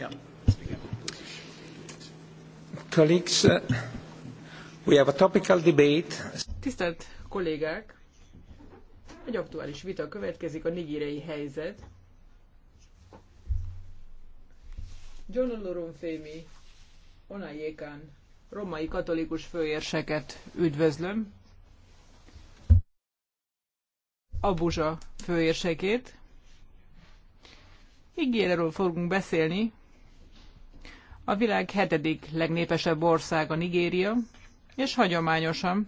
Yeah. Colleagues, uh, we have a topical debate. Tisztelt kollégák, egy aktuális vita következik a nigirei helyzet. John Olorunfémi Onayékán romai katolikus főérseket üdvözlöm. Abuja főérsekét. Ígéreről fogunk beszélni, a világ hetedik legnépesebb országa Nigéria, és hagyományosan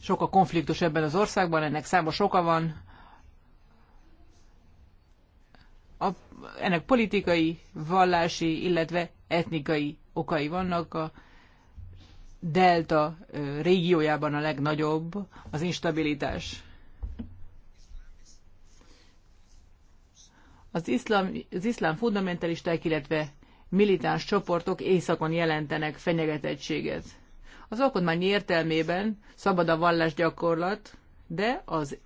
sok a konfliktus ebben az országban, ennek számos oka van. A, ennek politikai, vallási, illetve etnikai okai vannak. A delta régiójában a legnagyobb az instabilitás. az iszlám, az iszlám fundamentalisták, illetve militáns csoportok északon jelentenek fenyegetettséget. Az alkotmány értelmében szabad a vallásgyakorlat, de az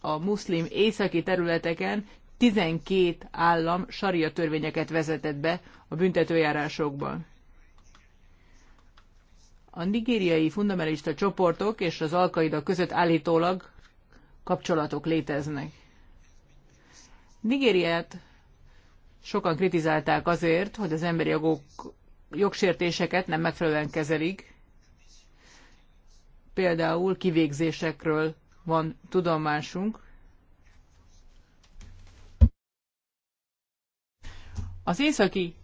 a muszlim északi területeken 12 állam saria törvényeket vezetett be a büntetőjárásokban. A nigériai fundamentalista csoportok és az alkaida között állítólag kapcsolatok léteznek. Nigériát sokan kritizálták azért, hogy az emberi jogok jogsértéseket nem megfelelően kezelik. Például kivégzésekről van tudomásunk. Az északi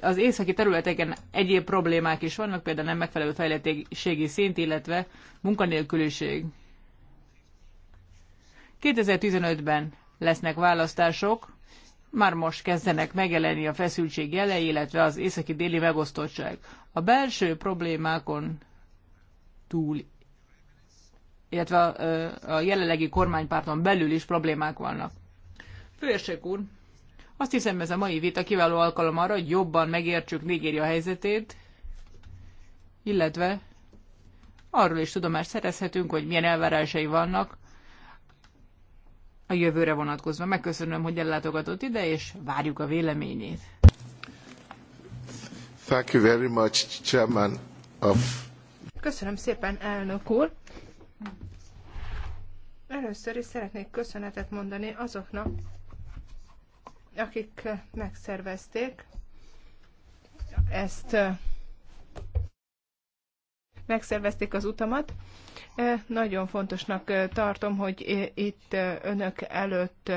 az északi területeken egyéb problémák is vannak, például nem megfelelő fejlettségi szint, illetve munkanélküliség. 2015-ben lesznek választások, már most kezdenek megjelenni a feszültség jelei, illetve az északi-déli megosztottság. A belső problémákon túl, illetve a, a jelenlegi kormánypárton belül is problémák vannak. Főérsek úr, azt hiszem ez a mai vita kiváló alkalom arra, hogy jobban megértsük Nigéria helyzetét, illetve arról is tudomást szerezhetünk, hogy milyen elvárásai vannak a jövőre vonatkozva. Megköszönöm, hogy ellátogatott ide, és várjuk a véleményét. Thank you very much, Chairman of... Köszönöm szépen, elnök úr. Először is szeretnék köszönetet mondani azoknak, akik megszervezték ezt megszervezték az utamat. Nagyon fontosnak tartom, hogy itt önök előtt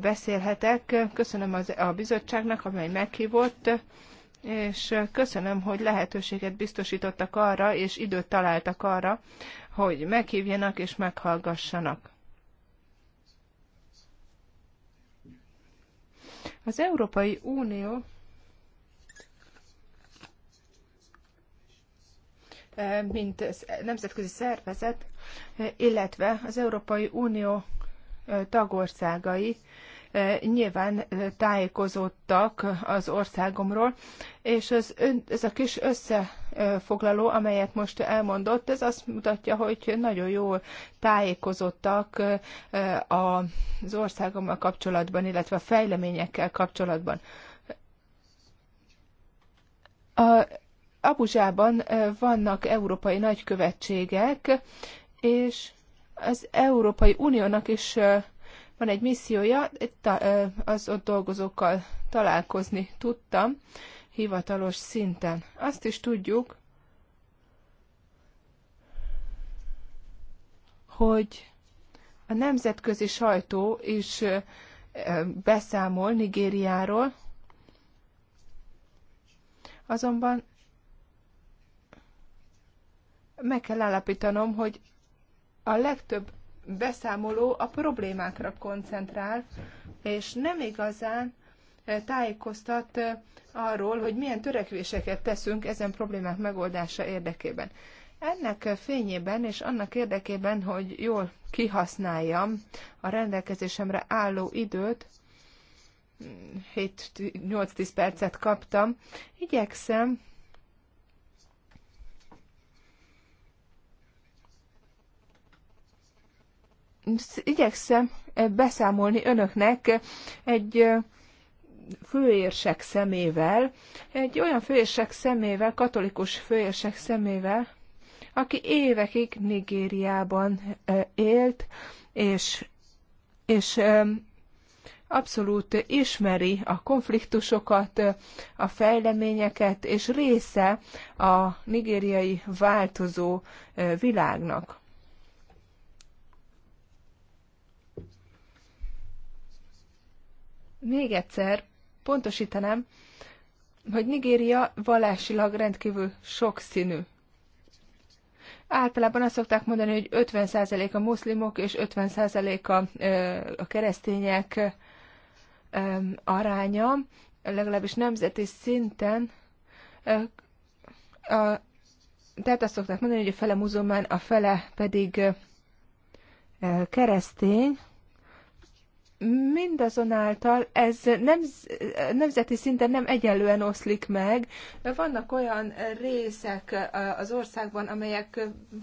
beszélhetek. Köszönöm az, a bizottságnak, amely meghívott, és köszönöm, hogy lehetőséget biztosítottak arra, és időt találtak arra, hogy meghívjanak és meghallgassanak. Az Európai Unió mint nemzetközi szervezet, illetve az Európai Unió tagországai nyilván tájékozódtak az országomról, és ez, ez a kis összefoglaló, amelyet most elmondott, ez azt mutatja, hogy nagyon jól tájékozottak az országommal kapcsolatban, illetve a fejleményekkel kapcsolatban. A Abuzsában vannak európai nagykövetségek, és az Európai Uniónak is van egy missziója, az ott dolgozókkal találkozni tudtam hivatalos szinten. Azt is tudjuk, hogy a nemzetközi sajtó is beszámol Nigériáról, azonban meg kell állapítanom, hogy a legtöbb beszámoló a problémákra koncentrál, és nem igazán eh, tájékoztat eh, arról, hogy milyen törekvéseket teszünk ezen problémák megoldása érdekében. Ennek fényében és annak érdekében, hogy jól kihasználjam a rendelkezésemre álló időt, 7-8-10 mm, percet kaptam, igyekszem igyekszem eh, beszámolni önöknek egy eh, főérsek szemével, egy olyan főérsek szemével, katolikus főérsek szemével, aki évekig Nigériában eh, élt, és, és abszolút ismeri a konfliktusokat, a fejleményeket, és része a nigériai változó világnak. Még egyszer pontosítanám, hogy Nigéria vallásilag rendkívül sokszínű. Általában azt szokták mondani, hogy 50% a muszlimok és 50% a, a keresztények aránya, legalábbis nemzeti szinten. A, tehát azt szokták mondani, hogy a fele muzulmán, a fele pedig keresztény. Mindazonáltal ez nem, nemzeti szinten nem egyenlően oszlik meg. Vannak olyan részek az országban, amelyek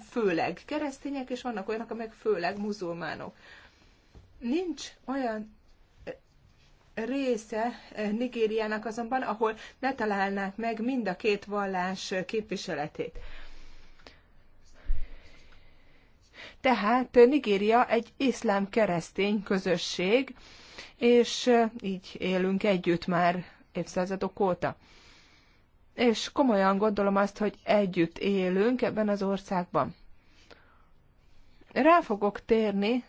főleg keresztények, és vannak olyanok, amelyek főleg muzulmánok. Nincs olyan része Nigériának azonban, ahol ne találnák meg mind a két vallás képviseletét. Tehát Nigéria egy iszlám keresztény közösség, és így élünk együtt már évszázadok óta. És komolyan gondolom azt, hogy együtt élünk ebben az országban. Rá fogok térni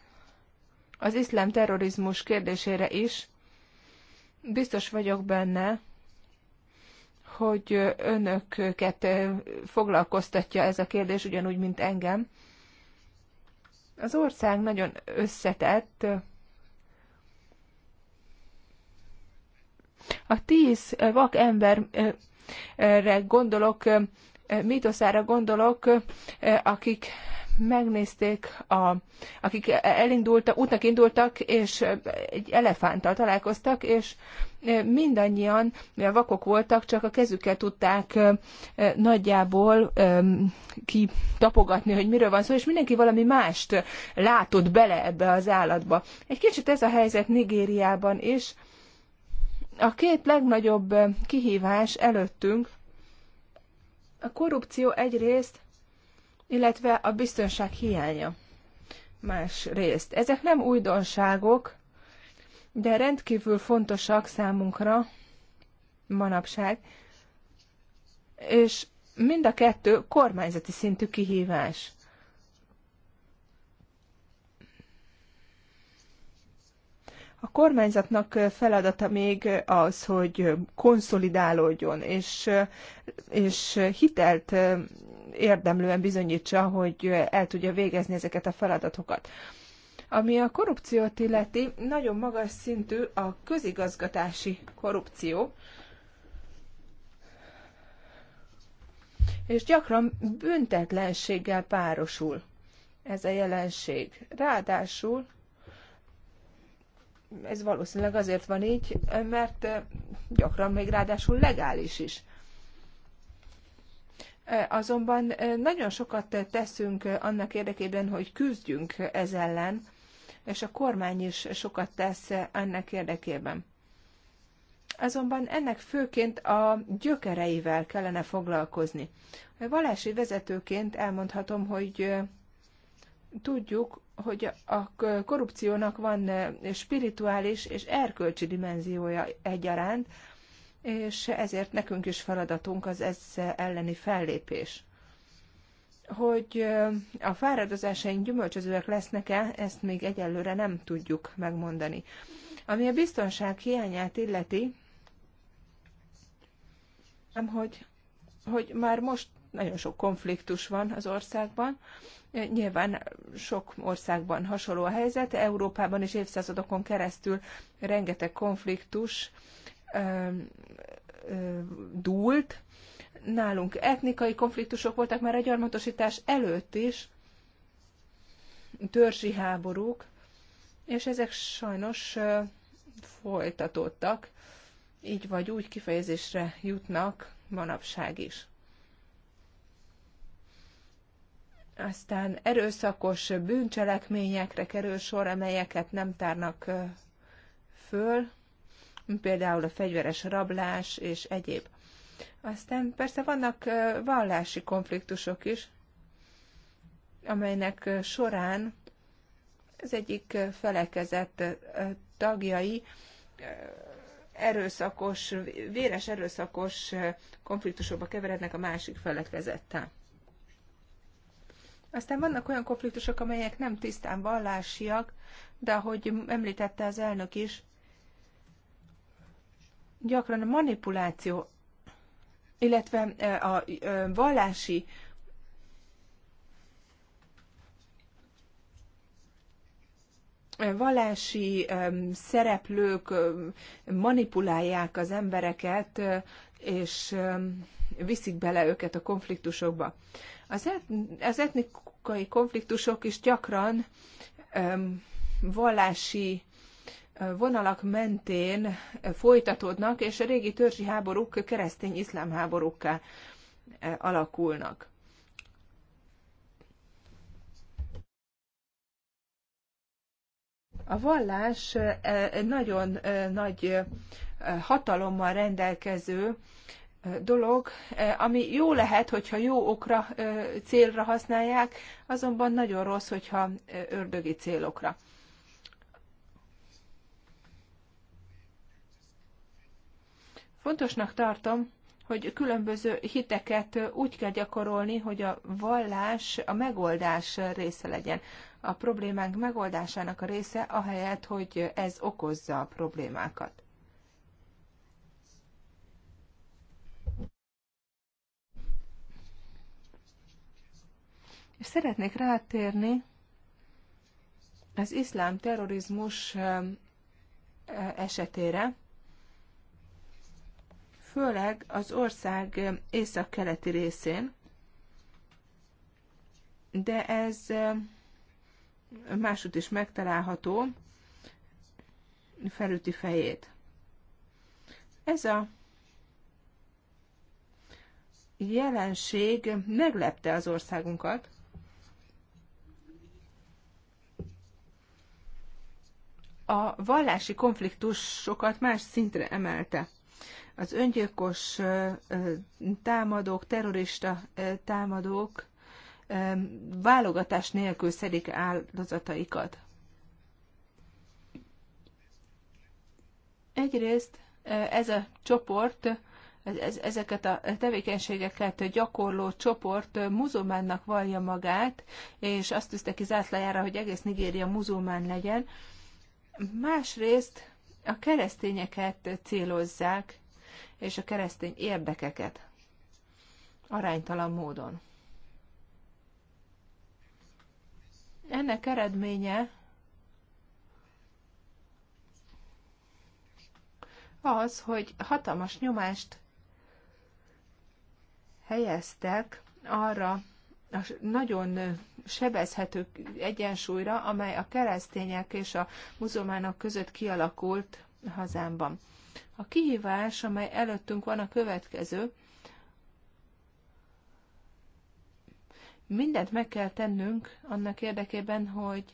az iszlám terrorizmus kérdésére is. Biztos vagyok benne, hogy önöket foglalkoztatja ez a kérdés, ugyanúgy, mint engem. Az ország nagyon összetett. A tíz vak emberre gondolok, mítoszára gondolok, akik megnézték, a, akik elindultak, útnak indultak, és egy elefánttal találkoztak, és mindannyian, mivel vakok voltak, csak a kezükkel tudták nagyjából kitapogatni, hogy miről van szó, és mindenki valami mást látott bele ebbe az állatba. Egy kicsit ez a helyzet Nigériában is. A két legnagyobb kihívás előttünk a korrupció egyrészt illetve a biztonság hiánya más részt. Ezek nem újdonságok, de rendkívül fontosak számunkra manapság, és mind a kettő kormányzati szintű kihívás. A kormányzatnak feladata még az, hogy konszolidálódjon, és, és hitelt érdemlően bizonyítsa, hogy el tudja végezni ezeket a feladatokat. Ami a korrupciót illeti, nagyon magas szintű a közigazgatási korrupció, és gyakran büntetlenséggel párosul ez a jelenség. Ráadásul ez valószínűleg azért van így, mert gyakran még ráadásul legális is azonban nagyon sokat teszünk annak érdekében, hogy küzdjünk ez ellen, és a kormány is sokat tesz ennek érdekében. Azonban ennek főként a gyökereivel kellene foglalkozni. A Valási vezetőként elmondhatom, hogy tudjuk, hogy a korrupciónak van spirituális és erkölcsi dimenziója egyaránt, és ezért nekünk is feladatunk az ez elleni fellépés. Hogy a fáradozásaink gyümölcsözőek lesznek-e, ezt még egyelőre nem tudjuk megmondani. Ami a biztonság hiányát illeti, nem, hogy, hogy már most nagyon sok konfliktus van az országban. Nyilván sok országban hasonló a helyzet, Európában is évszázadokon keresztül rengeteg konfliktus dúlt. Nálunk etnikai konfliktusok voltak már a gyarmatosítás előtt is, törzsi háborúk, és ezek sajnos folytatódtak, így vagy úgy kifejezésre jutnak manapság is. Aztán erőszakos bűncselekményekre kerül sor, amelyeket nem tárnak föl, például a fegyveres rablás és egyéb. Aztán persze vannak vallási konfliktusok is, amelynek során az egyik felekezett tagjai erőszakos, véres erőszakos konfliktusokba keverednek a másik felekezettel. Aztán vannak olyan konfliktusok, amelyek nem tisztán vallásiak, de ahogy említette az elnök is, gyakran a manipuláció, illetve e, a e, vallási e, vallási szereplők manipulálják az embereket, és viszik bele őket a konfliktusokba. Az etnikai konfliktusok is gyakran vallási vonalak mentén folytatódnak, és a régi törzsi háborúk keresztény-iszlám háborúkká eh, alakulnak. A vallás eh, nagyon eh, nagy hatalommal rendelkező dolog, ami jó lehet, hogyha jó okra, célra használják, azonban nagyon rossz, hogyha ördögi célokra. Fontosnak tartom, hogy különböző hiteket úgy kell gyakorolni, hogy a vallás a megoldás része legyen. A problémánk megoldásának a része, ahelyett, hogy ez okozza a problémákat. És szeretnék rátérni az iszlám terrorizmus esetére főleg az ország északkeleti részén, de ez másút is megtalálható, felüti fejét. Ez a jelenség meglepte az országunkat. A vallási konfliktusokat más szintre emelte. Az öngyilkos támadók, terrorista támadók válogatás nélkül szedik áldozataikat. Egyrészt ez a csoport, ezeket a tevékenységeket gyakorló csoport muzulmánnak vallja magát, és azt tűzte ki zászlajára, hogy egész Nigéria muzulmán legyen. Másrészt a keresztényeket célozzák, és a keresztény érdekeket aránytalan módon. Ennek eredménye az, hogy hatalmas nyomást helyeztek arra a nagyon sebezhető egyensúlyra, amely a keresztények és a muzulmánok között kialakult hazámban. A kihívás, amely előttünk van a következő. Mindent meg kell tennünk annak érdekében, hogy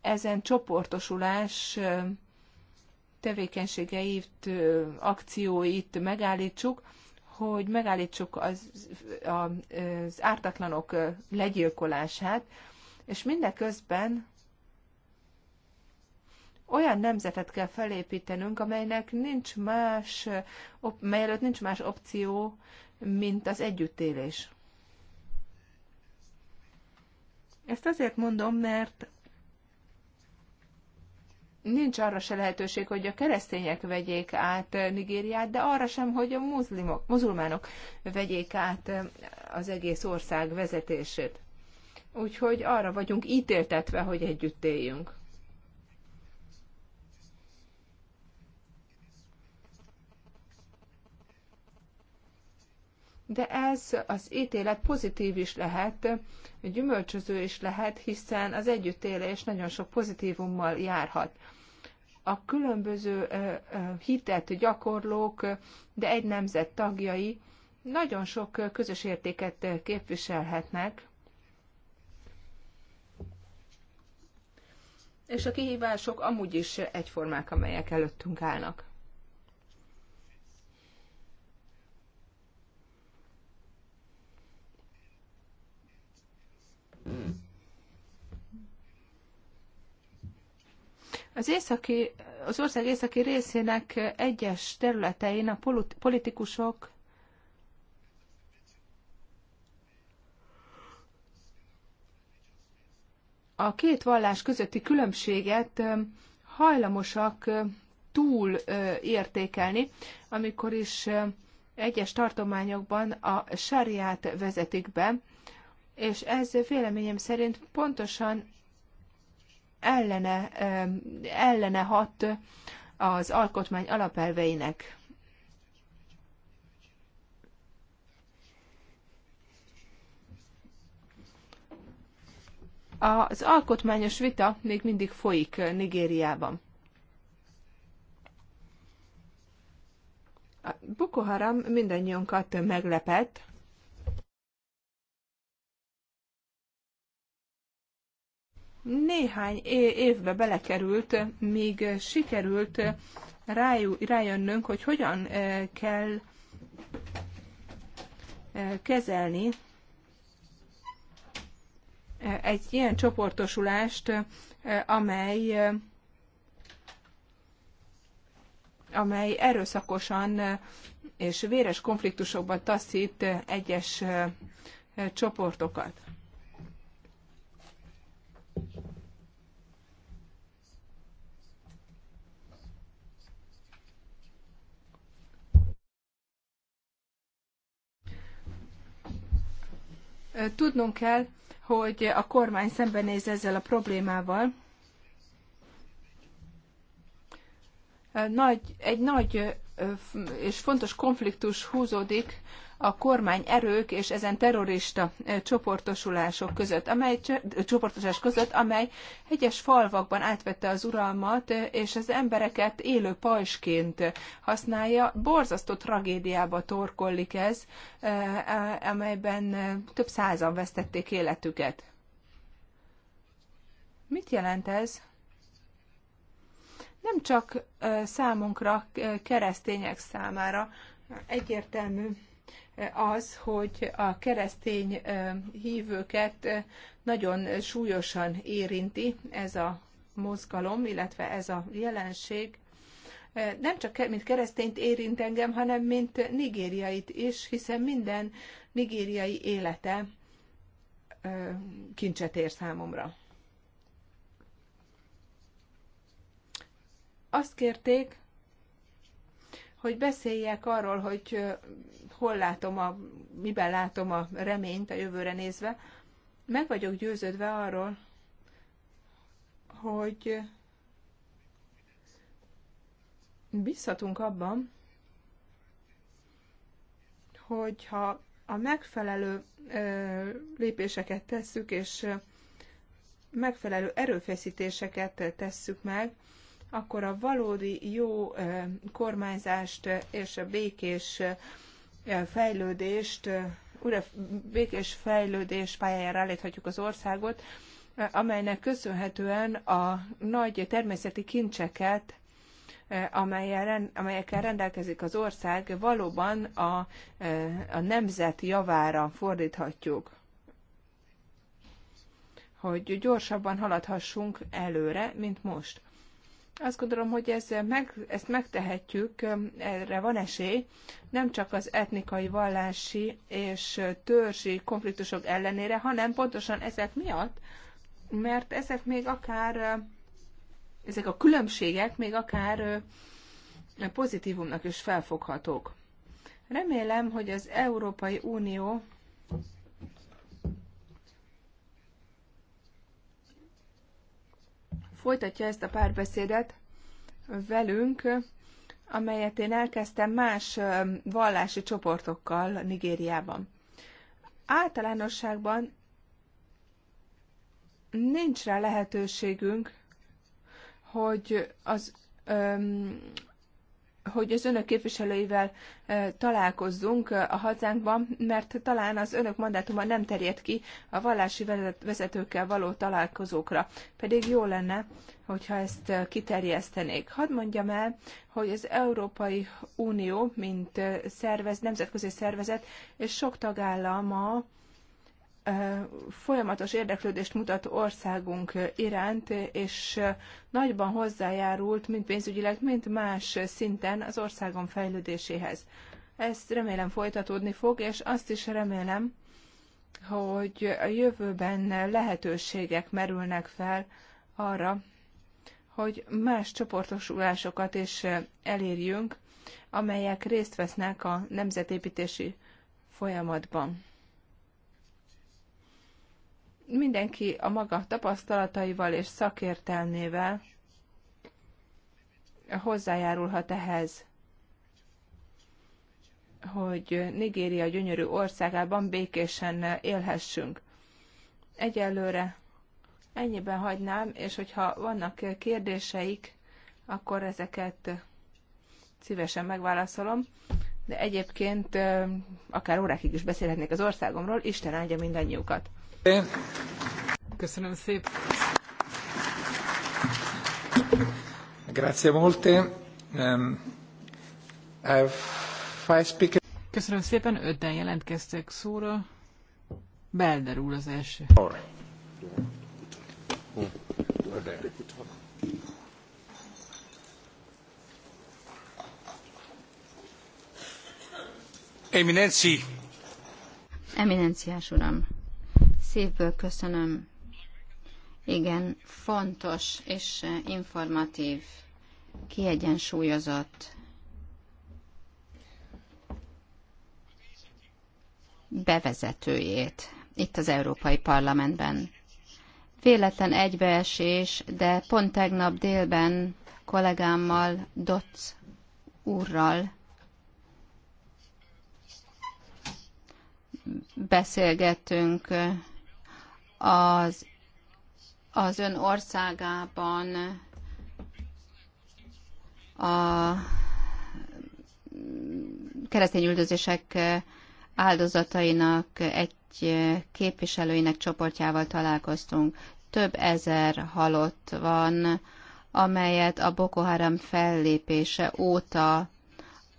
ezen csoportosulás tevékenységeit, akcióit megállítsuk, hogy megállítsuk az, az ártatlanok legyilkolását, és mindeközben olyan nemzetet kell felépítenünk, amelynek nincs más, eh, mely előtt nincs más opció, mint az együttélés. Ezt azért mondom, mert nincs arra se lehetőség, hogy a keresztények vegyék át eh, Nigériát, de arra sem, hogy a muzlimok, muzulmánok vegyék át eh, az egész ország vezetését. Úgyhogy arra vagyunk ítéltetve, hogy együtt éljünk. de ez az ítélet pozitív is lehet, gyümölcsöző is lehet, hiszen az együttélés nagyon sok pozitívummal járhat. A különböző hitet gyakorlók, de egy nemzet tagjai nagyon sok közös értéket képviselhetnek, és a kihívások amúgy is egyformák, amelyek előttünk állnak. Az északi, az ország északi részének egyes területein a politikusok a két vallás közötti különbséget hajlamosak túl értékelni, amikor is egyes tartományokban a sáriát vezetik be, és ez véleményem szerint pontosan ellene, ellene hat az alkotmány alapelveinek. Az alkotmányos vita még mindig folyik Nigériában. Boko Haram mindannyiunkat meglepett, néhány évbe belekerült, míg sikerült rájönnünk, hogy hogyan eh, kell eh, kezelni eh, egy ilyen csoportosulást, amely amely erőszakosan és véres konfliktusokban taszít egyes csoportokat. Tudnunk kell, hogy a kormány szembenéz ezzel a problémával. Nagy, egy nagy és fontos konfliktus húzódik a kormány erők és ezen terrorista csoportosulások között, amely csoportosulás között, amely egyes falvakban átvette az uralmat, és az embereket élő pajsként használja. Borzasztó tragédiába torkollik ez, amelyben több százan vesztették életüket. Mit jelent ez? nem csak számunkra, keresztények számára egyértelmű az, hogy a keresztény hívőket nagyon súlyosan érinti ez a mozgalom, illetve ez a jelenség. Nem csak mint keresztényt érint engem, hanem mint nigériait is, hiszen minden nigériai élete kincset ér számomra. azt kérték, hogy beszéljek arról, hogy hol látom a, miben látom a reményt a jövőre nézve. Meg vagyok győződve arról, hogy bízhatunk abban, hogyha a megfelelő lépéseket tesszük, és megfelelő erőfeszítéseket tesszük meg, akkor a valódi jó kormányzást és a békés fejlődést, újra békés fejlődés pályájára állíthatjuk az országot, amelynek köszönhetően a nagy természeti kincseket, amelyekkel rendelkezik az ország, valóban a, a nemzet javára fordíthatjuk hogy gyorsabban haladhassunk előre, mint most. Azt gondolom, hogy ez meg, ezt megtehetjük, erre van esély, nem csak az etnikai, vallási és törzsi konfliktusok ellenére, hanem pontosan ezek miatt, mert ezek még akár, ezek a különbségek még akár pozitívumnak is felfoghatók. Remélem, hogy az Európai Unió folytatja ezt a párbeszédet velünk, amelyet én elkezdtem más vallási csoportokkal Nigériában. Általánosságban nincs rá lehetőségünk, hogy az hogy az önök képviselőivel e, találkozzunk e, a hazánkban, mert talán az önök mandátuma nem terjed ki a vallási vezetőkkel való találkozókra. Pedig jó lenne, hogyha ezt e, kiterjesztenék. Hadd mondjam el, hogy az Európai Unió, mint szervez, nemzetközi szervezet, és sok tagállama folyamatos érdeklődést mutat országunk iránt, és nagyban hozzájárult, mind pénzügyileg, mind más szinten az országom fejlődéséhez. Ezt remélem folytatódni fog, és azt is remélem, hogy a jövőben lehetőségek merülnek fel arra, hogy más csoportosulásokat is elérjünk, amelyek részt vesznek a nemzetépítési folyamatban mindenki a maga tapasztalataival és szakértelmével hozzájárulhat ehhez, hogy Nigéria gyönyörű országában békésen élhessünk. Egyelőre ennyiben hagynám, és hogyha vannak kérdéseik, akkor ezeket szívesen megválaszolom. De egyébként akár órákig is beszélhetnék az országomról, Isten áldja mindannyiukat. Köszönöm szépen. Grazie molte. Um, five speaker. Köszönöm szépen, öten jelentkeztek szóra. Belder úr az első. Or. Eminenci. Eminenciás uram. Szívből köszönöm. Igen, fontos és informatív, kiegyensúlyozott, bevezetőjét itt az Európai Parlamentben. Véletlen egybeesés, de pont tegnap délben kollégámmal, Dotz úrral beszélgettünk az, az ön országában a keresztény üldözések áldozatainak egy képviselőinek csoportjával találkoztunk. Több ezer halott van, amelyet a Boko Haram fellépése óta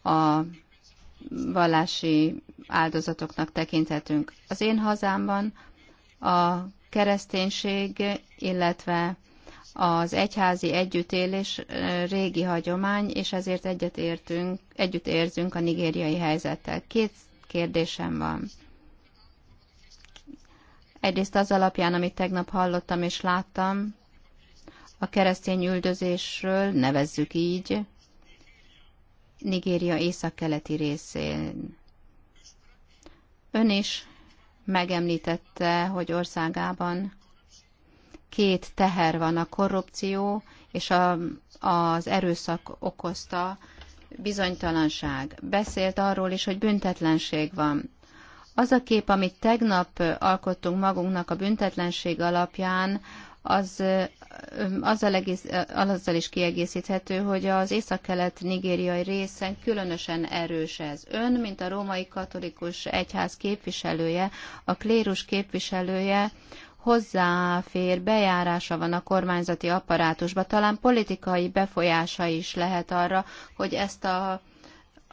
a vallási áldozatoknak tekinthetünk. Az én hazámban a kereszténység, illetve az egyházi együttélés régi hagyomány, és ezért egyetértünk, együtt érzünk a nigériai helyzettel. Két kérdésem van. Egyrészt az alapján, amit tegnap hallottam és láttam, a keresztény üldözésről, nevezzük így, Nigéria északkeleti részén. Ön is megemlítette, hogy országában két teher van, a korrupció és a, az erőszak okozta bizonytalanság. Beszélt arról is, hogy büntetlenség van. Az a kép, amit tegnap alkottunk magunknak a büntetlenség alapján, az azzal, egész, azzal is kiegészíthető, hogy az északkelet nigériai részen különösen erős ez. Ön, mint a római katolikus egyház képviselője, a klérus képviselője, hozzáfér, bejárása van a kormányzati apparátusba, talán politikai befolyása is lehet arra, hogy ezt a,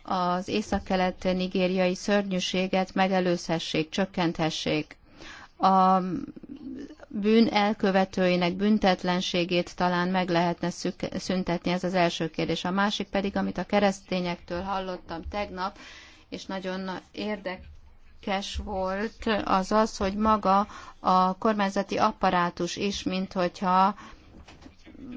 az északkelet nigériai szörnyűséget megelőzhessék, csökkenthessék. A, bűn elkövetőinek büntetlenségét talán meg lehetne szüntetni, ez az első kérdés. A másik pedig, amit a keresztényektől hallottam tegnap, és nagyon érdekes volt, az az, hogy maga a kormányzati apparátus is, mint hogyha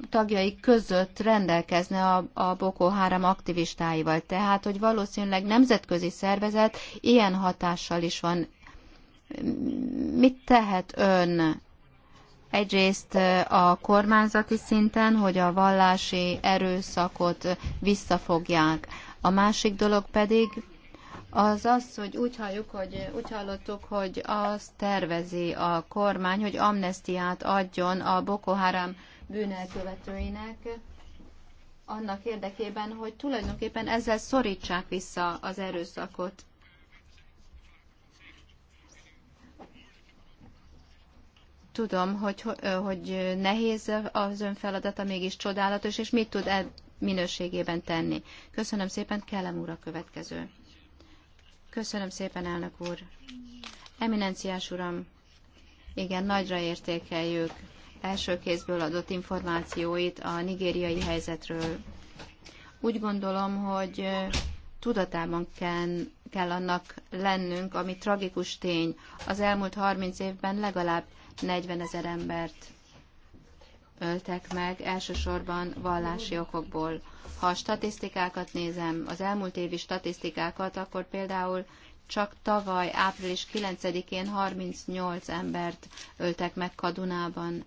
tagjai között rendelkezne a, a Boko Haram aktivistáival. Tehát, hogy valószínűleg nemzetközi szervezet ilyen hatással is van. Mit tehet ön Egyrészt a kormányzati szinten, hogy a vallási erőszakot visszafogják. A másik dolog pedig az az, hogy úgy, halljuk, hogy úgy hallottuk, hogy azt tervezi a kormány, hogy amnestiát adjon a Boko Haram bűnelkövetőinek, annak érdekében, hogy tulajdonképpen ezzel szorítsák vissza az erőszakot. Tudom, hogy, hogy nehéz az ön feladata, mégis csodálatos, és mit tud e minőségében tenni. Köszönöm szépen, Kellem úr a következő. Köszönöm szépen, elnök úr. Eminenciás uram, igen, nagyra értékeljük első kézből adott információit a nigériai helyzetről. Úgy gondolom, hogy tudatában kell, kell annak lennünk, ami tragikus tény. Az elmúlt 30 évben legalább 40 ezer embert öltek meg, elsősorban vallási okokból. Ha a statisztikákat nézem, az elmúlt évi statisztikákat, akkor például csak tavaly, április 9-én 38 embert öltek meg Kadunában.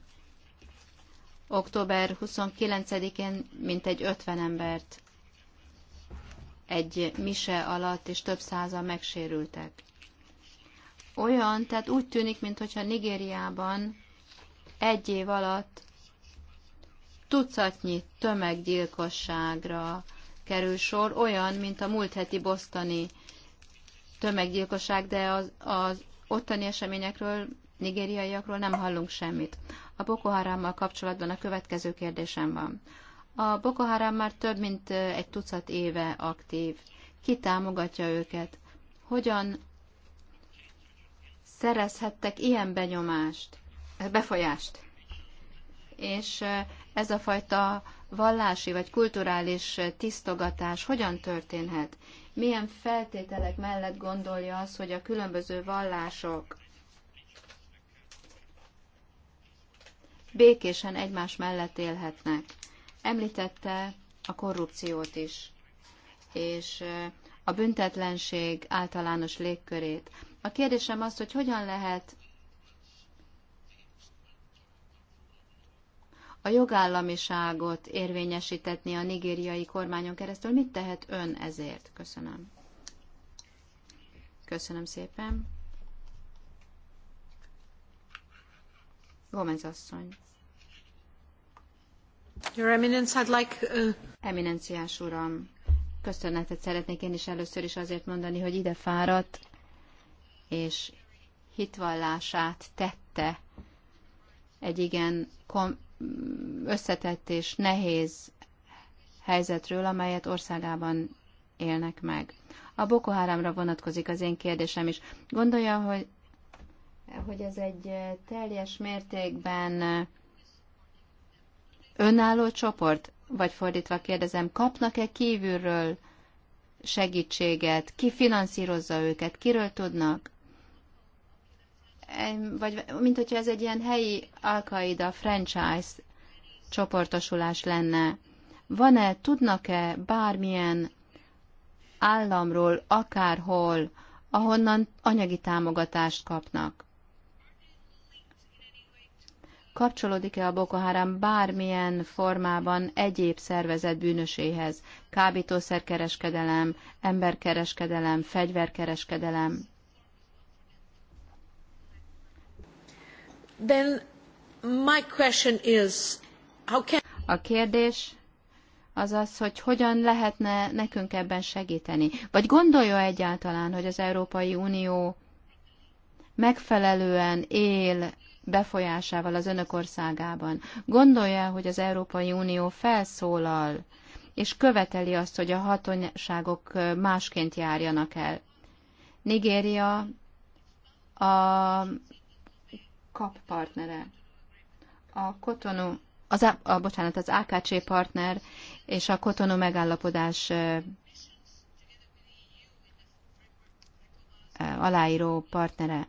Október 29-én mintegy 50 embert egy mise alatt, és több százan megsérültek olyan, tehát úgy tűnik, mintha Nigériában egy év alatt tucatnyi tömeggyilkosságra kerül sor, olyan, mint a múlt heti bosztani tömeggyilkosság, de az, az ottani eseményekről, nigériaiakról nem hallunk semmit. A Boko Harammal kapcsolatban a következő kérdésem van. A Boko Haram már több mint egy tucat éve aktív. Ki támogatja őket? Hogyan szerezhettek ilyen benyomást, befolyást. És ez a fajta vallási vagy kulturális tisztogatás hogyan történhet? Milyen feltételek mellett gondolja az, hogy a különböző vallások békésen egymás mellett élhetnek? Említette a korrupciót is, és a büntetlenség általános légkörét. A kérdésem az, hogy hogyan lehet a jogállamiságot érvényesítetni a nigériai kormányon keresztül. Mit tehet ön ezért? Köszönöm. Köszönöm szépen. Gomez asszony. Your Eminence, I'd like... Uh... Eminenciás uram, köszönetet szeretnék én is először is azért mondani, hogy ide fáradt, és hitvallását tette egy igen összetett és nehéz helyzetről, amelyet országában élnek meg. A Boko Haramra vonatkozik az én kérdésem is. Gondolja, hogy, hogy ez egy teljes mértékben önálló csoport? Vagy fordítva kérdezem, kapnak-e kívülről segítséget? Ki finanszírozza őket? Kiről tudnak? vagy mint hogyha ez egy ilyen helyi al franchise csoportosulás lenne. Van-e, tudnak-e bármilyen államról, akárhol, ahonnan anyagi támogatást kapnak? Kapcsolódik-e a Boko Haram bármilyen formában egyéb szervezet bűnöséhez? Kábítószerkereskedelem, emberkereskedelem, fegyverkereskedelem? Then my question is, how can... A kérdés az az, hogy hogyan lehetne nekünk ebben segíteni. Vagy gondolja egyáltalán, hogy az Európai Unió megfelelően él befolyásával az önök országában? Gondolja, hogy az Európai Unió felszólal, és követeli azt, hogy a hatóságok másként járjanak el? Nigéria a kap partnere. A Kotonu, az, a, bocsánat, az AKC partner és a Kotonu megállapodás aláíró partnere.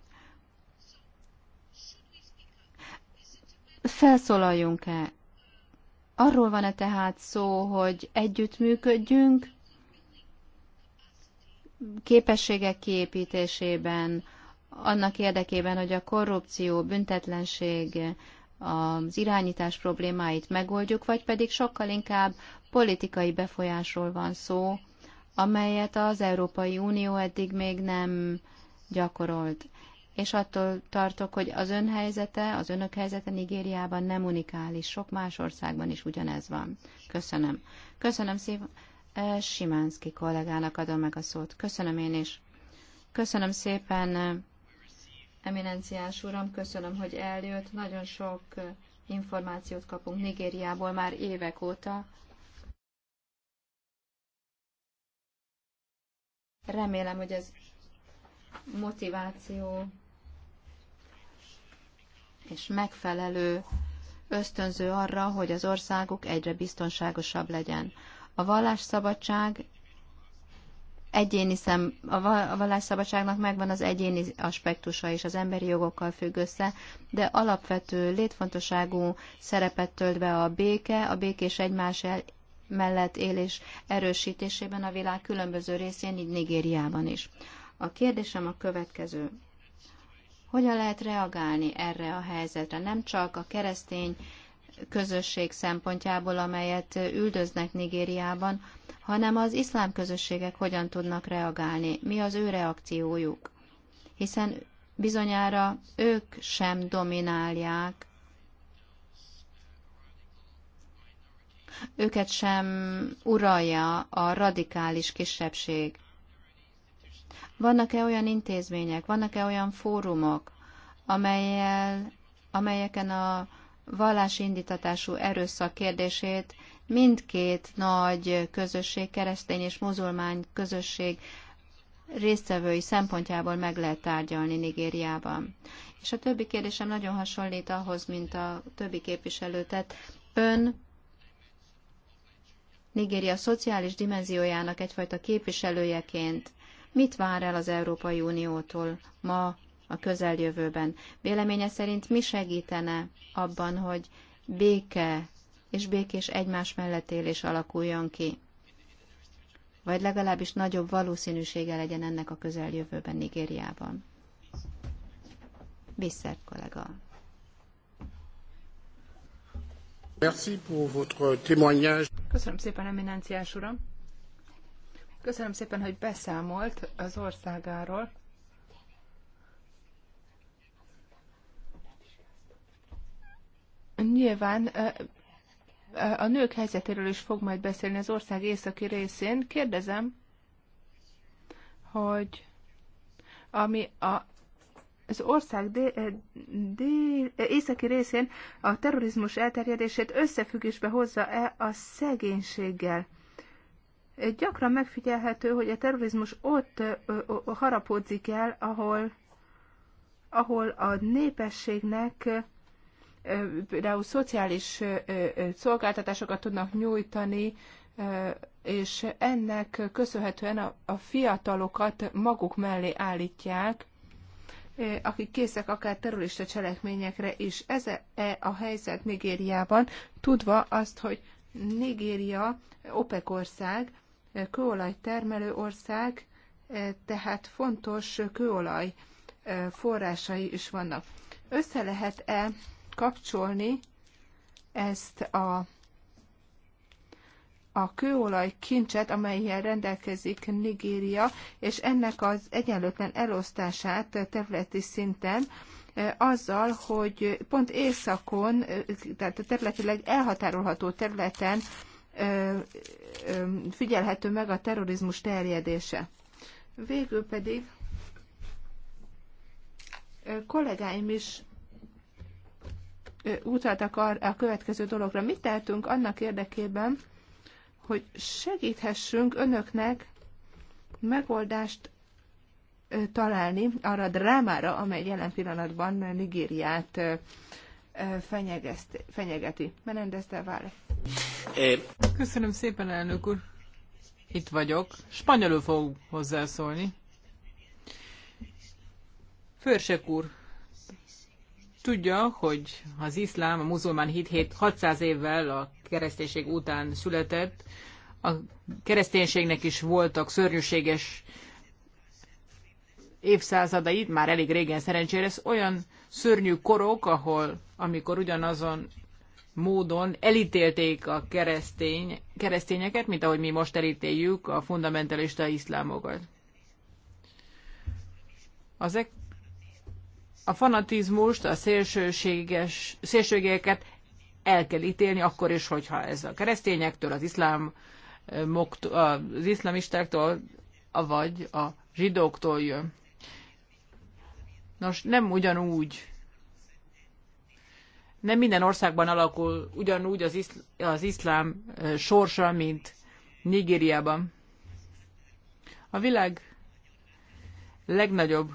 Felszólaljunk-e? Arról van-e tehát szó, hogy együttműködjünk, képességek kiépítésében, annak érdekében, hogy a korrupció, büntetlenség, az irányítás problémáit megoldjuk, vagy pedig sokkal inkább politikai befolyásról van szó, amelyet az Európai Unió eddig még nem gyakorolt. És attól tartok, hogy az ön helyzete, az önök helyzete Nigériában nem unikális, sok más országban is ugyanez van. Köszönöm. Köszönöm szépen. Eh, Simánszki kollégának adom meg a szót. Köszönöm én is. Köszönöm szépen eh, Eminenciás uram, köszönöm, hogy eljött. Nagyon sok információt kapunk Nigériából már évek óta. Remélem, hogy ez motiváció és megfelelő ösztönző arra, hogy az országuk egyre biztonságosabb legyen. A vallásszabadság egyéni szem, a vallásszabadságnak megvan az egyéni aspektusa és az emberi jogokkal függ össze, de alapvető létfontosságú szerepet tölt be a béke, a békés egymás el, mellett élés erősítésében a világ különböző részén, így Nigériában is. A kérdésem a következő. Hogyan lehet reagálni erre a helyzetre? Nem csak a keresztény közösség szempontjából, amelyet üldöznek Nigériában, hanem az iszlám közösségek hogyan tudnak reagálni, mi az ő reakciójuk. Hiszen bizonyára ők sem dominálják, őket sem uralja a radikális kisebbség. Vannak-e olyan intézmények, vannak-e olyan fórumok, amelyel, amelyeken a vallási indítatású erőszak kérdését mindkét nagy közösség, keresztény és muzulmán közösség résztvevői szempontjából meg lehet tárgyalni Nigériában. És a többi kérdésem nagyon hasonlít ahhoz, mint a többi képviselőtet. Ön Nigéria szociális dimenziójának egyfajta képviselőjeként mit vár el az Európai Uniótól ma a közeljövőben. Véleménye szerint mi segítene abban, hogy béke és békés egymás mellett élés alakuljon ki? Vagy legalábbis nagyobb valószínűsége legyen ennek a közeljövőben Nigériában. Bisszer kollega. Köszönöm szépen, eminenciás uram. Köszönöm szépen, hogy beszámolt az országáról. nyilván a nők helyzetéről is fog majd beszélni az ország északi részén. Kérdezem, hogy ami a, az ország dél, dél, északi részén a terrorizmus elterjedését összefüggésbe hozza-e a szegénységgel. Gyakran megfigyelhető, hogy a terrorizmus ott harapódzik el, ahol, ahol a népességnek például szociális szolgáltatásokat tudnak nyújtani, és ennek köszönhetően a fiatalokat maguk mellé állítják, akik készek akár terrorista cselekményekre is. Ez e a helyzet Nigériában, tudva azt, hogy Nigéria OPEC ország, kőolaj termelő ország, tehát fontos kőolaj forrásai is vannak. Össze lehet-e kapcsolni ezt a, a kőolaj kincset, amelyen rendelkezik Nigéria, és ennek az egyenlőtlen elosztását területi szinten, eh, azzal, hogy pont északon, eh, tehát a területileg elhatárolható területen eh, figyelhető meg a terrorizmus terjedése. Végül pedig kollégáim is utaltak a következő dologra. Mit tehetünk annak érdekében, hogy segíthessünk önöknek megoldást találni arra a drámára, amely jelen pillanatban Nigériát fenyegeti. Menendez de Valle. Köszönöm szépen, elnök úr. Itt vagyok. Spanyolul fog hozzászólni. Főrsek úr, Tudja, hogy az iszlám, a muzulmán hit 600 évvel a kereszténység után született, a kereszténységnek is voltak szörnyűséges évszázadait, már elég régen szerencsére, ez olyan szörnyű korok, ahol, amikor ugyanazon módon elítélték a keresztény, keresztényeket, mint ahogy mi most elítéljük a fundamentalista iszlámokat. Az a fanatizmust, a szélsőséges, szélsőségeket el kell ítélni, akkor is, hogyha ez a keresztényektől, az, iszlám, eh, az iszlamistáktól, vagy a zsidóktól jön. Nos, nem ugyanúgy, nem minden országban alakul ugyanúgy az, iszl- az iszlám eh, sorsa, mint Nigériában. A világ legnagyobb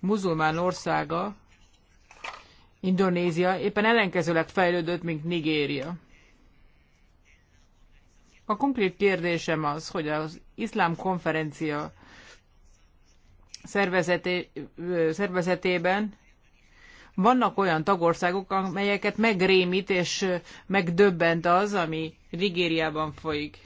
muzulmán országa, Indonézia éppen ellenkezőleg fejlődött, mint Nigéria. A konkrét kérdésem az, hogy az iszlám konferencia szervezeté, szervezetében vannak olyan tagországok, amelyeket megrémít és megdöbbent az, ami Nigériában folyik.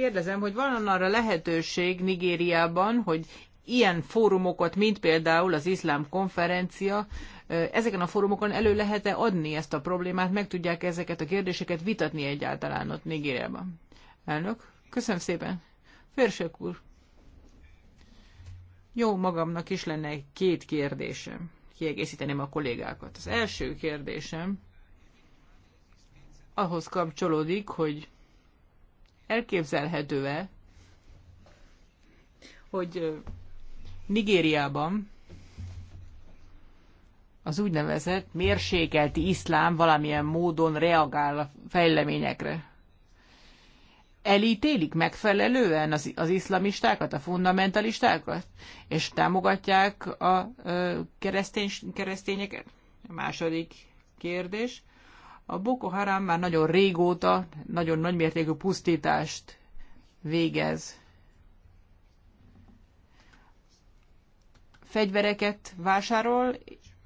Kérdezem, hogy van arra lehetőség Nigériában, hogy ilyen fórumokat, mint például az iszlám konferencia, ezeken a fórumokon elő lehet-e adni ezt a problémát, meg tudják ezeket a kérdéseket vitatni egyáltalán ott Nigériában? Elnök, köszönöm szépen. Férsek úr. Jó, magamnak is lenne két kérdésem. Kiegészíteném a kollégákat. Az első kérdésem ahhoz kapcsolódik, hogy elképzelhető-e, hogy Nigériában az úgynevezett mérsékelt iszlám valamilyen módon reagál a fejleményekre. Elítélik megfelelően az, az iszlamistákat, a fundamentalistákat, és támogatják a ö, keresztény, keresztényeket? A második kérdés. A Boko Haram már nagyon régóta nagyon nagymértékű pusztítást végez. Fegyvereket vásárol,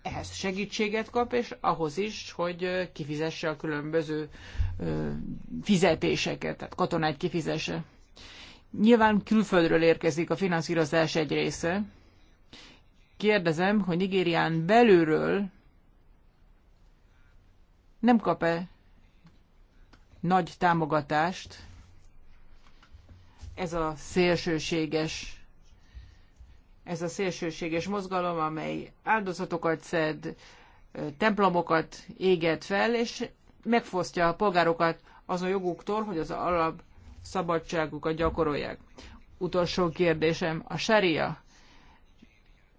ehhez segítséget kap, és ahhoz is, hogy kifizesse a különböző fizetéseket, tehát katonát kifizesse. Nyilván külföldről érkezik a finanszírozás egy része. Kérdezem, hogy Nigérián belülről nem kap-e nagy támogatást ez a szélsőséges ez a szélsőséges mozgalom, amely áldozatokat szed, templomokat éget fel, és megfosztja a polgárokat azon joguktól, hogy az alap szabadságukat gyakorolják. Utolsó kérdésem, a seria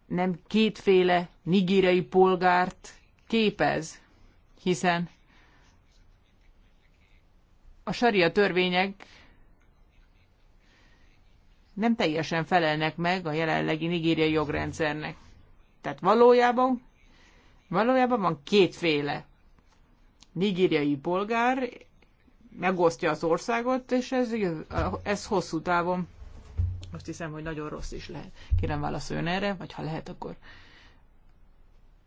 nem kétféle nigirei polgárt képez, hiszen a saria törvények nem teljesen felelnek meg a jelenlegi nigériai jogrendszernek. Tehát valójában, valójában van kétféle nigériai polgár, megosztja az országot, és ez, ez hosszú távon azt hiszem, hogy nagyon rossz is lehet. Kérem válaszoljon erre, vagy ha lehet, akkor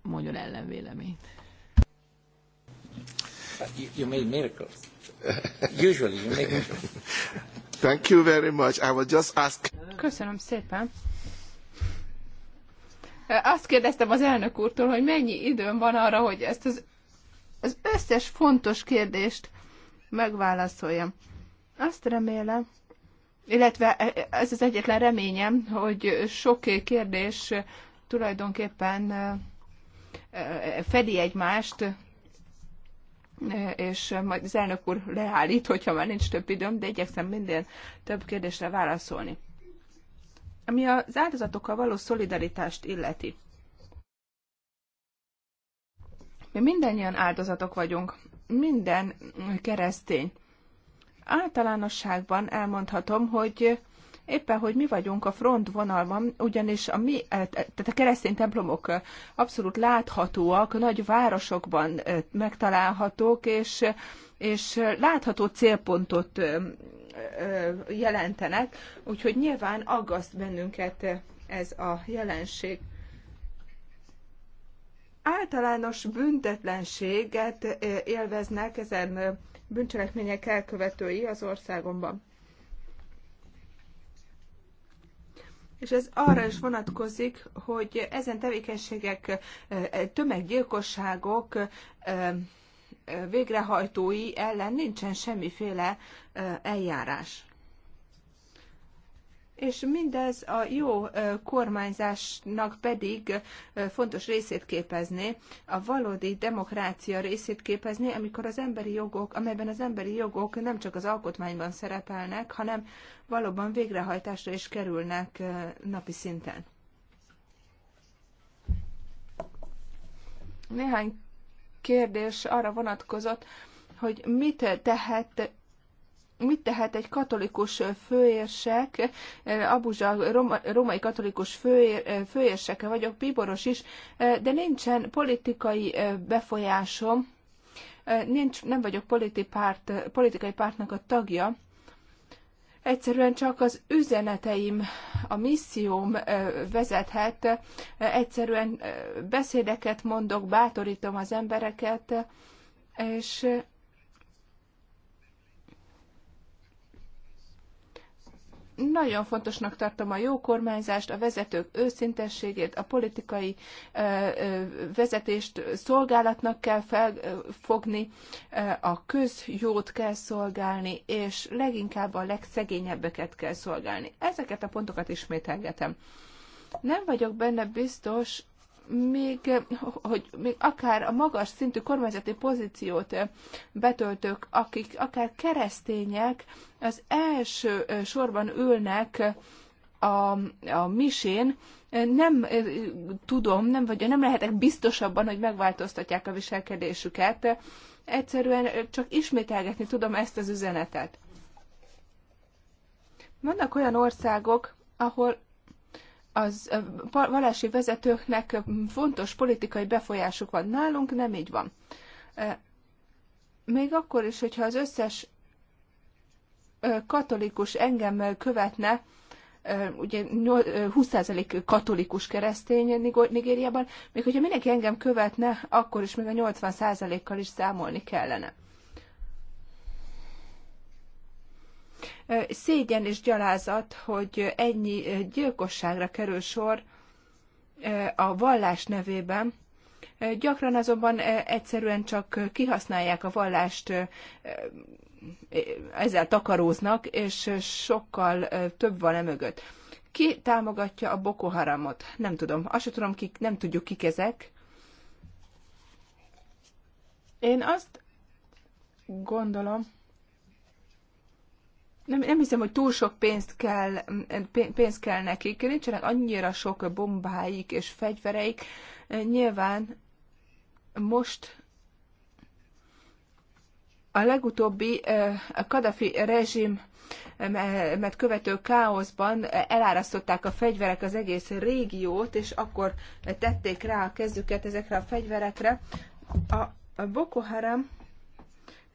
mondjon ellenvéleményt. Uh, you made miracles. Usually make Thank you very much. I was just ask... Köszönöm szépen. Azt kérdeztem az elnök úrtól, hogy mennyi időm van arra, hogy ezt az, az összes fontos kérdést megválaszoljam. Azt remélem, illetve ez az egyetlen reményem, hogy sok kérdés tulajdonképpen eh, eh, fedi egymást, és majd az elnök úr leállít, hogyha már nincs több időm, de igyekszem minden több kérdésre válaszolni. Ami az áldozatokkal való szolidaritást illeti. Mi mindannyian áldozatok vagyunk, minden keresztény. Általánosságban elmondhatom, hogy Éppen, hogy mi vagyunk a front vonalban, ugyanis a mi, eh, tehát a keresztény templomok eh, abszolút láthatóak, nagy városokban eh, megtalálhatók, és, és látható célpontot jelentenek, úgyhogy nyilván aggaszt bennünket ez a jelenség általános büntetlenséget élveznek ezen bűncselekmények elkövetői az országomban. és ez arra is vonatkozik, hogy ezen tevékenységek, tömeggyilkosságok végrehajtói ellen nincsen semmiféle eljárás és mindez a jó kormányzásnak pedig fontos részét képezné, a valódi demokrácia részét képezné, amikor az emberi jogok, amelyben az emberi jogok nem csak az alkotmányban szerepelnek, hanem valóban végrehajtásra is kerülnek napi szinten. Néhány kérdés arra vonatkozott, hogy mit tehet mit tehet egy katolikus főérsek, eh, Abuzsa roma, római katolikus főér, eh, főérseke vagyok, bíboros is, eh, de nincsen politikai befolyásom, nincs, nem vagyok politi párt, politikai pártnak a tagja, egyszerűen csak az üzeneteim, a misszióm vezethet, egyszerűen beszédeket mondok, bátorítom az embereket, és Nagyon fontosnak tartom a jó kormányzást, a vezetők őszintességét, a politikai vezetést szolgálatnak kell felfogni, a közjót kell szolgálni, és leginkább a legszegényebbeket kell szolgálni. Ezeket a pontokat ismételgetem. Nem vagyok benne biztos, még, hogy még akár a magas szintű kormányzati pozíciót betöltők, akik akár keresztények, az első sorban ülnek a, a misén, nem tudom, nem, vagy nem lehetek biztosabban, hogy megváltoztatják a viselkedésüket. Egyszerűen csak ismételgetni tudom ezt az üzenetet. Vannak olyan országok, ahol az vallási vezetőknek fontos politikai befolyásuk van. Nálunk nem így van. Még akkor is, hogyha az összes katolikus engem követne, ugye 20% katolikus keresztény Nigériában, még hogyha mindenki engem követne, akkor is még a 80%-kal is számolni kellene. Szégyen és gyalázat, hogy ennyi gyilkosságra kerül sor a vallás nevében, Gyakran azonban egyszerűen csak kihasználják a vallást, ezzel takaróznak, és sokkal több van emögött. Ki támogatja a Boko Haramot? Nem tudom. Azt sem tudom, kik, nem tudjuk, kik ezek. Én azt gondolom, nem, nem hiszem, hogy túl sok pénzt kell, pénz kell nekik, nincsenek annyira sok bombáik és fegyvereik. Nyilván most a legutóbbi a Kadafi rezsim mert követő káoszban elárasztották a fegyverek az egész régiót, és akkor tették rá a kezüket ezekre a fegyverekre. A Boko Haram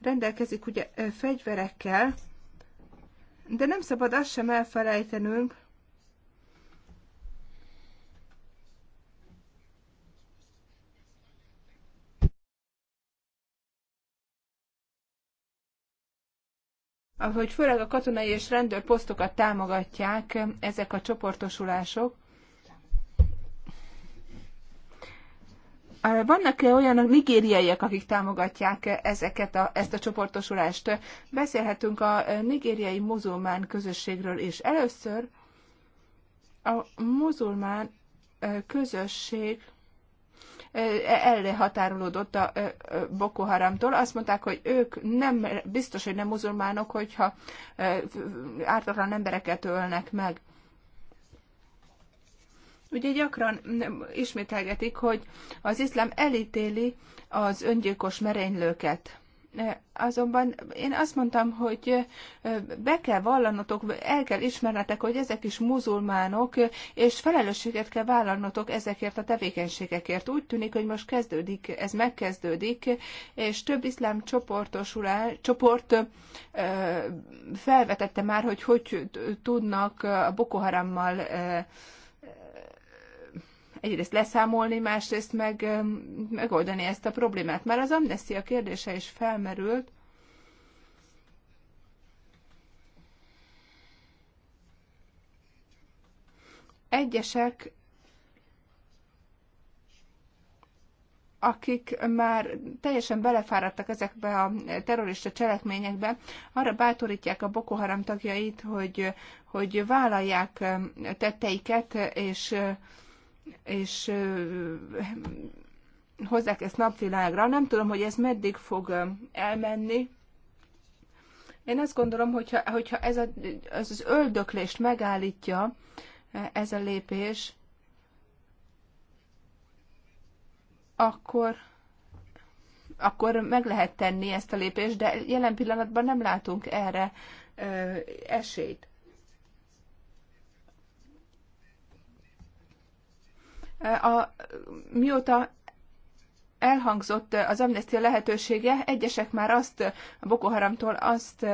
rendelkezik ugye fegyverekkel, de nem szabad azt sem elfelejtenünk, ahogy főleg a katonai és rendőr posztokat támogatják ezek a csoportosulások, vannak -e eh, olyan nigériaiak, akik támogatják eh, ezeket a, ezt a csoportosulást? Beszélhetünk a eh, nigériai muzulmán közösségről is. Először a muzulmán közösség e, elhatárolódott a Boko Haramtól. Azt mondták, hogy ők nem, biztos, hogy nem muzulmánok, hogyha ártatlan embereket ölnek meg. Ugye gyakran ismételgetik, hogy az iszlám elítéli az öngyilkos merénylőket. E, azonban én azt mondtam, hogy e, be kell vallanotok, el kell ismernetek, hogy ezek is muzulmánok, és felelősséget kell vállalnotok ezekért a tevékenységekért. Úgy tűnik, hogy most kezdődik, ez megkezdődik, és több iszlám csoport e, felvetette már, hogy hogy tudnak a Boko Harammal egyrészt leszámolni, másrészt meg megoldani ezt a problémát. Már az amnestia kérdése is felmerült, egyesek, akik már teljesen belefáradtak ezekbe a terrorista cselekményekbe, arra bátorítják a Boko Haram tagjait, hogy, hogy vállalják tetteiket, és és hozzák ezt napvilágra. Nem tudom, hogy ez meddig fog elmenni. Én azt gondolom, hogyha, hogyha ez a, az, az öldöklést megállítja, ez a lépés, akkor, akkor meg lehet tenni ezt a lépést, de jelen pillanatban nem látunk erre esélyt. A, mióta elhangzott az amnestia lehetősége, egyesek már azt a Boko Haramtól azt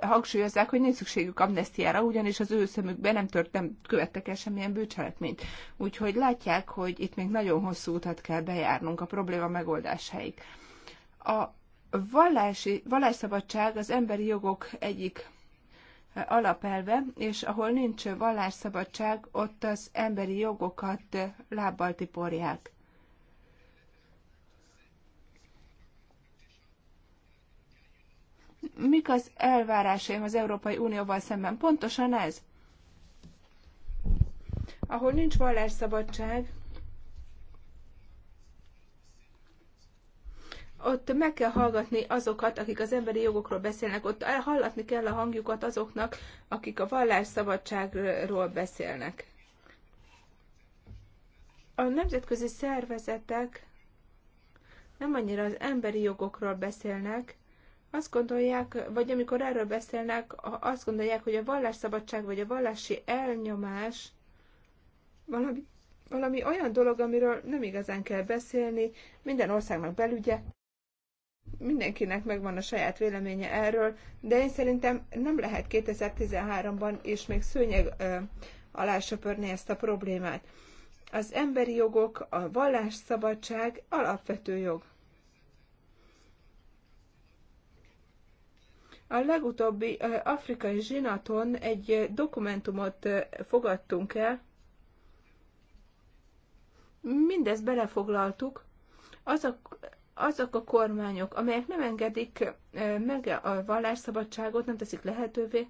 hangsúlyozzák, hogy nincs szükségük amnestiára, ugyanis az ő szemükben nem, tört, nem követtek el semmilyen bűncselekményt. Úgyhogy látják, hogy itt még nagyon hosszú utat kell bejárnunk a probléma megoldásáig. A vallási, vallásszabadság az emberi jogok egyik alapelve, és ahol nincs vallásszabadság, ott az emberi jogokat lábbal tiporják. Mik az elvárásaim az Európai Unióval szemben? Pontosan ez. Ahol nincs vallásszabadság, ott meg kell hallgatni azokat, akik az emberi jogokról beszélnek, ott hallatni kell a hangjukat azoknak, akik a vallásszabadságról beszélnek. A nemzetközi szervezetek nem annyira az emberi jogokról beszélnek, azt gondolják, vagy amikor erről beszélnek, azt gondolják, hogy a vallásszabadság vagy a vallási elnyomás valami, valami olyan dolog, amiről nem igazán kell beszélni, minden országnak belügye, Mindenkinek megvan a saját véleménye erről, de én szerintem nem lehet 2013-ban és még szőnyeg ö, alá söpörni ezt a problémát. Az emberi jogok, a vallásszabadság alapvető jog. A legutóbbi afrikai zsinaton egy dokumentumot fogadtunk el, mindezt belefoglaltuk, az a, azok a kormányok, amelyek nem engedik meg a vallásszabadságot, nem teszik lehetővé,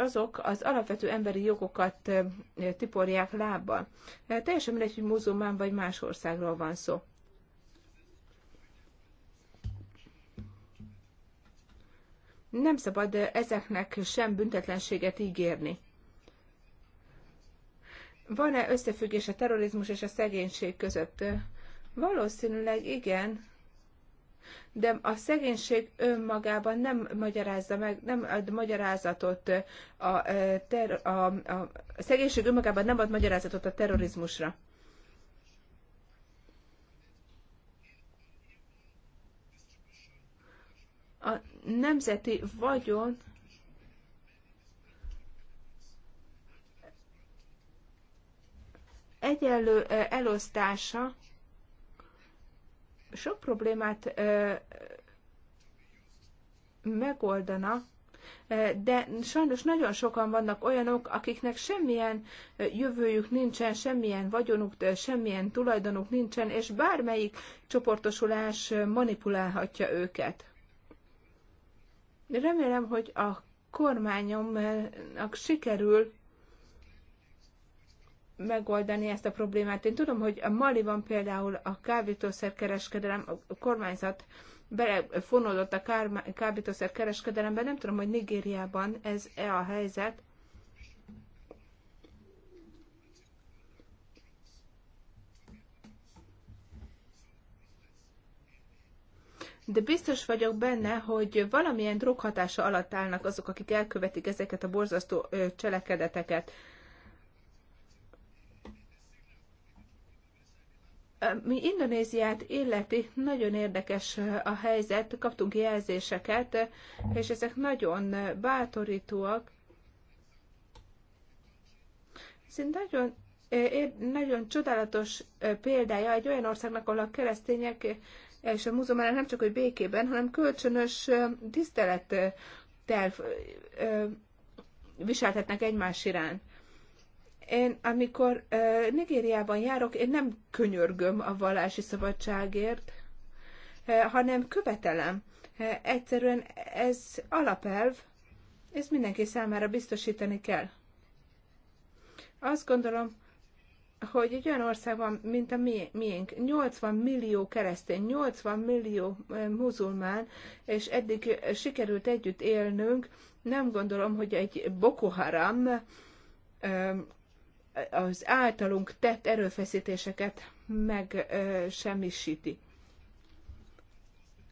azok az alapvető emberi jogokat tiporják lábbal. Teljesen mindegy, hogy muzulmán vagy más országról van szó. Nem szabad ezeknek sem büntetlenséget ígérni. Van-e összefüggés a terrorizmus és a szegénység között? Valószínűleg igen, de a szegénység önmagában nem magyarázza meg, nem ad magyarázatot a, ter, a, a, a szegénység önmagában nem ad magyarázatot a terrorizmusra. A nemzeti vagyon egyenlő elosztása sok problémát megoldana, de sajnos nagyon sokan vannak olyanok, akiknek semmilyen jövőjük nincsen, semmilyen vagyonuk, semmilyen tulajdonuk nincsen, és bármelyik csoportosulás manipulálhatja őket. Remélem, hogy a kormányomnak sikerül megoldani ezt a problémát. Én tudom, hogy a van például a kábítószerkereskedelem, a kormányzat belefonódott a kábítószerkereskedelembe, nem tudom, hogy Nigériában ez-e a helyzet. de biztos vagyok benne, hogy valamilyen droghatása alatt állnak azok, akik elkövetik ezeket a borzasztó cselekedeteket. Mi Indonéziát illeti, nagyon érdekes a helyzet, kaptunk jelzéseket, és ezek nagyon bátorítóak. Ez nagyon, nagyon csodálatos példája egy olyan országnak, ahol a keresztények és a muzulmánok nem csak hogy békében, hanem kölcsönös tisztelettel viseltetnek egymás iránt. Én, amikor Nigériában járok, én nem könyörgöm a vallási szabadságért, hanem követelem. Egyszerűen ez alapelv, ezt mindenki számára biztosítani kell. Azt gondolom, hogy egy olyan országban, mint a miénk, 80 millió keresztény, 80 millió muzulmán, és eddig sikerült együtt élnünk, nem gondolom, hogy egy Boko Haram az általunk tett erőfeszítéseket megsemmisíti.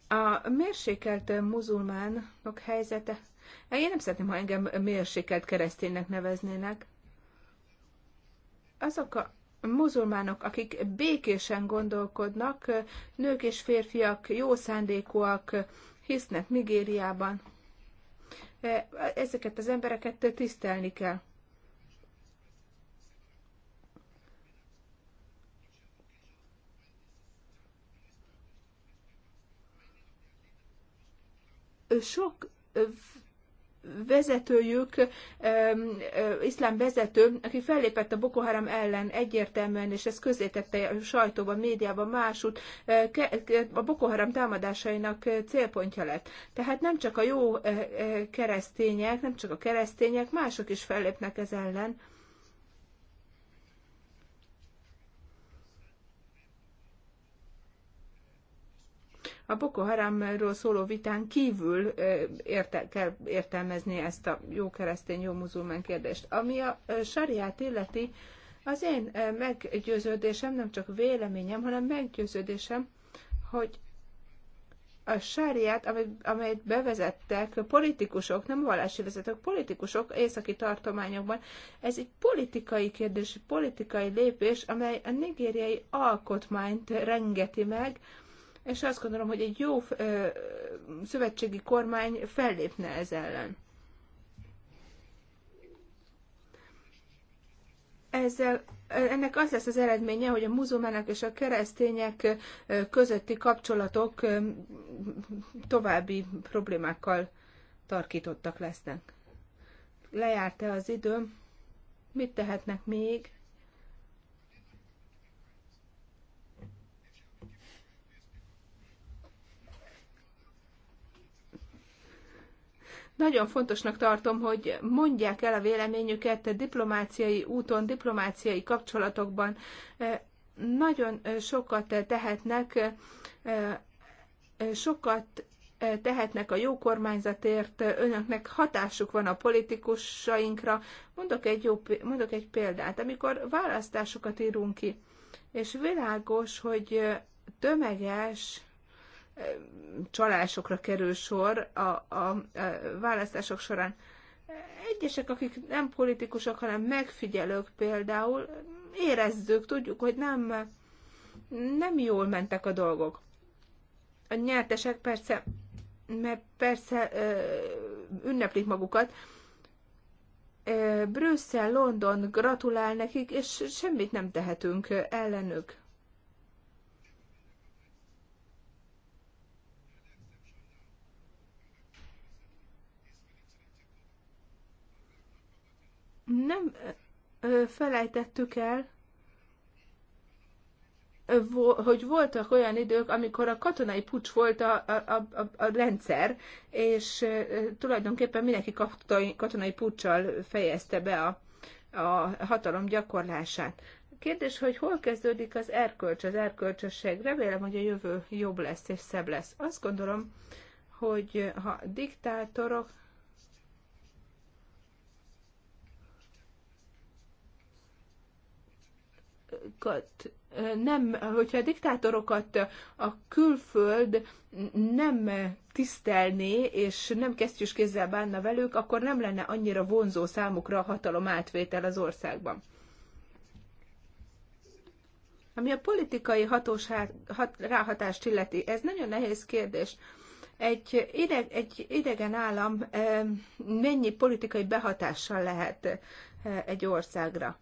A mérsékelt muzulmánok helyzete, én nem szeretném, ha engem mérsékelt kereszténynek neveznének. Azok a muzulmánok, akik békésen gondolkodnak, nők és férfiak, jó szándékúak, hisznek Nigériában. Ezeket az embereket tisztelni kell. sok vezetőjük, iszlám vezető, aki fellépett a Boko Haram ellen egyértelműen, és ez közzétette a sajtóban, médiában, másút, a Boko Haram támadásainak célpontja lett. Tehát nem csak a jó keresztények, nem csak a keresztények, mások is fellépnek ez ellen. a Boko Haramról szóló vitán kívül érte, kell értelmezni ezt a jó keresztény, jó muzulmán kérdést. Ami a sariát illeti, az én meggyőződésem, nem csak véleményem, hanem meggyőződésem, hogy a sáriát, amelyet bevezettek politikusok, nem vallási vezetők, politikusok északi tartományokban, ez egy politikai kérdés, politikai lépés, amely a nigériai alkotmányt rengeti meg, és azt gondolom, hogy egy jó szövetségi kormány fellépne ez ellen. Ezzel, ennek az lesz az eredménye, hogy a muzulmánok és a keresztények közötti kapcsolatok további problémákkal tarkítottak lesznek. Lejárt-e az idő? Mit tehetnek még? Nagyon fontosnak tartom, hogy mondják el a véleményüket diplomáciai úton, diplomáciai kapcsolatokban. Nagyon sokat tehetnek, sokat tehetnek a jó kormányzatért, önöknek hatásuk van a politikusainkra. Mondok egy, jó, mondok egy példát. Amikor választásokat írunk ki, és világos, hogy tömeges csalásokra kerül sor a, a, a választások során. Egyesek, akik nem politikusok, hanem megfigyelők például, érezzük, tudjuk, hogy nem, nem jól mentek a dolgok. A nyertesek persze, mert persze ünneplik magukat, Brüsszel, London gratulál nekik, és semmit nem tehetünk ellenük. nem felejtettük el, hogy voltak olyan idők, amikor a katonai pucs volt a, a, a, a rendszer, és tulajdonképpen mindenki katonai, katonai puccsal fejezte be a, a hatalom gyakorlását. Kérdés, hogy hol kezdődik az erkölcs, az erkölcsösség. Remélem, hogy a jövő jobb lesz és szebb lesz. Azt gondolom, hogy ha diktátorok diktátorokat nem, hogyha a diktátorokat a külföld nem tisztelné, és nem kesztyűs kézzel bánna velük, akkor nem lenne annyira vonzó számukra a hatalom átvétel az országban. Ami a politikai hatóság, hat, ráhatást illeti, ez nagyon nehéz kérdés egy, ide egy idegen állam eh, mennyi politikai behatással lehet eh, egy országra.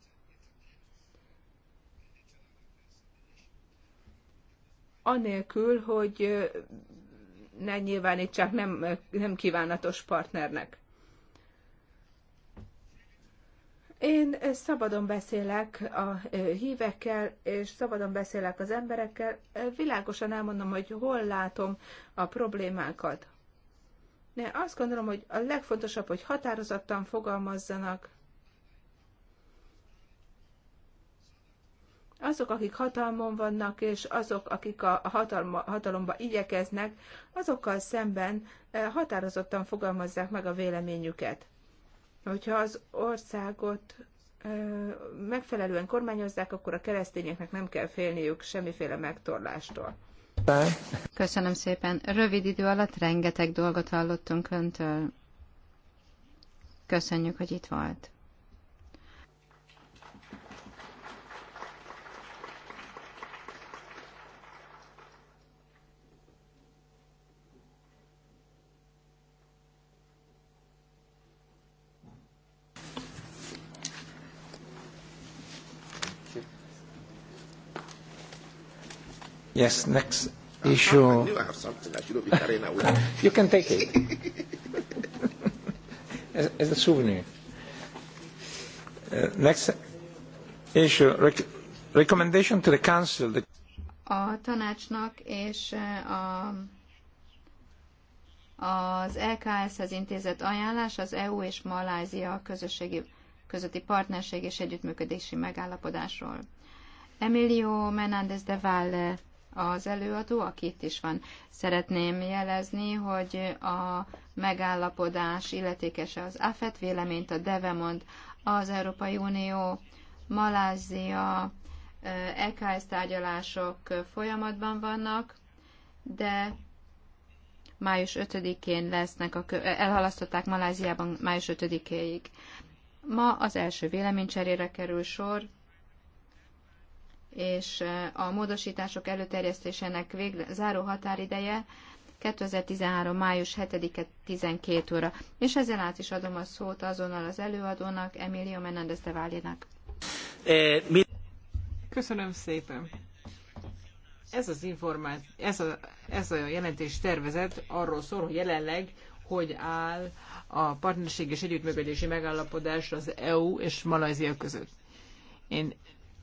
anélkül, hogy ne nyilvánítsák nem, nem kívánatos partnernek. Én szabadon beszélek a hívekkel, és szabadon beszélek az emberekkel. Világosan elmondom, hogy hol látom a problémákat. De azt gondolom, hogy a legfontosabb, hogy határozottan fogalmazzanak, azok, akik hatalmon vannak, és azok, akik a hatalma, hatalomba igyekeznek, azokkal szemben eh, határozottan fogalmazzák meg a véleményüket. Hogyha az országot eh, megfelelően kormányozzák, akkor a keresztényeknek nem kell félniük semmiféle megtorlástól. Köszönöm szépen. Rövid idő alatt rengeteg dolgot hallottunk öntől. Köszönjük, hogy itt volt. Yes, next issue. I knew I have something I should be carrying away. you can take it. as, as a souvenir. Uh, next issue. Rec recommendation to the Council. The a tanácsnak és uh, a, az LKS-hez intézett ajánlás az EU és Malázia közösségi, közötti partnerség és együttműködési megállapodásról. Emilio Menández de Valle az előadó, aki itt is van. Szeretném jelezni, hogy a megállapodás illetékese az AFET véleményt a Devemond, az Európai Unió, Malázia, EKS eh, e tárgyalások folyamatban vannak, de május 5-én lesznek, a, elhalasztották Maláziában május 5-éig. Ma az első véleménycserére kerül sor, és a módosítások előterjesztésének végle, záró határideje 2013. május 7-e 12 óra. És ezzel át is adom a szót azonnal az előadónak, Emilio Menendez de Válinak. E, Köszönöm szépen. Ez az információ, ez a, ez a jelentés tervezet arról szól, hogy jelenleg hogy áll a partnerség és együttműködési megállapodás az EU és Malajzia között. Én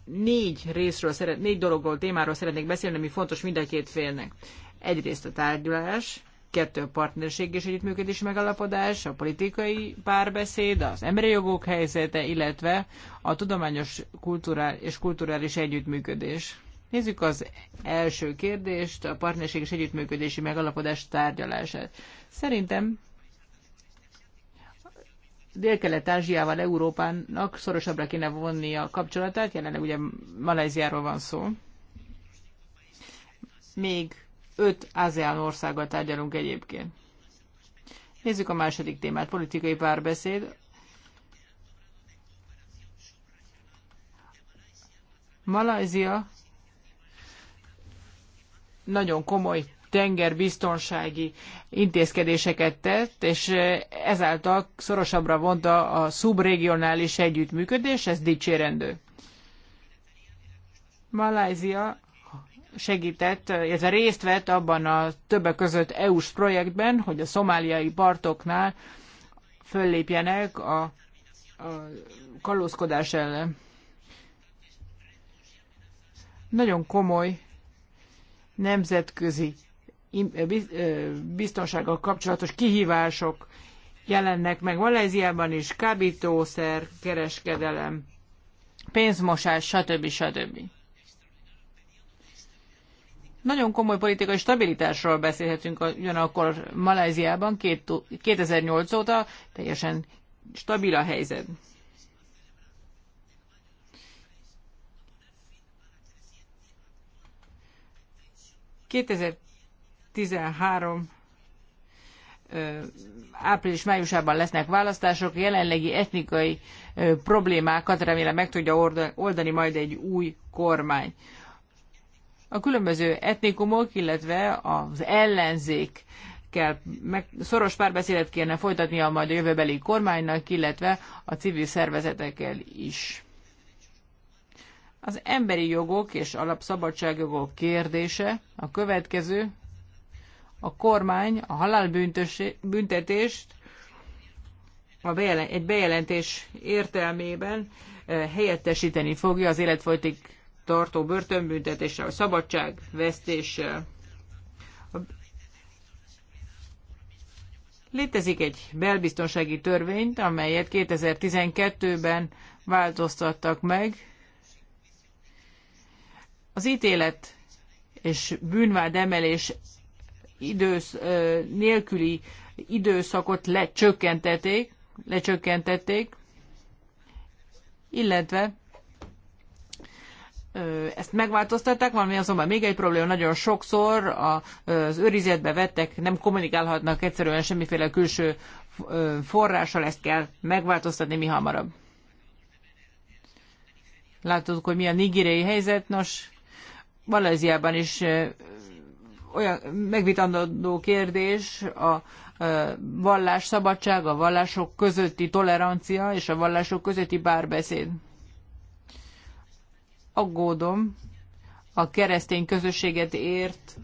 négy részről, szeret, négy dologról, témáról szeretnék beszélni, ami fontos mind a két félnek. Egyrészt a tárgyalás, kettő a partnerség és együttműködés megalapodás, a politikai párbeszéd, az emberi jogok helyzete, illetve a tudományos kulturál és kulturális együttműködés. Nézzük az első kérdést, a partnerség és együttműködési megalapodás tárgyalását. Szerintem Dél-Kelet-Ázsiával, Európának szorosabbra kéne vonni a kapcsolatát, jelenleg ugye Malajziáról van szó. Még öt ASEAN országgal tárgyalunk egyébként. Nézzük a második témát, politikai párbeszéd. Malajzia nagyon komoly tengerbiztonsági intézkedéseket tett, és ezáltal szorosabbra vonta a szubregionális együttműködés, ez dicsérendő. Malázia segített, illetve részt vett abban a többek között EU-s projektben, hogy a szomáliai partoknál föllépjenek a, a kalózkodás ellen. Nagyon komoly nemzetközi biztonsággal kapcsolatos kihívások jelennek meg Maláziában is, kábítószer, kereskedelem, pénzmosás, stb. stb. Nagyon komoly politikai stabilitásról beszélhetünk ugyanakkor Maláziában 2008 óta, teljesen stabil a helyzet. Kétezer 2013 április-májusában lesznek választások, jelenlegi etnikai problémákat remélem meg tudja oldani majd egy új kormány. A különböző etnikumok, illetve az ellenzék kell, meg, szoros párbeszédet kérne folytatnia majd a jövőbeli kormánynak, illetve a civil szervezetekkel is. Az emberi jogok és alapszabadságjogok kérdése a következő, a kormány a halálbüntetést a bejelen, egy bejelentés értelmében eh, helyettesíteni fogja az életfolytig tartó börtönbüntetéssel, a szabadságvesztéssel. Létezik egy belbiztonsági törvényt, amelyet 2012-ben változtattak meg. Az ítélet és bűnvád emelés idősz, nélküli időszakot lecsökkentették, lecsökkentették, illetve ezt megváltoztatták, valami azonban még egy probléma, nagyon sokszor az őrizetbe vettek, nem kommunikálhatnak egyszerűen semmiféle külső forrással, ezt kell megváltoztatni mi hamarabb. Látod, hogy mi a nigériai helyzet, nos, Malajziában is olyan megvitandó kérdés a vallás szabadság, a vallások közötti tolerancia és a vallások közötti bárbeszéd. Aggódom a keresztény közösséget ért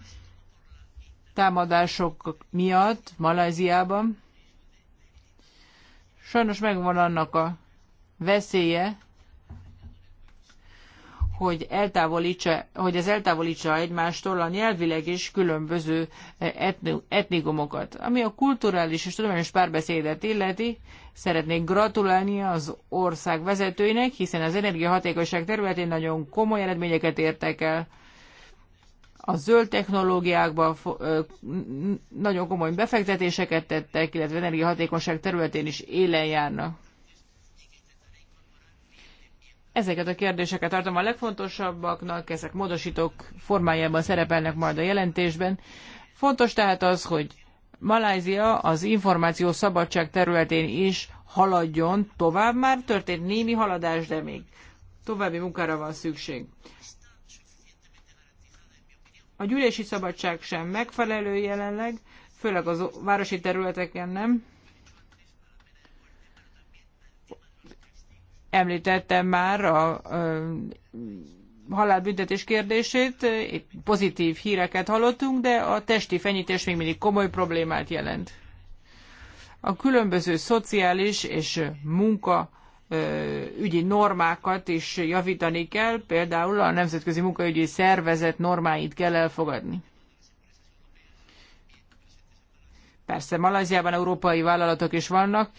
támadások miatt Malajziában. Sajnos megvan annak a veszélye, hogy, eltávolítsa, hogy ez eltávolítsa egymástól a nyelvileg is különböző eh, etnikumokat. Ami a kulturális és tudományos párbeszédet illeti, szeretnék gratulálni az ország vezetőinek, hiszen az energiahatékonyság területén nagyon komoly eredményeket értek el. A zöld technológiákban eh, nagyon komoly befektetéseket tettek, illetve energiahatékonyság területén is élen járnak Ezeket a kérdéseket tartom a legfontosabbaknak, ezek módosítók formájában szerepelnek majd a jelentésben. Fontos tehát az, hogy Malázia az információ szabadság területén is haladjon tovább. Már történt némi haladás, de még további munkára van szükség. A gyűlési szabadság sem megfelelő jelenleg, főleg a városi területeken nem. Említettem már a halálbüntetés kérdését, pozitív híreket hallottunk, de a testi fenyítés még mindig komoly problémát jelent. A különböző szociális és munka ügyi normákat is javítani kell, például a Nemzetközi Munkaügyi Szervezet normáit kell elfogadni. Persze Malajziában európai vállalatok is vannak,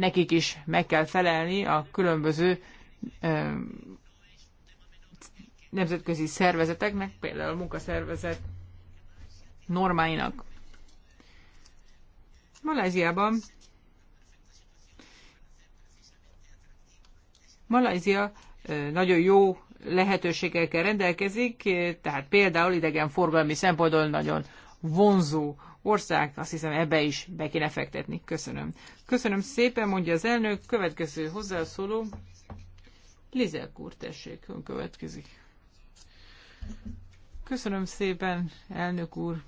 nekik is meg kell felelni a különböző nemzetközi szervezeteknek, például a munkaszervezet normáinak. Malajziában Malajzia nagyon jó lehetőségekkel rendelkezik, tehát például idegenforgalmi szempontból nagyon vonzó ország, azt hiszem ebbe is be kéne fektetni. Köszönöm. Köszönöm szépen, mondja az elnök. Következő hozzászóló, Lizel úr, tessék, ön következik. Köszönöm szépen, elnök úr.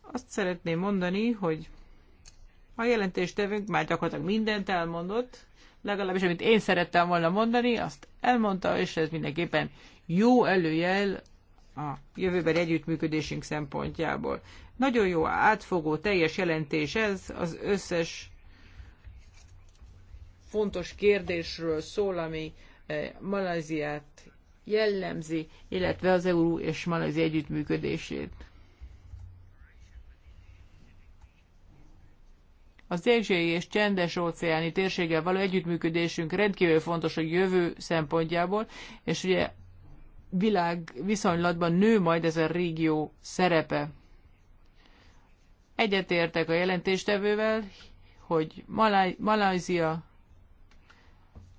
Azt szeretném mondani, hogy a jelentéstevünk már gyakorlatilag mindent elmondott, legalábbis amit én szerettem volna mondani, azt elmondta, és ez mindenképpen jó előjel a jövőben együttműködésünk szempontjából. Nagyon jó átfogó, teljes jelentés ez, az összes fontos kérdésről szól, ami eh, Maláziát jellemzi, illetve az EU és Malázi együttműködését. Az ázsiai és csendes óceáni térséggel való együttműködésünk rendkívül fontos a jövő szempontjából, és ugye világ viszonylatban nő majd ez a régió szerepe. Egyetértek a jelentéstevővel, hogy Malajzia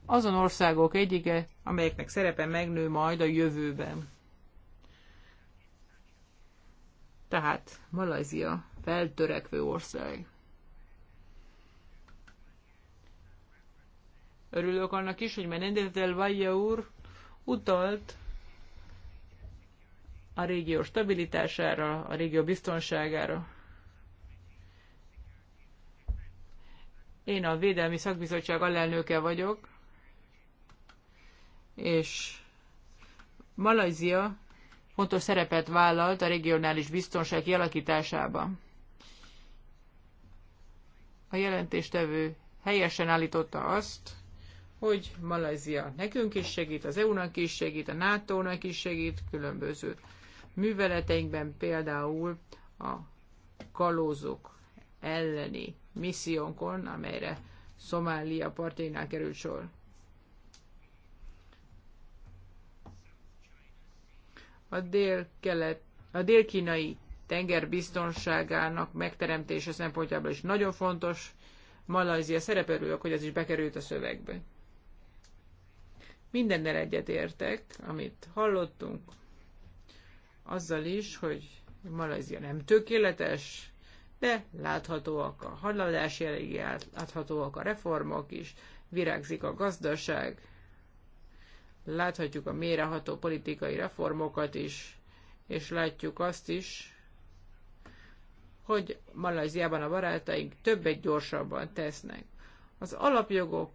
azon országok egyike, amelyeknek szerepe megnő majd a jövőben. Tehát Malajzia feltörekvő ország. Örülök annak is, hogy Menendez del Valle úr utalt a régió stabilitására, a régió biztonságára. Én a Védelmi Szakbizottság alelnöke vagyok, és Malajzia fontos szerepet vállalt a regionális biztonság kialakításában. A jelentéstevő helyesen állította azt, hogy Malajzia nekünk is segít, az EU-nak is segít, a NATO-nak is segít, különböző műveleteinkben, például a kalózok elleni missziónkon, amelyre Szomália partjainál került sor. A dél-kelet, a dél-kínai tenger biztonságának megteremtése szempontjából is nagyon fontos. Malajzia szerepelők, hogy ez is bekerült a szövegbe. Mindennel egyetértek, amit hallottunk, azzal is, hogy Malajzia nem tökéletes, de láthatóak a haladás jelegi, láthatóak a reformok is, virágzik a gazdaság, láthatjuk a méreható politikai reformokat is, és látjuk azt is, hogy Malajziában a barátaink többet gyorsabban tesznek. Az alapjogok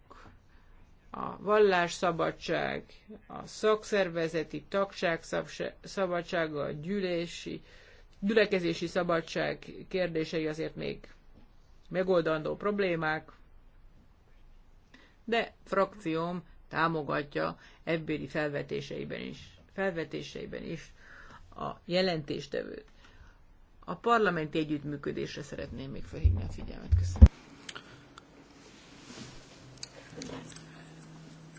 a vallásszabadság, a szakszervezeti tagság szabadsága, a gyűlési, gyülekezési szabadság kérdései azért még megoldandó problémák, de frakcióm támogatja ebbéli felvetéseiben is, felvetéseiben is a jelentéstevőt. A parlamenti együttműködésre szeretném még felhívni a figyelmet. Köszönöm.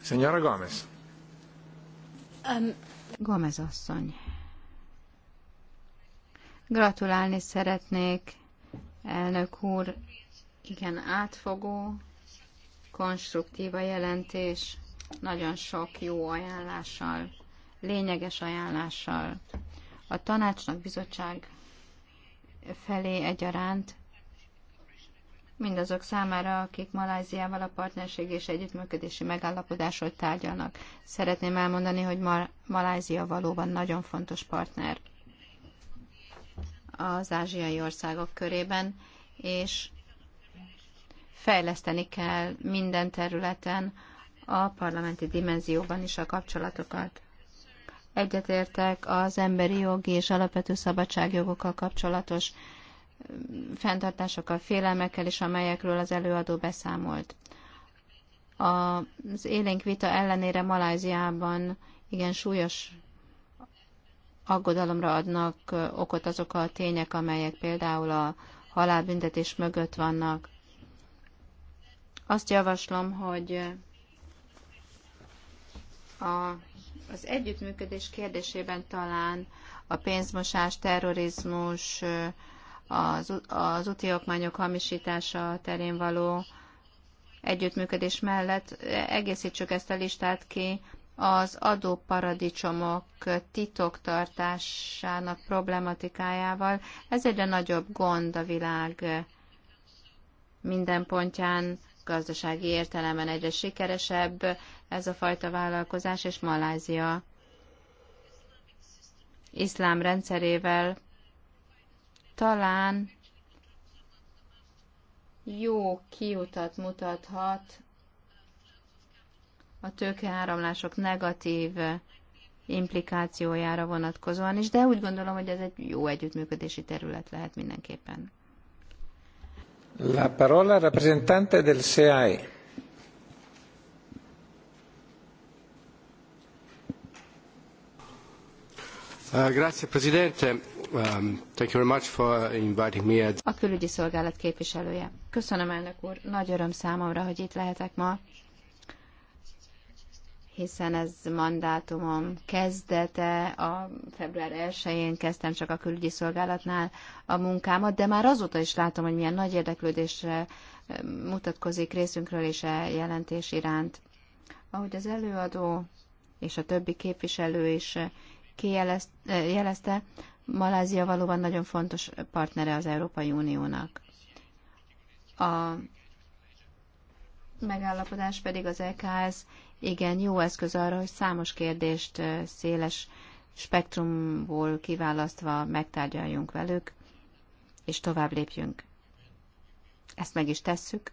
Señora Gomez. Um, Gomez asszony. Gratulálni szeretnék, elnök úr. Igen, átfogó, konstruktív a jelentés, nagyon sok jó ajánlással, lényeges ajánlással. A tanácsnak bizottság felé egyaránt mindazok számára, akik Maláziával a partnerség és együttműködési megállapodásról tárgyalnak. Szeretném elmondani, hogy Mal- Malázia valóban nagyon fontos partner az ázsiai országok körében, és fejleszteni kell minden területen, a parlamenti dimenzióban is a kapcsolatokat. Egyetértek az emberi jogi és alapvető szabadságjogokkal kapcsolatos fenntartásokkal, félelmekkel is, amelyekről az előadó beszámolt. Az élénk vita ellenére Maláziában igen súlyos aggodalomra adnak okot azok a tények, amelyek például a halálbüntetés mögött vannak. Azt javaslom, hogy a, az együttműködés kérdésében talán a pénzmosás, terrorizmus, az, az úti okmányok hamisítása terén való együttműködés mellett e, egészítsük ezt a listát ki az adóparadicsomok titoktartásának problematikájával. Ez egyre nagyobb gond a világ minden pontján, gazdasági értelemben egyre sikeresebb ez a fajta vállalkozás, és Malázia iszlám rendszerével talán jó kiutat mutathat a tőkeáramlások negatív implikációjára vonatkozóan is, de úgy gondolom, hogy ez egy jó együttműködési terület lehet mindenképpen. La parola rappresentante del SEAE. Ah, grazie Presidente. Um, thank you very much for inviting me. A külügyi szolgálat képviselője. Köszönöm, elnök úr. Nagy öröm számomra, hogy itt lehetek ma, hiszen ez mandátumom kezdete. A február 1-én kezdtem csak a külügyi szolgálatnál a munkámat, de már azóta is látom, hogy milyen nagy érdeklődésre um, mutatkozik részünkről és a jelentés iránt. Ahogy az előadó és a többi képviselő is uh, kijelezte, uh, Malázia valóban nagyon fontos partnere az Európai Uniónak. A megállapodás pedig az EKS igen jó eszköz arra, hogy számos kérdést széles spektrumból kiválasztva megtárgyaljunk velük, és tovább lépjünk. Ezt meg is tesszük.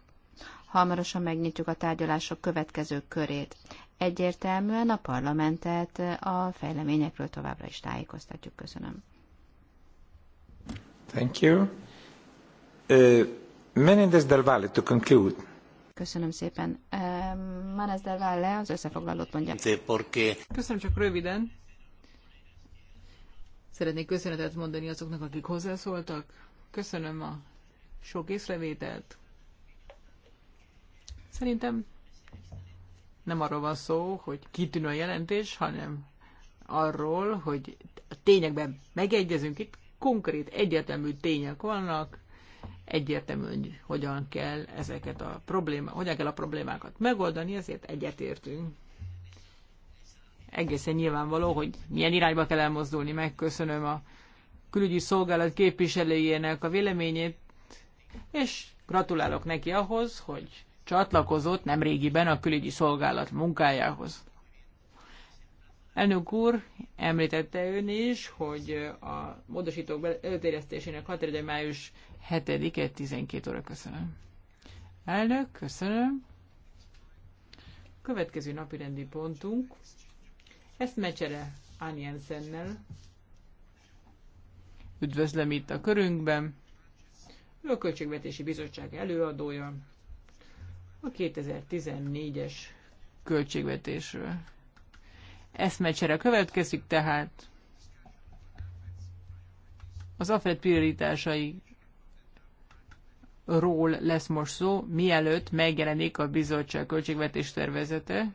Hamarosan megnyitjuk a tárgyalások következő körét. Egyértelműen a parlamentet a fejleményekről továbbra is tájékoztatjuk. Köszönöm. Thank you. Uh, Menendez del Valle, to conclude. Köszönöm szépen. Uh, um, Menendez del Valle az összefoglalót mondja. Köszönöm csak röviden. Szeretnék köszönetet mondani azoknak, akik hozzászóltak. Köszönöm a sok észrevételt. Szerintem nem arról van szó, hogy kitűnő a jelentés, hanem arról, hogy a tényekben megegyezünk itt, konkrét, egyetemű tények vannak, egyértelmű, hogy hogyan kell ezeket a probléma, hogyan kell a problémákat megoldani, ezért egyetértünk. Egészen nyilvánvaló, hogy milyen irányba kell elmozdulni. Megköszönöm a külügyi szolgálat képviselőjének a véleményét, és gratulálok neki ahhoz, hogy csatlakozott nemrégiben a külügyi szolgálat munkájához. Elnök úr, említette ön is, hogy a módosítók előterjesztésének határideje május 7-e 12 óra. Köszönöm. Elnök, köszönöm. Következő napi rendi pontunk. Ezt mecsere Anjensennel Jensennel. Üdvözlöm itt a körünkben. Ő a Költségvetési Bizottság előadója a 2014-es költségvetésről eszmecsere következik, tehát az AFED prioritásai ról lesz most szó, mielőtt megjelenik a bizottság költségvetés tervezete.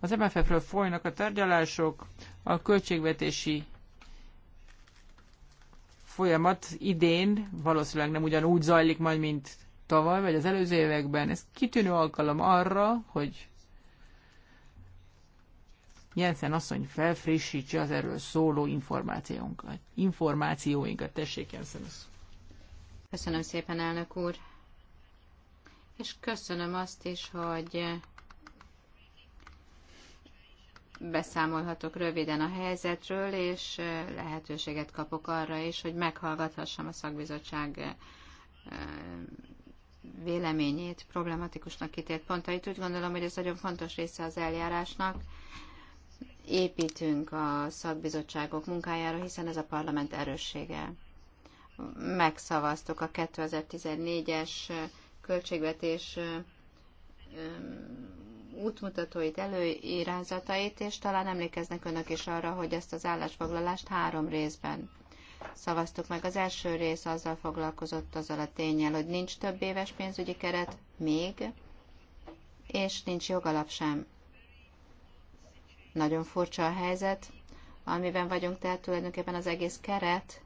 Az MFF-ről folynak a tárgyalások, a költségvetési folyamat idén valószínűleg nem ugyanúgy zajlik majd, mint tavaly, vagy az előző években. Ez kitűnő alkalom arra, hogy Jensen asszony felfrissítse az erről szóló információinkat. Információinkat, tessék Jensen asszony. Köszönöm szépen, elnök úr. És köszönöm azt is, hogy beszámolhatok röviden a helyzetről, és lehetőséget kapok arra is, hogy meghallgathassam a szakbizottság eh, véleményét, problematikusnak kitért pontait. Úgy gondolom, hogy ez nagyon fontos része az eljárásnak, építünk a szakbizottságok munkájára, hiszen ez a parlament erőssége. Megszavaztuk a 2014-es költségvetés um, útmutatóit, előirányzatait, és talán emlékeznek önök is arra, hogy ezt az állásfoglalást három részben szavaztuk meg. Az első rész azzal foglalkozott azzal a tényel, hogy nincs több éves pénzügyi keret még, és nincs jogalap sem nagyon furcsa a helyzet, amiben vagyunk, tehát tulajdonképpen az egész keret,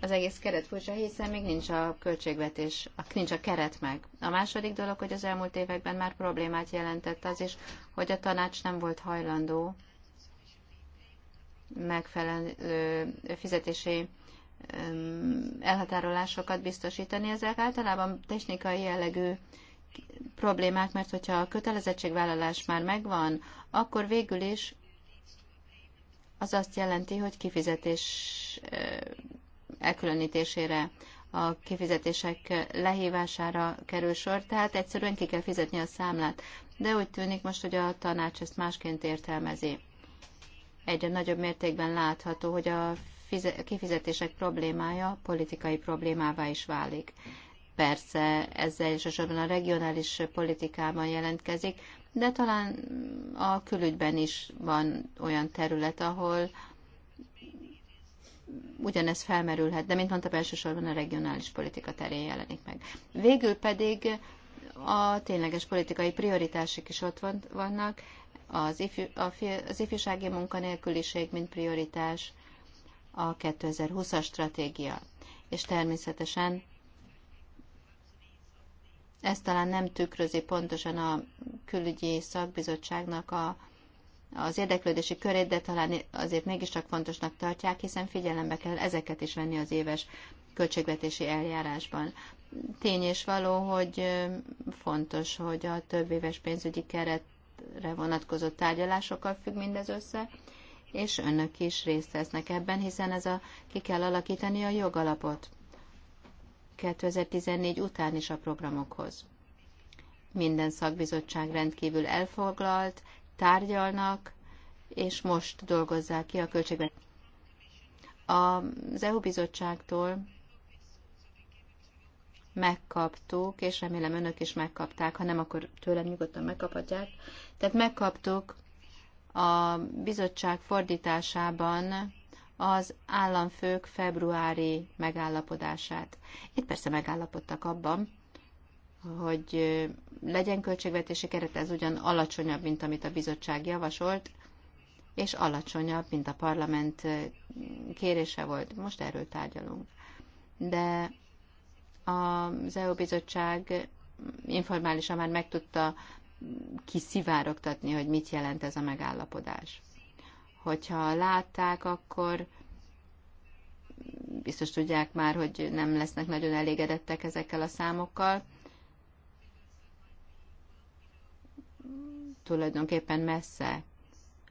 az egész keret furcsa, hiszen még nincs a költségvetés, nincs a keret meg. A második dolog, hogy az elmúlt években már problémát jelentett az is, hogy a tanács nem volt hajlandó megfelelő fizetési elhatárolásokat biztosítani. Ezek általában technikai jellegű problémák, mert hogyha a kötelezettségvállalás már megvan, akkor végül is az azt jelenti, hogy kifizetés elkülönítésére, a kifizetések lehívására kerül sor, tehát egyszerűen ki kell fizetni a számlát. De úgy tűnik most, hogy a tanács ezt másként értelmezi. Egyre nagyobb mértékben látható, hogy a kifizetések problémája politikai problémává is válik. Persze ez elsősorban a regionális politikában jelentkezik, de talán a külügyben is van olyan terület, ahol ugyanez felmerülhet, de mint mondtam, elsősorban a regionális politika terén jelenik meg. Végül pedig a tényleges politikai prioritások is ott vannak, az, ifjú, a, az ifjúsági munkanélküliség, mint prioritás, a 2020-as stratégia, és természetesen ez talán nem tükrözi pontosan a külügyi szakbizottságnak a, az érdeklődési körét, de talán azért mégiscsak fontosnak tartják, hiszen figyelembe kell ezeket is venni az éves költségvetési eljárásban. Tény és való, hogy fontos, hogy a több éves pénzügyi keretre vonatkozó tárgyalásokkal függ mindez össze, és önök is részt vesznek ebben, hiszen ez a, ki kell alakítani a jogalapot. 2014 után is a programokhoz. Minden szakbizottság rendkívül elfoglalt, tárgyalnak, és most dolgozzák ki a költségvetést. Az EU bizottságtól megkaptuk, és remélem önök is megkapták, ha nem, akkor tőlem nyugodtan megkaphatják. Tehát megkaptuk a bizottság fordításában az államfők februári megállapodását. Itt persze megállapodtak abban, hogy legyen költségvetési keret, ez ugyan alacsonyabb, mint amit a bizottság javasolt, és alacsonyabb, mint a parlament kérése volt. Most erről tárgyalunk. De az EU bizottság informálisan már meg tudta kiszivárogtatni, hogy mit jelent ez a megállapodás hogyha látták, akkor biztos tudják már, hogy nem lesznek nagyon elégedettek ezekkel a számokkal. Tulajdonképpen messze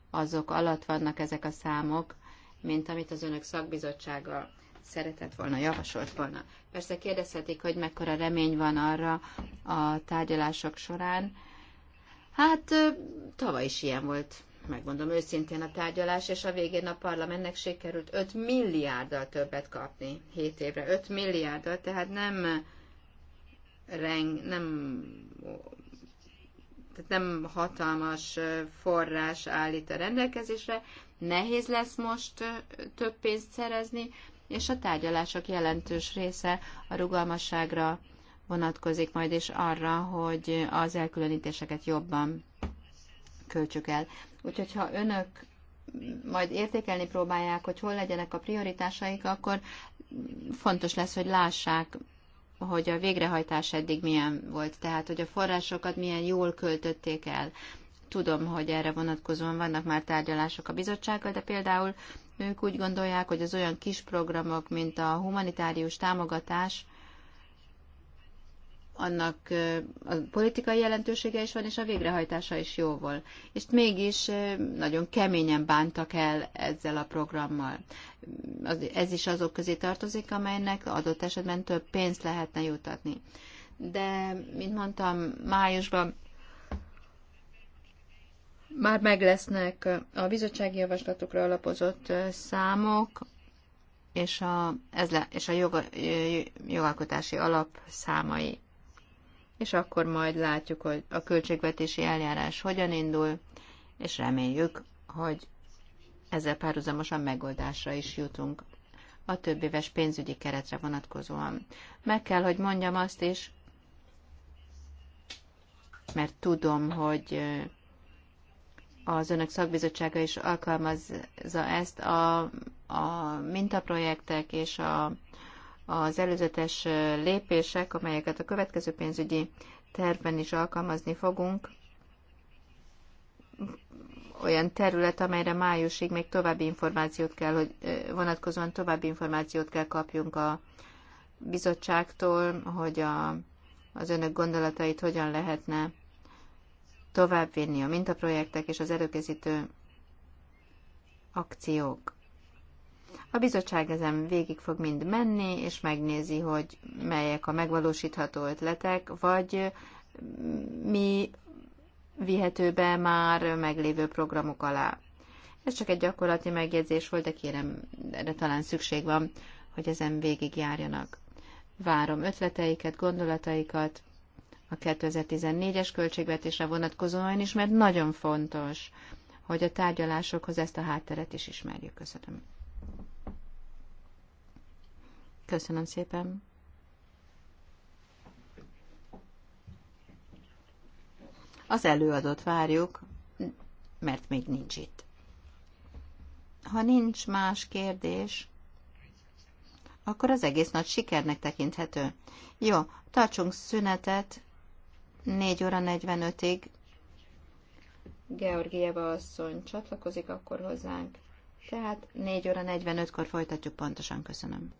azok alatt vannak ezek a számok, mint amit az önök szakbizottsága szeretett volna, javasolt volna. Persze kérdezhetik, hogy mekkora remény van arra a tárgyalások során. Hát tavaly is ilyen volt megmondom őszintén, a tárgyalás, és a végén a parlamentnek sikerült 5 milliárddal többet kapni 7 évre. 5 milliárddal, tehát nem reng, nem tehát nem hatalmas forrás állít a rendelkezésre, nehéz lesz most több pénzt szerezni, és a tárgyalások jelentős része a rugalmasságra vonatkozik majd, és arra, hogy az elkülönítéseket jobban költsük el. Úgyhogy ha önök majd értékelni próbálják, hogy hol legyenek a prioritásaik, akkor fontos lesz, hogy lássák, hogy a végrehajtás eddig milyen volt, tehát hogy a forrásokat milyen jól költötték el. Tudom, hogy erre vonatkozóan vannak már tárgyalások a bizottsággal, de például ők úgy gondolják, hogy az olyan kis programok, mint a humanitárius támogatás, annak a politikai jelentősége is van, és a végrehajtása is jó volt. És mégis nagyon keményen bántak el ezzel a programmal. Ez is azok közé tartozik, amelynek adott esetben több pénzt lehetne jutatni. De, mint mondtam, májusban már meg lesznek a bizottsági javaslatokra alapozott számok, és a, ez le, és a joga, jogalkotási alap számai és akkor majd látjuk, hogy a költségvetési eljárás hogyan indul, és reméljük, hogy ezzel párhuzamosan megoldásra is jutunk a több éves pénzügyi keretre vonatkozóan. Meg kell, hogy mondjam azt is, mert tudom, hogy az önök szakbizottsága is alkalmazza ezt a, a mintaprojektek és a az előzetes lépések, amelyeket a következő pénzügyi tervben is alkalmazni fogunk, olyan terület, amelyre májusig még további információt kell, hogy vonatkozóan további információt kell kapjunk a bizottságtól, hogy a, az önök gondolatait hogyan lehetne továbbvinni a mintaprojektek és az előkészítő akciók a bizottság ezen végig fog mind menni, és megnézi, hogy melyek a megvalósítható ötletek, vagy mi vihető be már meglévő programok alá. Ez csak egy gyakorlati megjegyzés volt, de kérem, erre talán szükség van, hogy ezen végig járjanak. Várom ötleteiket, gondolataikat a 2014-es költségvetésre vonatkozóan is, mert nagyon fontos, hogy a tárgyalásokhoz ezt a hátteret is ismerjük. Köszönöm. Köszönöm szépen. Az előadót várjuk, mert még nincs itt. Ha nincs más kérdés, akkor az egész nagy sikernek tekinthető. Jó, tartsunk szünetet 4 óra 45-ig. Georgieva asszony csatlakozik akkor hozzánk. Tehát 4 óra 45-kor folytatjuk pontosan, köszönöm.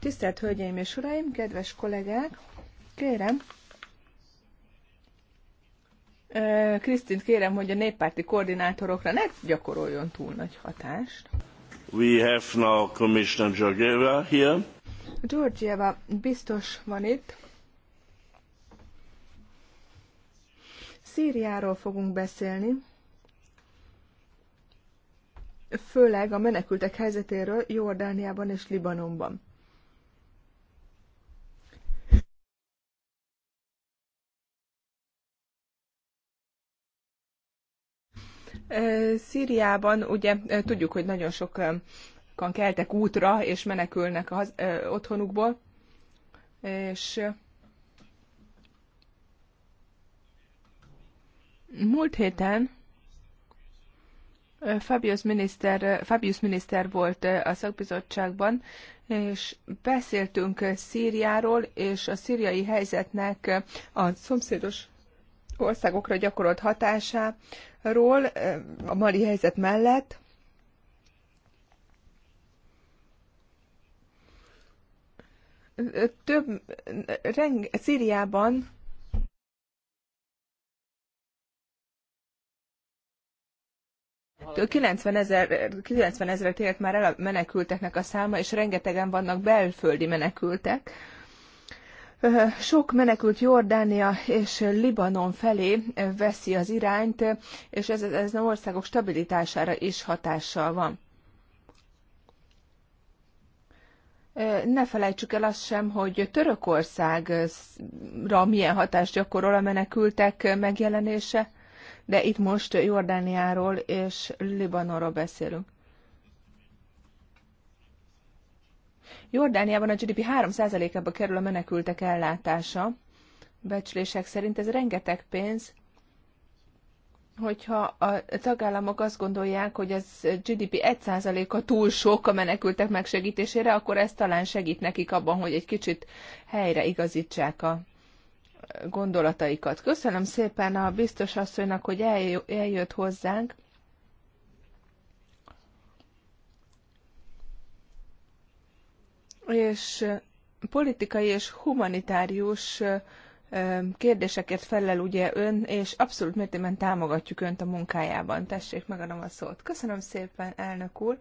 Tisztelt Hölgyeim és Uraim, kedves kollégák, kérem, Krisztint kérem, hogy a néppárti koordinátorokra ne gyakoroljon túl nagy hatást. We have now Commissioner Georgieva here. Georgieva biztos van itt. Szíriáról fogunk beszélni főleg a menekültek helyzetéről Jordániában és Libanonban. Szíriában ugye tudjuk, hogy nagyon sokan keltek útra és menekülnek az, ö, otthonukból, és múlt héten Fabius miniszter, Fabius miniszter volt a szakbizottságban, és beszéltünk Szíriáról és a szíriai helyzetnek a szomszédos országokra gyakorolt hatásáról a mali helyzet mellett. Több, renge, Szíriában 90 ezer, 90 már el a menekülteknek a száma, és rengetegen vannak belföldi menekültek. Sok menekült Jordánia és Libanon felé veszi az irányt, és ez, ez az országok stabilitására is hatással van. Ne felejtsük el azt sem, hogy Törökországra milyen hatást gyakorol a menekültek megjelenése de itt most Jordániáról és Libanonról beszélünk. Jordániában a GDP 3%-ába kerül a menekültek ellátása. Becslések szerint ez rengeteg pénz, hogyha a tagállamok azt gondolják, hogy az GDP 1%-a túl sok a menekültek megsegítésére, akkor ez talán segít nekik abban, hogy egy kicsit helyre igazítsák a gondolataikat. Köszönöm szépen a biztos asszonynak, hogy eljött hozzánk. És politikai és humanitárius kérdéseket felel ugye ön, és abszolút mértében támogatjuk önt a munkájában. Tessék, megadom a szót. Köszönöm szépen, elnök úr.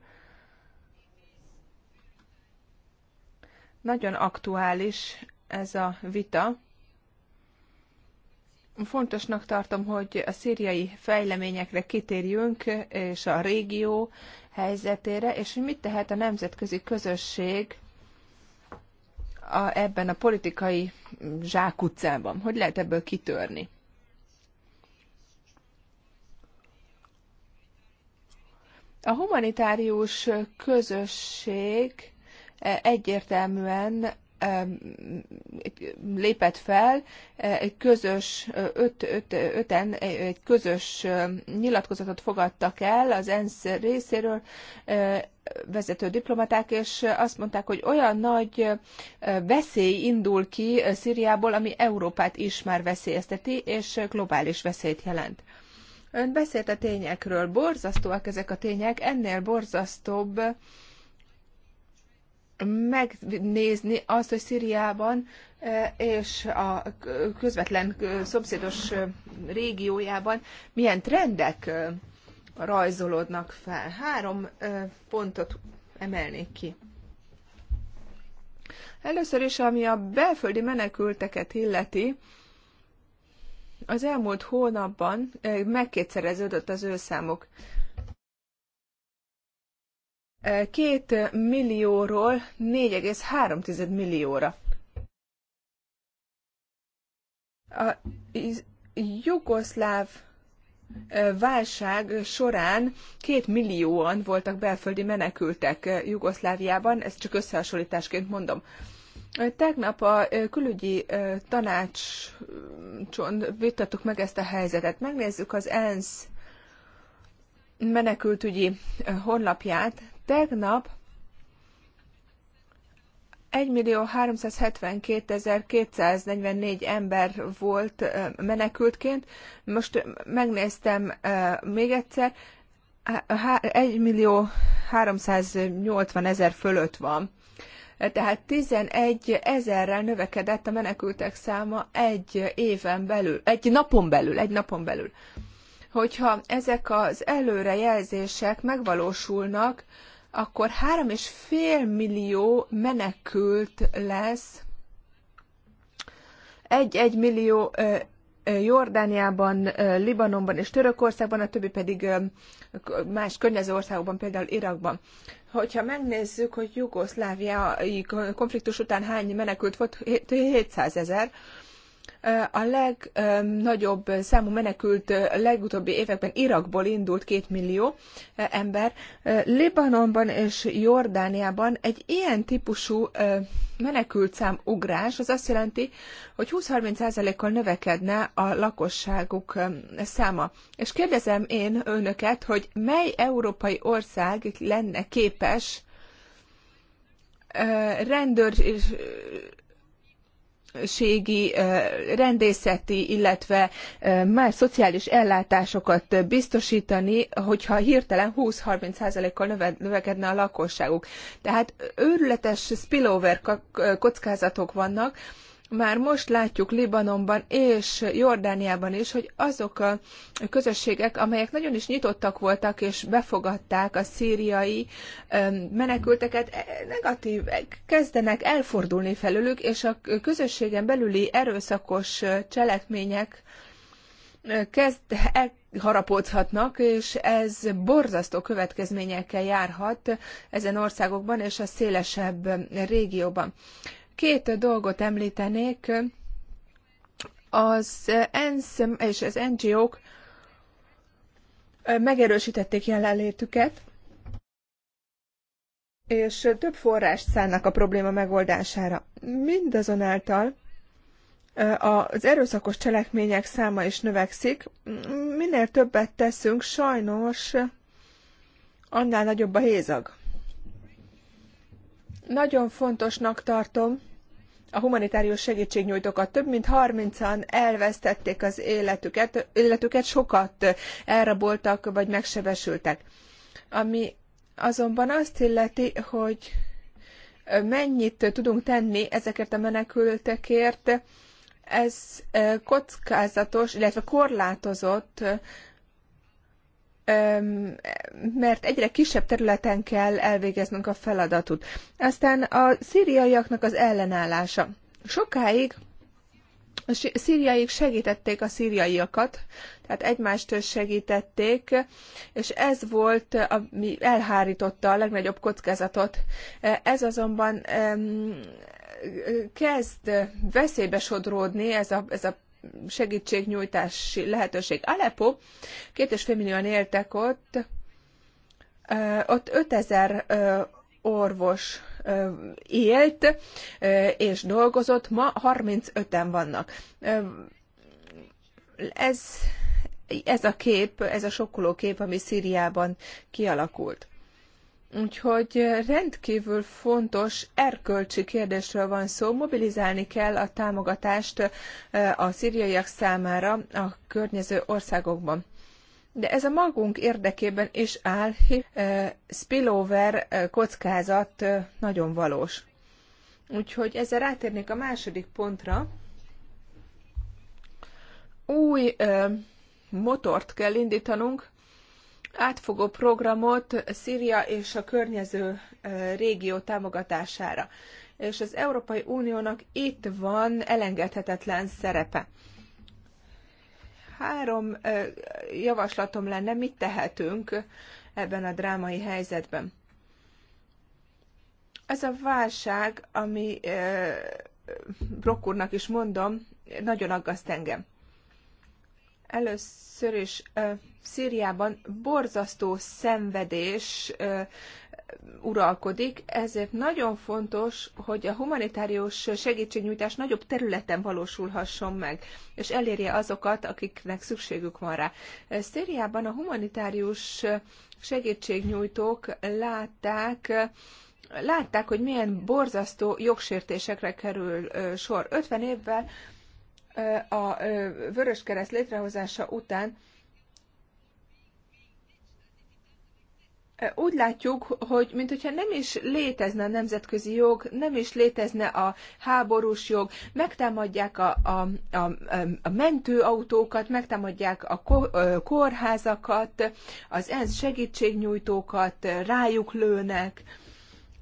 Nagyon aktuális ez a vita. Fontosnak tartom, hogy a szíriai fejleményekre kitérjünk, és a régió helyzetére, és hogy mit tehet a nemzetközi közösség a, ebben a politikai zsákutcában. Hogy lehet ebből kitörni? A humanitárius közösség eh, egyértelműen lépett fel, eh, egy közös, eh, öt, öt, öten eh, egy közös nyilatkozatot fogadtak el az ENSZ részéről, vezető diplomaták, és azt mondták, hogy olyan nagy veszély indul ki Szíriából, ami Európát is már veszélyezteti, és globális veszélyt jelent. Ön beszélt a tényekről, borzasztóak ezek a tények, ennél borzasztóbb megnézni azt, hogy Szíriában e, és a közvetlen szomszédos e, régiójában milyen trendek e, rajzolódnak fel. Három pontot emelnék ki. Először is, ami a belföldi menekülteket illeti, az elmúlt hónapban megkétszereződött az ő számuk. Két millióról 4,3 millióra. A jugoszláv válság során két millióan voltak belföldi menekültek Jugoszláviában, ezt csak összehasonlításként mondom. Tegnap a külügyi tanácson vitattuk meg ezt a helyzetet. Megnézzük az ENSZ menekültügyi honlapját, Tegnap 1.372.244 ember volt menekültként. Most megnéztem még egyszer, 1 millió 380 fölött van. Tehát 11 ezerrel növekedett a menekültek száma egy éven belül, egy napon belül, egy napon belül. Hogyha ezek az előrejelzések megvalósulnak, akkor három és fél millió menekült lesz, egy egy millió Jordániában, Libanonban és Törökországban, a többi pedig más környező országokban, például Irakban. Hogyha megnézzük, hogy Jugoszláviai konfliktus után hány menekült volt, 700 ezer, a legnagyobb számú menekült legutóbbi években Irakból indult két millió ember. Libanonban és Jordániában egy ilyen típusú menekült szám ugrás, az azt jelenti, hogy 20-30%-kal növekedne a lakosságuk száma. És kérdezem én önöket, hogy mely európai ország lenne képes rendőr egészségi, rendészeti, illetve más szociális ellátásokat biztosítani, hogyha hirtelen 20-30%-kal növekedne a lakosságuk. Tehát őrületes spillover kockázatok vannak, már most látjuk Libanonban és Jordániában is, hogy azok a közösségek, amelyek nagyon is nyitottak voltak és befogadták a szíriai menekülteket, e, negatív, e, kezdenek elfordulni felőlük, és a közösségen belüli erőszakos cselekmények kezd harapódhatnak, és ez borzasztó következményekkel járhat ezen országokban és a szélesebb régióban. Két dolgot említenék. Az ENSZ és az NGO-k megerősítették jelenlétüket, és több forrást szánnak a probléma megoldására. Mindazonáltal az erőszakos cselekmények száma is növekszik. Minél többet teszünk, sajnos annál nagyobb a hézag. Nagyon fontosnak tartom a humanitárius segítségnyújtókat. Több mint 30-an elvesztették az életüket, életüket sokat elraboltak vagy megsebesültek. Ami azonban azt illeti, hogy mennyit tudunk tenni ezekért a menekültekért, ez kockázatos, illetve korlátozott mert egyre kisebb területen kell elvégeznünk a feladatot. Aztán a szíriaiaknak az ellenállása. Sokáig a szíriaik segítették a szíriaiakat, tehát egymást segítették, és ez volt, ami elhárította a legnagyobb kockázatot. Ez azonban kezd veszélybe sodródni ez a, ez a segítségnyújtási lehetőség. Aleppo, két és fél millióan éltek ott, ott 5000 orvos élt és dolgozott, ma 35-en vannak. Ez, ez a kép, ez a sokkoló kép, ami Szíriában kialakult. Úgyhogy rendkívül fontos erkölcsi kérdésről van szó. Mobilizálni kell a támogatást a szíriaiak számára a környező országokban. De ez a magunk érdekében is áll, spillover kockázat nagyon valós. Úgyhogy ezzel rátérnék a második pontra. Új motort kell indítanunk, átfogó programot Szíria és a környező régió támogatására. És az Európai Uniónak itt van elengedhetetlen szerepe. Három javaslatom lenne, mit tehetünk ebben a drámai helyzetben. Ez a válság, ami Brock úrnak is mondom, nagyon aggaszt engem. Először is Szíriában borzasztó szenvedés uralkodik, ezért nagyon fontos, hogy a humanitárius segítségnyújtás nagyobb területen valósulhasson meg, és elérje azokat, akiknek szükségük van rá. Szíriában a humanitárius segítségnyújtók látták, látták, hogy milyen borzasztó jogsértésekre kerül sor. 50 évvel a kereszt létrehozása után úgy látjuk, hogy mintha nem is létezne a nemzetközi jog, nem is létezne a háborús jog, megtámadják a, a, a, a mentőautókat, megtámadják a kórházakat, az ENSZ segítségnyújtókat, rájuk lőnek,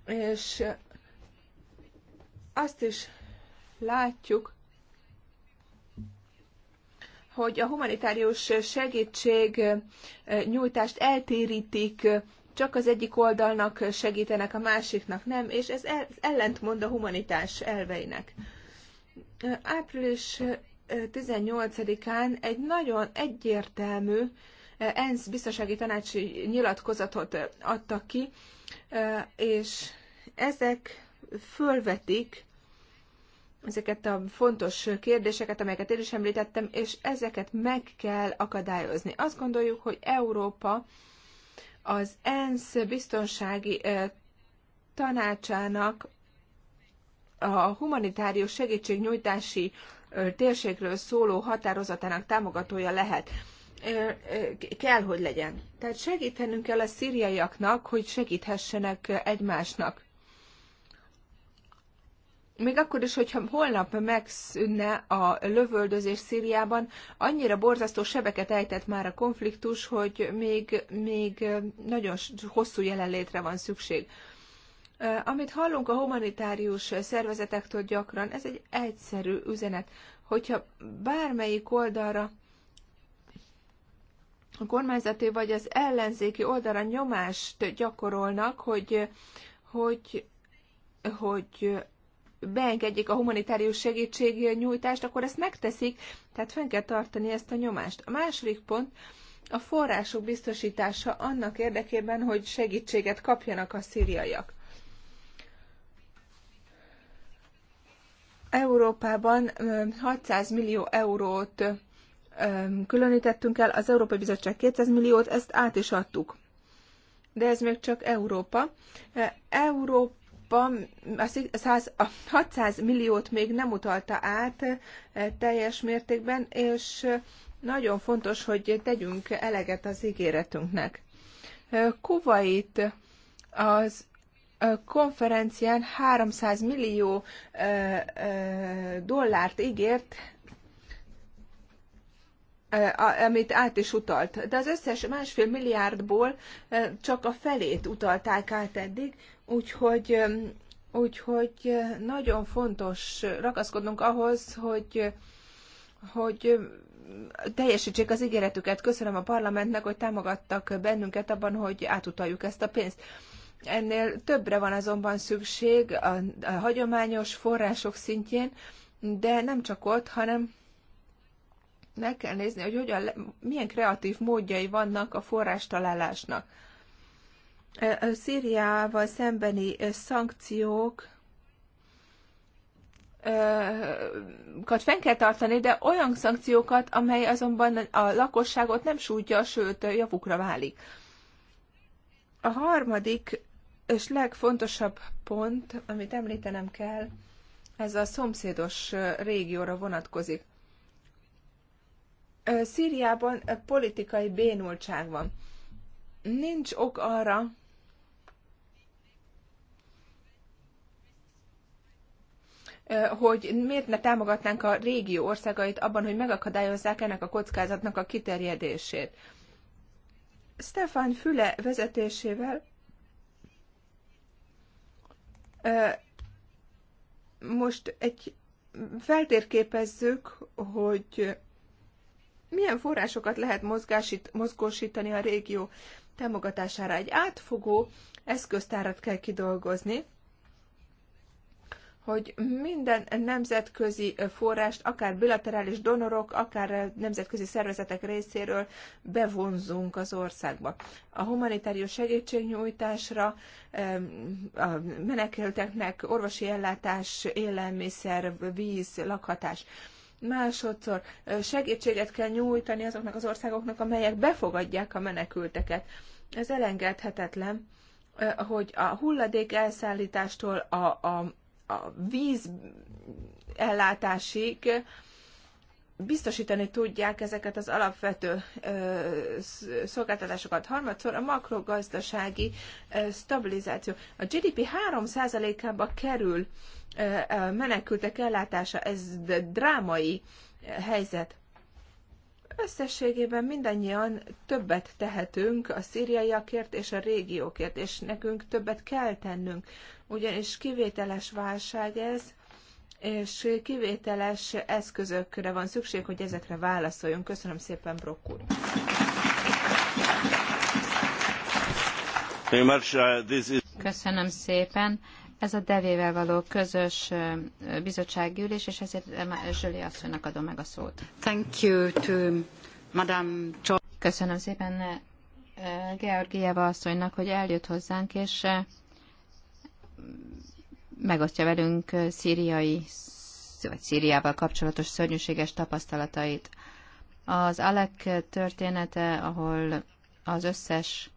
és azt is látjuk, hogy a humanitárius segítség nyújtást eltérítik, csak az egyik oldalnak segítenek, a másiknak nem, és ez ellentmond a humanitás elveinek. Április 18-án egy nagyon egyértelmű ENSZ biztonsági tanácsi nyilatkozatot adtak ki, és ezek fölvetik ezeket a fontos kérdéseket, amelyeket én is említettem, és ezeket meg kell akadályozni. Azt gondoljuk, hogy Európa az ENSZ biztonsági tanácsának a humanitárius segítségnyújtási térségről szóló határozatának támogatója lehet. Kell, hogy legyen. Tehát segítenünk kell a szíriaiaknak, hogy segíthessenek egymásnak még akkor is, hogyha holnap megszűnne a lövöldözés Szíriában, annyira borzasztó sebeket ejtett már a konfliktus, hogy még, még nagyon hosszú jelenlétre van szükség. Amit hallunk a humanitárius szervezetektől gyakran, ez egy egyszerű üzenet. Hogyha bármelyik oldalra a kormányzati vagy az ellenzéki oldalra nyomást gyakorolnak, hogy, hogy, hogy beengedjék a humanitárius segítségnyújtást, akkor ezt megteszik, tehát fenn kell tartani ezt a nyomást. A második pont, a források biztosítása annak érdekében, hogy segítséget kapjanak a szíriaiak. Európában 600 millió eurót különítettünk el, az Európai Bizottság 200 milliót, ezt át is adtuk. De ez még csak Európa. Európa Európában a 600 milliót még nem utalta át eh, teljes mértékben, és eh, nagyon fontos, hogy tegyünk eleget az ígéretünknek. Eh, Kuwait az konferencián 300 millió dollárt ígért, amit át is utalt. De az összes másfél milliárdból csak a felét utalták át eddig, Úgyhogy, úgyhogy eh, nagyon fontos ragaszkodnunk ahhoz, hogy, hogy teljesítsék az ígéretüket. Köszönöm a parlamentnek, hogy támogattak bennünket abban, hogy átutaljuk ezt a pénzt. Ennél többre van azonban szükség a, a hagyományos források szintjén, de nem csak ott, hanem meg kell nézni, hogy hogyan, milyen kreatív módjai vannak a forrás találásnak. A Szíriával szembeni szankciók fenn kell tartani, de olyan szankciókat, amely azonban a lakosságot nem sújtja, sőt javukra válik. A harmadik és legfontosabb pont, amit említenem kell, ez a szomszédos régióra vonatkozik. Szíriában politikai bénultság van. Nincs ok arra, hogy miért ne támogatnánk a régió országait abban, hogy megakadályozzák ennek a kockázatnak a kiterjedését. Stefan Füle vezetésével most egy feltérképezzük, hogy milyen forrásokat lehet mozgásít, mozgósítani a régió támogatására. Egy átfogó eszköztárat kell kidolgozni, hogy minden nemzetközi forrást, akár bilaterális donorok, akár nemzetközi szervezetek részéről bevonzunk az országba. A humanitárius segítségnyújtásra, a menekülteknek orvosi ellátás, élelmiszer, víz, lakhatás. Másodszor segítséget kell nyújtani azoknak az országoknak, amelyek befogadják a menekülteket. Ez elengedhetetlen hogy a hulladék elszállítástól a, a a víz ellátásig biztosítani tudják ezeket az alapvető szolgáltatásokat. Harmadszor a makrogazdasági stabilizáció. A GDP 3%-ába kerül menekültek ellátása, ez drámai helyzet. Összességében mindannyian többet tehetünk a szíriaiakért és a régiókért, és nekünk többet kell tennünk, ugyanis kivételes válság ez, és kivételes eszközökre van szükség, hogy ezekre válaszoljunk. Köszönöm szépen, Brock úr. Uh, Köszönöm szépen. Ez a devével való közös bizottsági ülés, és ezért eh, Zsöli asszonynak adom meg a szót. Thank you to Madame Köszönöm szépen eh, Georgieva asszonynak, hogy eljött hozzánk, és eh, megosztja velünk szíriai, vagy Szíriával kapcsolatos szörnyűséges tapasztalatait. Az Alek története, ahol az összes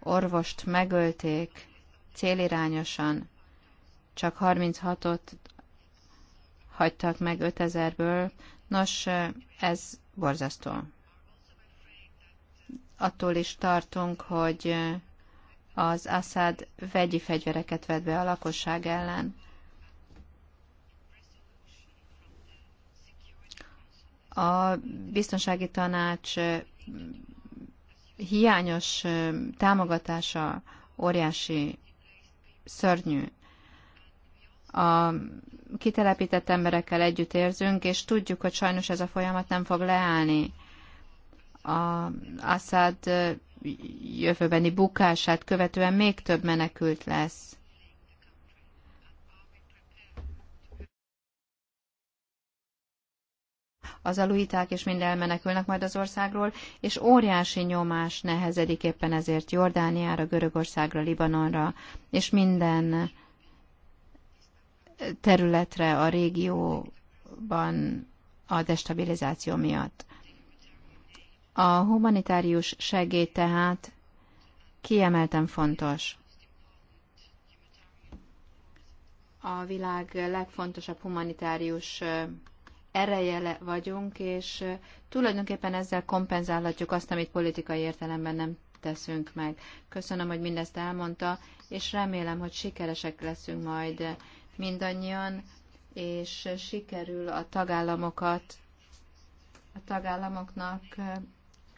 orvost megölték célirányosan, csak 36-ot hagytak meg 5000-ből. Nos, ez borzasztó. Attól is tartunk, hogy az Assad vegyi fegyvereket vett be a lakosság ellen. A biztonsági tanács hiányos támogatása óriási, szörnyű a kitelepített emberekkel együtt érzünk, és tudjuk, hogy sajnos ez a folyamat nem fog leállni. A Assad jövőbeni bukását követően még több menekült lesz. az aluiták és mind elmenekülnek majd az országról, és óriási nyomás nehezedik éppen ezért Jordániára, Görögországra, Libanonra, és minden területre a régióban a destabilizáció miatt. A humanitárius segély tehát kiemelten fontos. A világ legfontosabb humanitárius ereje vagyunk, és tulajdonképpen ezzel kompenzálhatjuk azt, amit politikai értelemben nem teszünk meg. Köszönöm, hogy mindezt elmondta, és remélem, hogy sikeresek leszünk majd mindannyian, és sikerül a tagállamokat, a tagállamoknak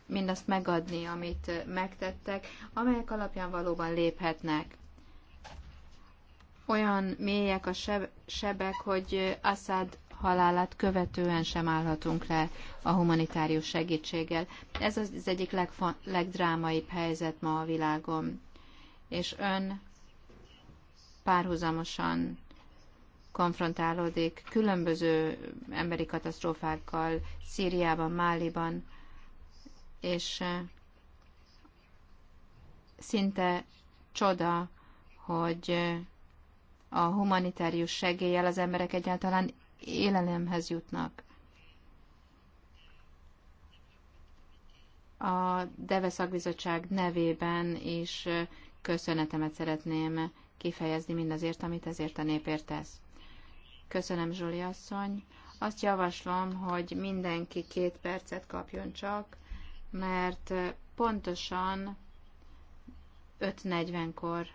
mindazt megadni, amit megtettek, amelyek alapján valóban léphetnek. Olyan mélyek a seb sebek, hogy Assad halálát követően sem állhatunk le a humanitárius segítséggel. Ez az egyik legfon- legdrámaibb helyzet ma a világon. És ön párhuzamosan konfrontálódik különböző emberi katasztrófákkal Szíriában, Máliban, és szinte csoda, hogy a humanitárius segéllyel az emberek egyáltalán élelemhez jutnak. A Deve Szakbizottság nevében is köszönetemet szeretném kifejezni mindazért, amit ezért a népért tesz. Köszönöm, Zsuli asszony. Azt javaslom, hogy mindenki két percet kapjon csak, mert pontosan 5.40-kor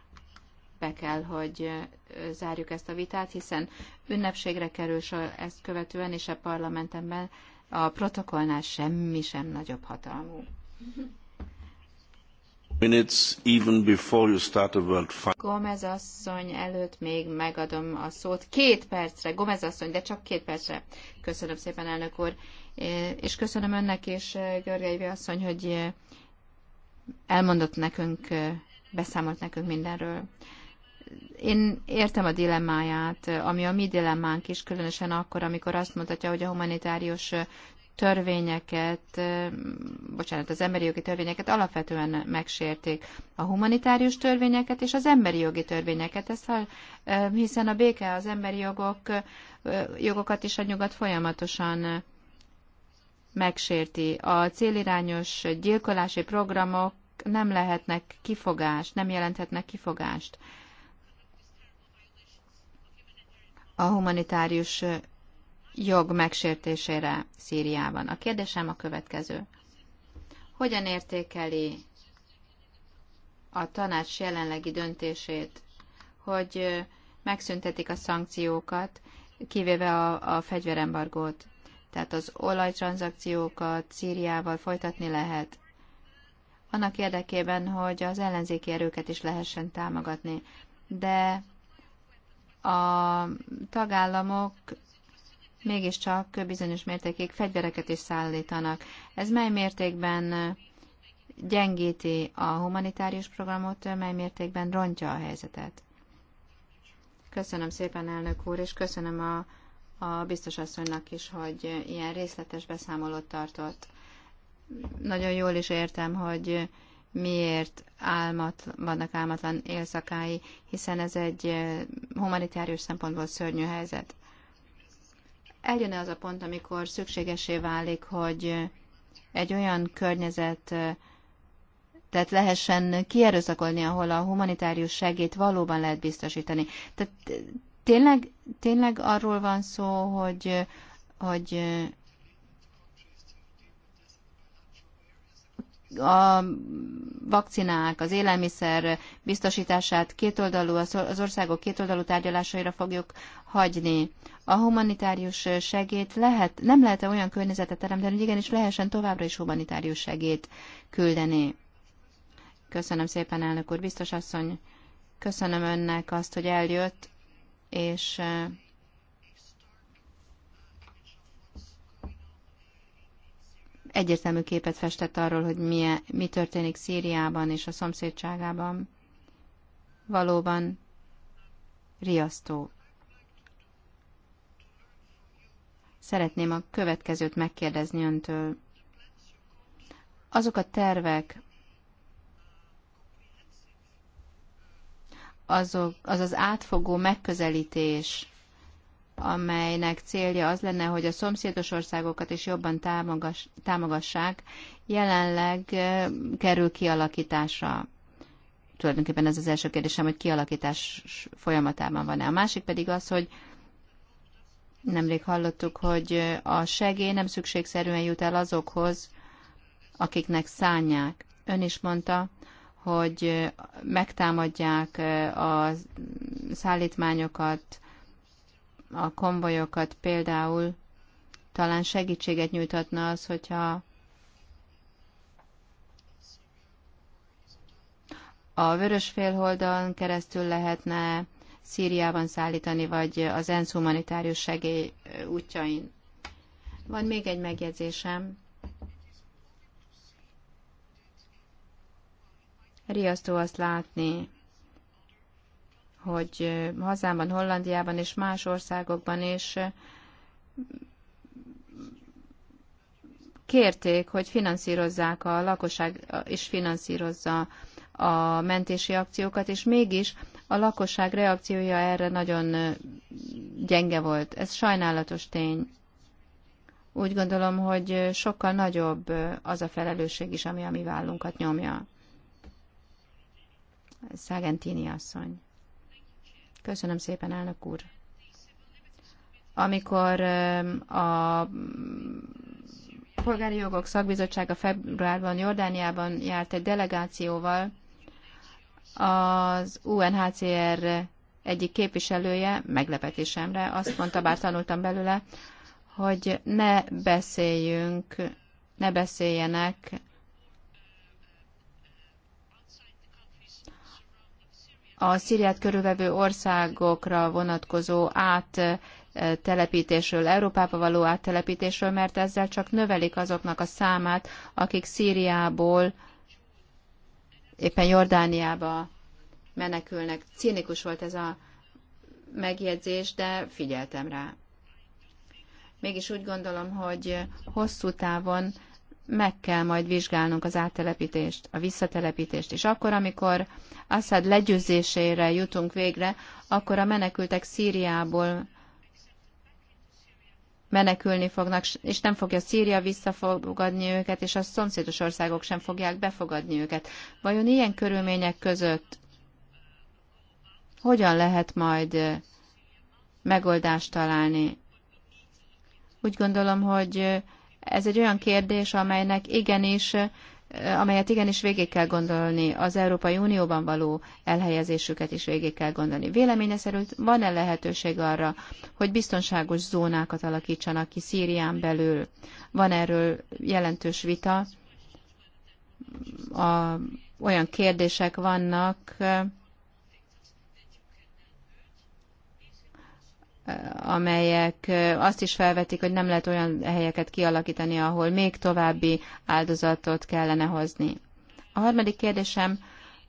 be kell, hogy zárjuk ezt a vitát, hiszen ünnepségre kerül ezt követően, és a parlamentemben a protokollnál semmi sem nagyobb hatalmú. Minutes even before you start a world fight. Gomez asszony előtt még megadom a szót két percre. Gomez asszony, de csak két percre. Köszönöm szépen, elnök úr. És köszönöm önnek és eh, Görgei asszony, hogy eh, elmondott nekünk, eh, beszámolt nekünk mindenről. Én értem a dilemmáját, ami a mi dilemmánk is, különösen akkor, amikor azt mondhatja, hogy a humanitárius törvényeket, bocsánat, az emberi jogi törvényeket alapvetően megsérték. A humanitárius törvényeket és az emberi jogi törvényeket, ezt, hiszen a béke az emberi jogok, jogokat is a nyugat folyamatosan megsérti. A célirányos gyilkolási programok nem lehetnek kifogást, nem jelenthetnek kifogást a humanitárius jog megsértésére Szíriában. A kérdésem a következő. Hogyan értékeli a tanács jelenlegi döntését, hogy megszüntetik a szankciókat, kivéve a, a fegyverembargót? Tehát az olajtranzakciókat Szíriával folytatni lehet annak érdekében, hogy az ellenzéki erőket is lehessen támogatni. De a tagállamok mégiscsak bizonyos mértékig fegyvereket is szállítanak. Ez mely mértékben gyengíti a humanitárius programot, mely mértékben rontja a helyzetet? Köszönöm szépen, elnök úr, és köszönöm a, a biztos asszonynak is, hogy ilyen részletes beszámolót tartott. Nagyon jól is értem, hogy miért álmat, vannak álmatlan élszakái, hiszen ez egy humanitárius szempontból szörnyű helyzet eljön-e az a pont, amikor szükségesé válik, hogy egy olyan környezet, tehát lehessen kierőszakolni, ahol a humanitárius segét valóban lehet biztosítani. Tehát tényleg, tényleg arról van szó, hogy, hogy a vakcinák, az élelmiszer biztosítását kétoldalú, az országok kétoldalú tárgyalásaira fogjuk hagyni. A humanitárius segét lehet, nem lehet -e olyan környezetet teremteni, hogy igenis lehessen továbbra is humanitárius segét küldeni. Köszönöm szépen, elnök úr, biztos asszony. Köszönöm önnek azt, hogy eljött, és egyértelmű képet festett arról, hogy mi, mi történik Szíriában és a szomszédságában. Valóban riasztó. Szeretném a következőt megkérdezni öntől. Azok a tervek, azok, az az átfogó megközelítés, amelynek célja az lenne, hogy a szomszédos országokat is jobban támogass, támogassák, jelenleg kerül kialakításra. Tulajdonképpen ez az első kérdésem, hogy kialakítás folyamatában van-e. A másik pedig az, hogy Nemrég hallottuk, hogy a segély nem szükségszerűen jut el azokhoz, akiknek szánják. Ön is mondta, hogy megtámadják a szállítmányokat, a konvojokat például, talán segítséget nyújthatna az, hogyha a vörös félholdon keresztül lehetne Szíriában szállítani, vagy az ENSZ humanitárius segély útjain. Van még egy megjegyzésem. Riasztó azt látni, hogy hazámban, Hollandiában és más országokban is kérték, hogy finanszírozzák a lakosság, és finanszírozza a mentési akciókat, és mégis a lakosság reakciója erre nagyon gyenge volt. Ez sajnálatos tény. Úgy gondolom, hogy sokkal nagyobb az a felelősség is, ami a mi vállunkat nyomja. Szágentini asszony. Köszönöm szépen, elnök úr. Amikor a Polgári Jogok Szakbizottsága februárban Jordániában járt egy delegációval, az UNHCR egyik képviselője, meglepetésemre, azt mondta, bár tanultam belőle, hogy ne beszéljünk, ne beszéljenek a Szíriát körülvevő országokra vonatkozó áttelepítésről, Európába való áttelepítésről, mert ezzel csak növelik azoknak a számát, akik Szíriából éppen Jordániába menekülnek. Cínikus volt ez a megjegyzés, de figyeltem rá. Mégis úgy gondolom, hogy hosszú távon meg kell majd vizsgálnunk az áttelepítést, a visszatelepítést, és akkor, amikor Assad legyőzésére jutunk végre, akkor a menekültek Szíriából menekülni fognak, és nem fogja Szíria visszafogadni őket, és a szomszédos országok sem fogják befogadni őket. Vajon ilyen körülmények között hogyan lehet majd megoldást találni? Úgy gondolom, hogy ez egy olyan kérdés, amelynek igenis amelyet igenis végig kell gondolni, az Európai Unióban való elhelyezésüket is végig kell gondolni. Véleménye szerint van-e lehetőség arra, hogy biztonságos zónákat alakítsanak ki Szírián belül? Van erről jelentős vita? A, olyan kérdések vannak, amelyek azt is felvetik, hogy nem lehet olyan helyeket kialakítani, ahol még további áldozatot kellene hozni. A harmadik kérdésem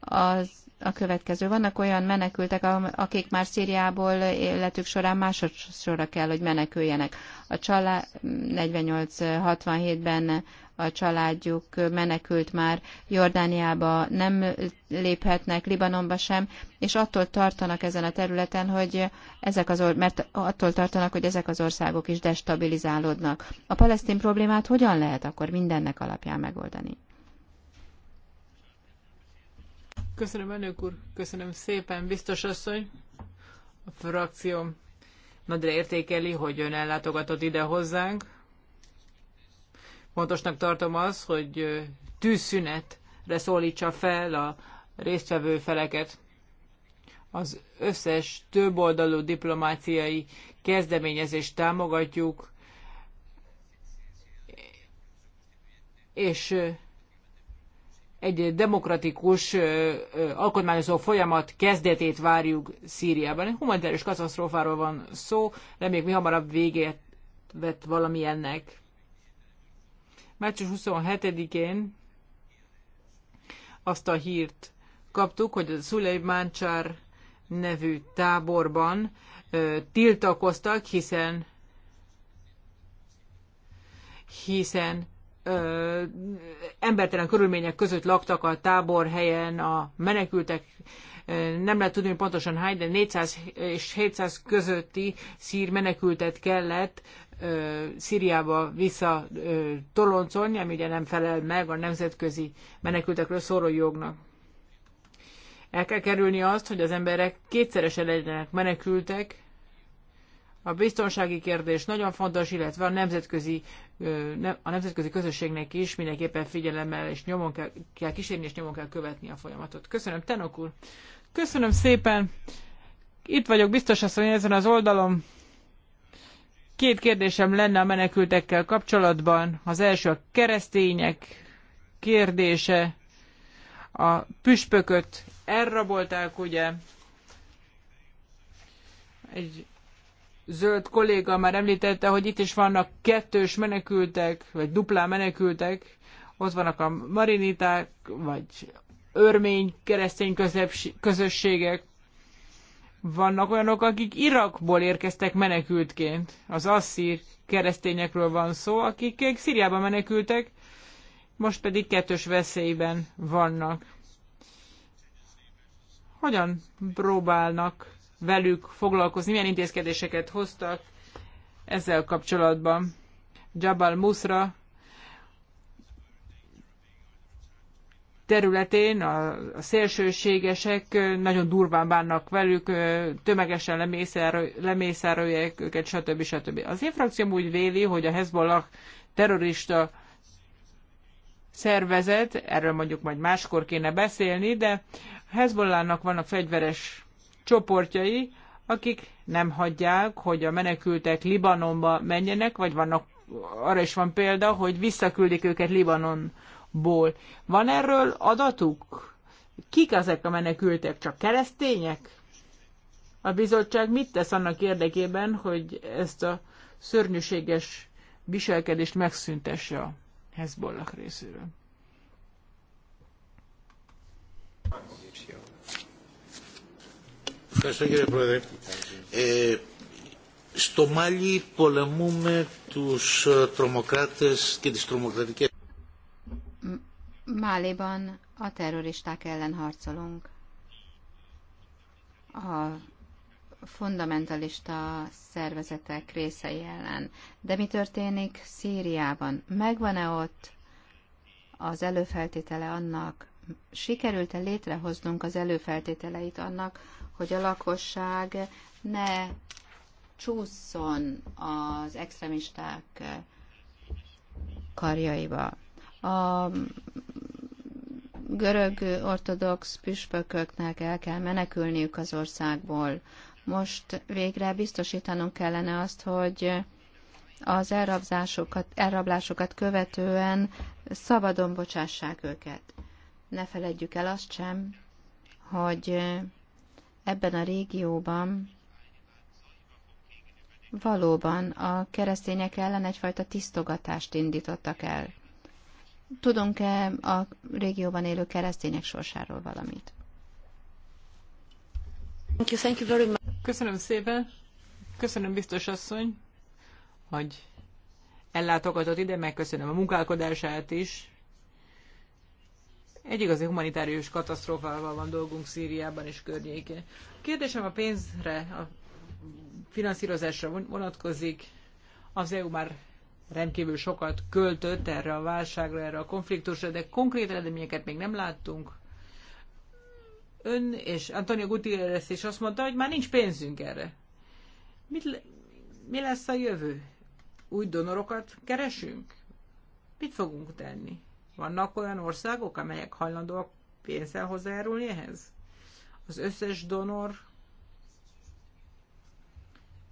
az a következő. Vannak olyan menekültek, akik már Szíriából életük során másodszorra kell, hogy meneküljenek. A család 48-67-ben a családjuk menekült már, Jordániába nem léphetnek, Libanonba sem, és attól tartanak ezen a területen, hogy ezek az or- mert attól tartanak, hogy ezek az országok is destabilizálódnak. A palesztin problémát hogyan lehet akkor mindennek alapján megoldani? Köszönöm, önök úr, köszönöm szépen, biztos asszony. A frakcióm nagyra értékeli, hogy ön ellátogatott ide hozzánk. Fontosnak tartom az, hogy tűzszünetre szólítsa fel a résztvevő feleket. Az összes többoldalú diplomáciai kezdeményezést támogatjuk, és egy demokratikus alkotmányozó folyamat kezdetét várjuk Szíriában. Egy humanitárius katasztrófáról van szó, reméljük mi hamarabb véget vett valami ennek. Március 27-én azt a hírt kaptuk, hogy a Szulejmáncsár nevű táborban ö, tiltakoztak, hiszen hiszen ö, embertelen körülmények között laktak a tábor helyen a menekültek, ö, nem lehet tudni, hogy pontosan hány, de 400 és 700 közötti szír menekültet kellett Szíriába vissza toloncolni, ami ugye nem felel meg a nemzetközi menekültekről szóló jognak. El kell kerülni azt, hogy az emberek kétszeresen legyenek menekültek. A biztonsági kérdés nagyon fontos, illetve a nemzetközi, a nemzetközi közösségnek is mindenképpen figyelemmel és nyomon kell, kell kísérni, és nyomon kell követni a folyamatot. Köszönöm, Tenokul! Köszönöm szépen! Itt vagyok, biztos hogy ezen az oldalon Két kérdésem lenne a menekültekkel kapcsolatban. Az első a keresztények kérdése. A püspököt elrabolták, ugye? Egy zöld kolléga már említette, hogy itt is vannak kettős menekültek, vagy duplá menekültek. Ott vannak a mariniták, vagy örmény keresztény közösségek. Vannak olyanok, akik Irakból érkeztek menekültként. Az asszír keresztényekről van szó, akik Szíriába menekültek, most pedig kettős veszélyben vannak. Hogyan próbálnak velük foglalkozni, milyen intézkedéseket hoztak ezzel kapcsolatban? Jabal Musra területén a szélsőségesek nagyon durván bánnak velük, tömegesen lemészárolják őket, stb. stb. Az én frakcióm úgy véli, hogy a Hezbollah terrorista szervezet, erről mondjuk majd máskor kéne beszélni, de Hezbollahnak vannak fegyveres csoportjai, akik nem hagyják, hogy a menekültek Libanonba menjenek, vagy vannak, arra is van példa, hogy visszaküldik őket Libanon ból. Van erről adatuk? Kik ezek a menekültek? Csak keresztények? A bizottság mit tesz annak érdekében, hogy ezt a szörnyűséges viselkedést megszüntesse a Hezbollah részéről? Ευχαριστώ κύριε Πρόεδρε. Ε, στο Μάλι πολεμούμε τους τρομοκράτες και τις Máliban a terroristák ellen harcolunk. A fundamentalista szervezetek részei ellen. De mi történik Szíriában? Megvan-e ott az előfeltétele annak, sikerült-e létrehoznunk az előfeltételeit annak, hogy a lakosság ne csúszson az extremisták karjaiba. A görög ortodox püspököknek el kell menekülniük az országból. Most végre biztosítanunk kellene azt, hogy az elrablásokat, elrablásokat követően szabadon bocsássák őket. Ne feledjük el azt sem, hogy ebben a régióban valóban a keresztények ellen egyfajta tisztogatást indítottak el. Tudunk-e a régióban élő keresztények sorsáról valamit? Thank you, thank you very much. Köszönöm szépen. Köszönöm biztos asszony, hogy ellátogatott ide, megköszönöm a munkálkodását is. Egy igazi humanitárius katasztrófával van dolgunk Szíriában és környékén. A kérdésem a pénzre, a finanszírozásra vonatkozik. Az EU már rendkívül sokat költött erre a válságra, erre a konfliktusra, de konkrét eredményeket még nem láttunk. Ön és Antonio Gutiérrez is azt mondta, hogy már nincs pénzünk erre. Mit le- mi lesz a jövő? Új donorokat keresünk? Mit fogunk tenni? Vannak olyan országok, amelyek hajlandóak pénzzel hozzájárulni ehhez? Az összes donor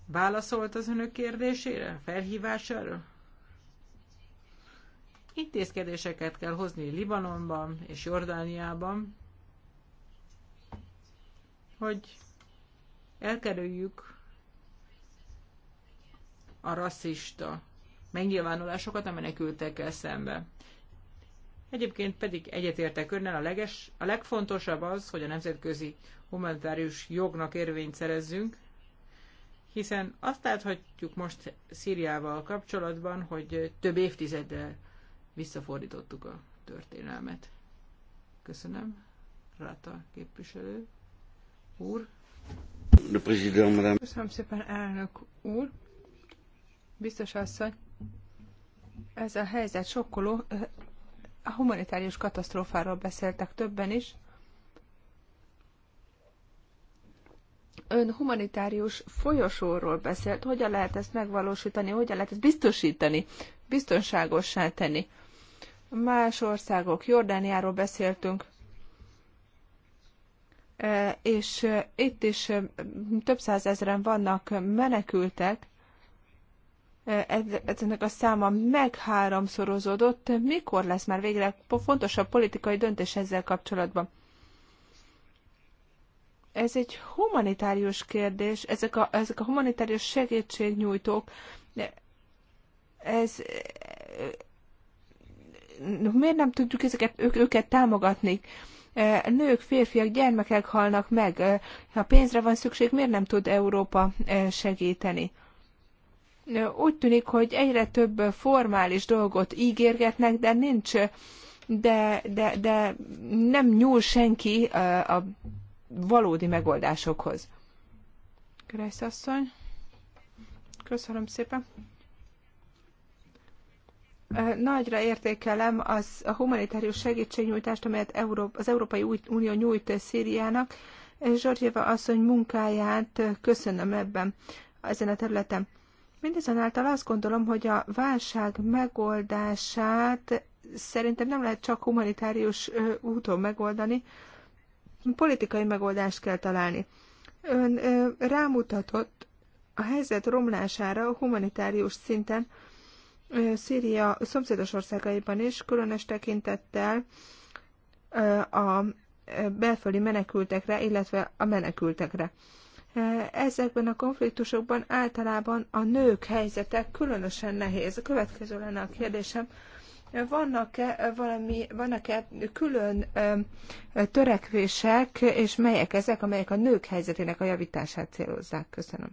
válaszolt az önök kérdésére, felhívására? Intézkedéseket kell hozni Libanonban és Jordániában, hogy elkerüljük a rasszista megnyilvánulásokat a menekültekkel szembe. Egyébként pedig egyetértek önnel, a, leges, a legfontosabb az, hogy a nemzetközi humanitárius jognak érvényt szerezzünk, hiszen azt láthatjuk most Szíriával kapcsolatban, hogy több évtizeddel visszafordítottuk a történelmet. Köszönöm. Ráta képviselő úr. Köszönöm szépen, elnök úr. Biztos asszony, ez a helyzet sokkoló. A humanitárius katasztrófáról beszéltek többen is. Ön humanitárius folyosóról beszélt. Hogyan lehet ezt megvalósítani, hogyan lehet ezt biztosítani, biztonságosá tenni? Más országok, Jordániáról beszéltünk, e, és e, itt is e, több százezren vannak menekültek, ezeknek a száma megháromszorozódott. Mikor lesz már végre fontosabb politikai döntés ezzel kapcsolatban? Ez egy humanitárius kérdés, ezek a, ezek a humanitárius segítségnyújtók, ez miért nem tudjuk ezeket, ők, őket támogatni? E, nők, férfiak, gyermekek halnak meg. E, ha pénzre van szükség, miért nem tud Európa e, segíteni? Úgy tűnik, hogy egyre több formális dolgot ígérgetnek, de nincs, de, de, de nem nyúl senki a, a valódi megoldásokhoz. Grace asszony, köszönöm szépen. Nagyra értékelem az a humanitárius segítségnyújtást, amelyet Európa, az Európai Unió nyújt Szíriának. Zsorgyeva asszony munkáját köszönöm ebben, ezen a területen. Mindezonáltal azt gondolom, hogy a válság megoldását szerintem nem lehet csak humanitárius úton megoldani, politikai megoldást kell találni. Ön rámutatott a helyzet romlására a humanitárius szinten, Szíria szomszédos országaiban is, különös tekintettel a belföldi menekültekre, illetve a menekültekre. Ezekben a konfliktusokban általában a nők helyzete különösen nehéz. A következő lenne a kérdésem, vannak-e valami, vannak-e külön ö, törekvések, és melyek ezek, amelyek a nők helyzetének a javítását célozzák? Köszönöm.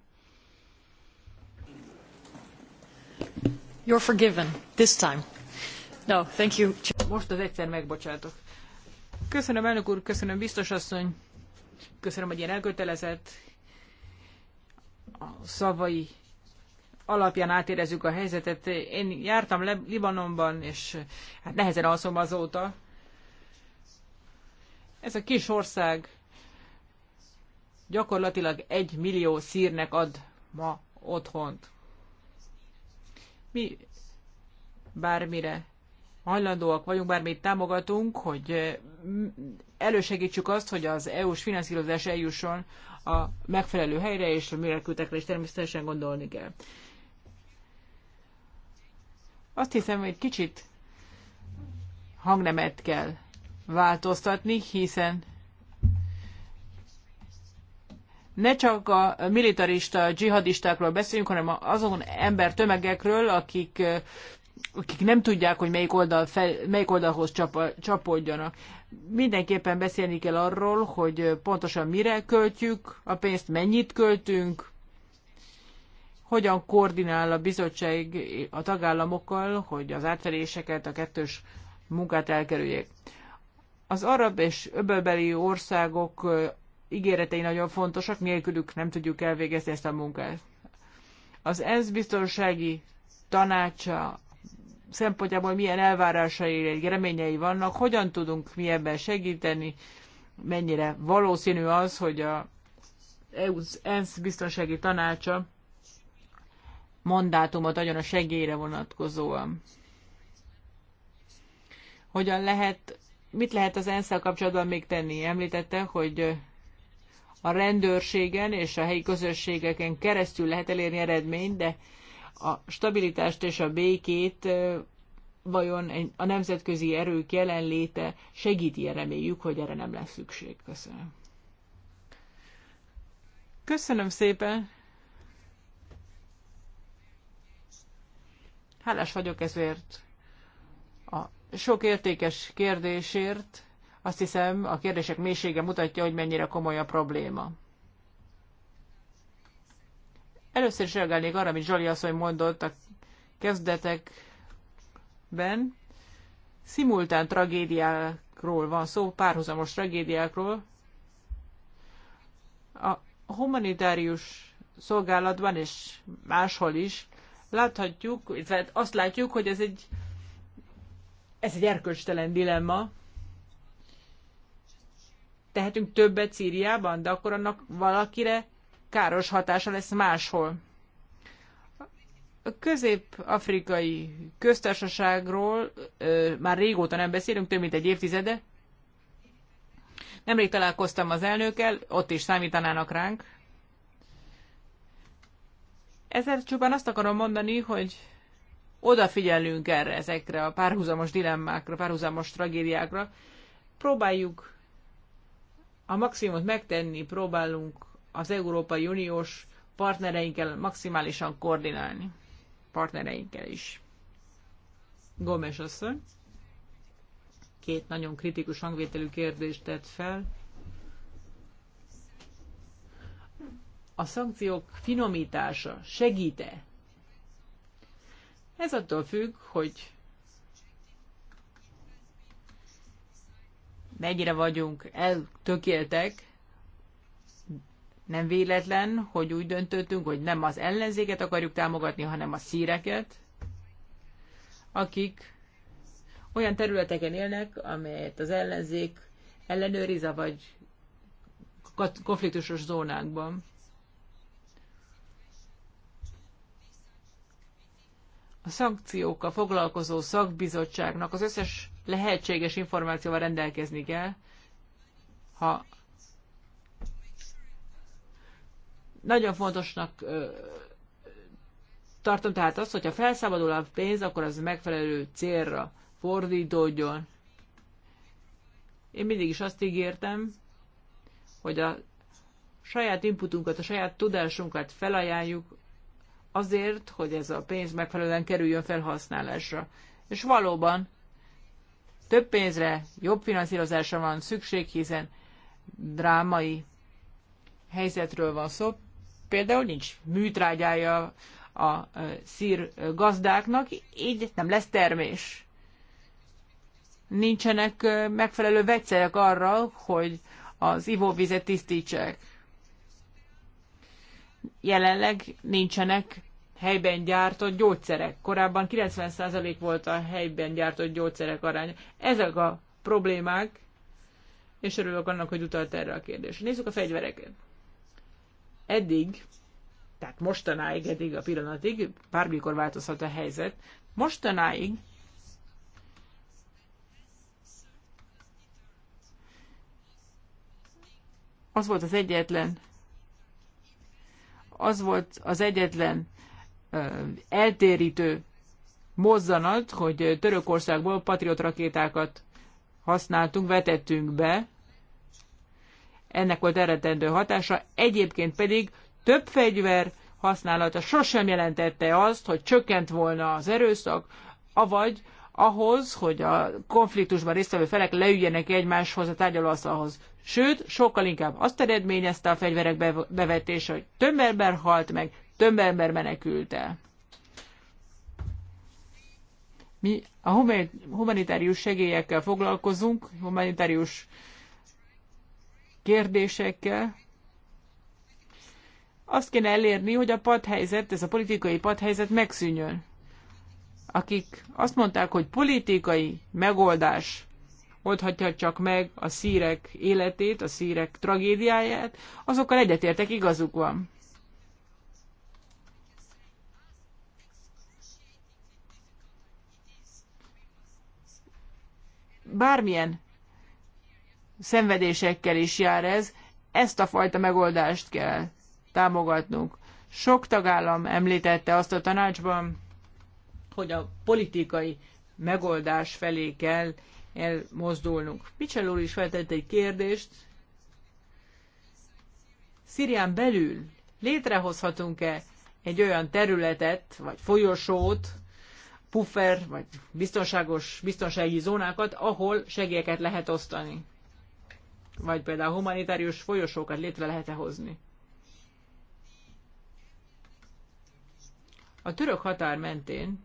You're Most az egyszer megbocsátok. Köszönöm, elnök úr, köszönöm, biztos asszony. Köszönöm, hogy ilyen elkötelezett. A szavai alapján átérezzük a helyzetet. Én jártam Le- Libanonban, és hát nehezen alszom azóta. Ez a kis ország gyakorlatilag egy millió szírnek ad ma otthont. Mi bármire hajlandóak vagyunk, bármit támogatunk, hogy elősegítsük azt, hogy az EU-s finanszírozás eljusson a megfelelő helyre, és a műrekültekre is természetesen gondolni kell. Azt hiszem, hogy egy kicsit hangnemet kell változtatni, hiszen ne csak a militarista dzsihadistákról beszéljünk, hanem azon ember tömegekről, akik, akik nem tudják, hogy melyik, oldal fel, melyik oldalhoz csap, csapódjanak. Mindenképpen beszélni kell arról, hogy pontosan mire költjük a pénzt, mennyit költünk, hogyan koordinál a bizottság a tagállamokkal, hogy az átveréseket, a kettős munkát elkerüljék. Az arab és öbölbeli országok ígéretei nagyon fontosak, nélkülük nem tudjuk elvégezni ezt a munkát. Az ENSZ biztonsági tanácsa szempontjából milyen elvárásai, reményei vannak, hogyan tudunk mi ebben segíteni, mennyire valószínű az, hogy a ENSZ biztonsági tanácsa mandátumot adjon a segélyre vonatkozóan. Hogyan lehet, mit lehet az ensz kapcsolatban még tenni? Említette, hogy a rendőrségen és a helyi közösségeken keresztül lehet elérni eredményt, de a stabilitást és a békét vajon a nemzetközi erők jelenléte segíti, reméljük, hogy erre nem lesz szükség. Köszönöm. Köszönöm szépen. Hálás vagyok ezért a sok értékes kérdésért. Azt hiszem, a kérdések mélysége mutatja, hogy mennyire komoly a probléma. Először is reagálnék arra, amit Zsali asszony mondott a kezdetekben. Szimultán tragédiákról van szó, párhuzamos tragédiákról. A humanitárius szolgálatban és máshol is láthatjuk, azt látjuk, hogy ez egy, ez egy erkölcstelen dilemma, tehetünk többet Szíriában, de akkor annak valakire káros hatása lesz máshol. A közép-afrikai köztársaságról ö, már régóta nem beszélünk, több mint egy évtizede. Nemrég találkoztam az elnökkel, ott is számítanának ránk. Ezzel csupán azt akarom mondani, hogy odafigyelünk erre, ezekre a párhuzamos dilemmákra, párhuzamos tragédiákra. Próbáljuk a maximumot megtenni próbálunk az Európai Uniós partnereinkkel maximálisan koordinálni. Partnereinkkel is. Gomes asszony két nagyon kritikus hangvételű kérdést tett fel. A szankciók finomítása segíte? Ez attól függ, hogy mennyire vagyunk eltökéltek, nem véletlen, hogy úgy döntöttünk, hogy nem az ellenzéket akarjuk támogatni, hanem a szíreket, akik olyan területeken élnek, amelyet az ellenzék ellenőriz, vagy konfliktusos zónákban. A szankciókkal foglalkozó szakbizottságnak az összes lehetséges információval rendelkezni kell, ha nagyon fontosnak tartom tehát azt, hogyha felszabadul a pénz, akkor az megfelelő célra fordítódjon. Én mindig is azt ígértem, hogy a saját inputunkat, a saját tudásunkat felajánljuk azért, hogy ez a pénz megfelelően kerüljön felhasználásra. És valóban több pénzre, jobb finanszírozásra van szükség, hiszen drámai helyzetről van szó. Például nincs műtrágyája a szír gazdáknak, így nem lesz termés. Nincsenek megfelelő vegyszerek arra, hogy az ivóvizet tisztítsák. Jelenleg nincsenek helyben gyártott gyógyszerek. Korábban 90% volt a helyben gyártott gyógyszerek aránya. Ezek a problémák, és örülök annak, hogy utalt erre a kérdésre. Nézzük a fegyvereket. Eddig, tehát mostanáig, eddig a pillanatig, bármikor változhat a helyzet, mostanáig az volt az egyetlen az volt az egyetlen eltérítő mozzanat, hogy Törökországból Patriot rakétákat használtunk, vetettünk be. Ennek volt eredendő hatása. Egyébként pedig több fegyver használata sosem jelentette azt, hogy csökkent volna az erőszak, avagy ahhoz, hogy a konfliktusban résztvevő felek leüljenek egymáshoz a tárgyalóasztalhoz. Sőt, sokkal inkább azt eredményezte a fegyverek bevetése, hogy több ember halt meg, több ember menekült el. Mi a humanitárius segélyekkel foglalkozunk, humanitárius kérdésekkel. Azt kéne elérni, hogy a padhelyzet, ez a politikai padhelyzet megszűnjön. Akik azt mondták, hogy politikai megoldás oldhatja csak meg a szírek életét, a szírek tragédiáját, azokkal egyetértek, igazuk van. bármilyen szenvedésekkel is jár ez, ezt a fajta megoldást kell támogatnunk. Sok tagállam említette azt a tanácsban, hogy a politikai megoldás felé kell elmozdulnunk. Picsel úr is feltett egy kérdést. Szírián belül létrehozhatunk-e egy olyan területet, vagy folyosót, puffer, vagy biztonságos, biztonsági zónákat, ahol segélyeket lehet osztani. Vagy például humanitárius folyosókat létre lehet-e hozni. A török határ mentén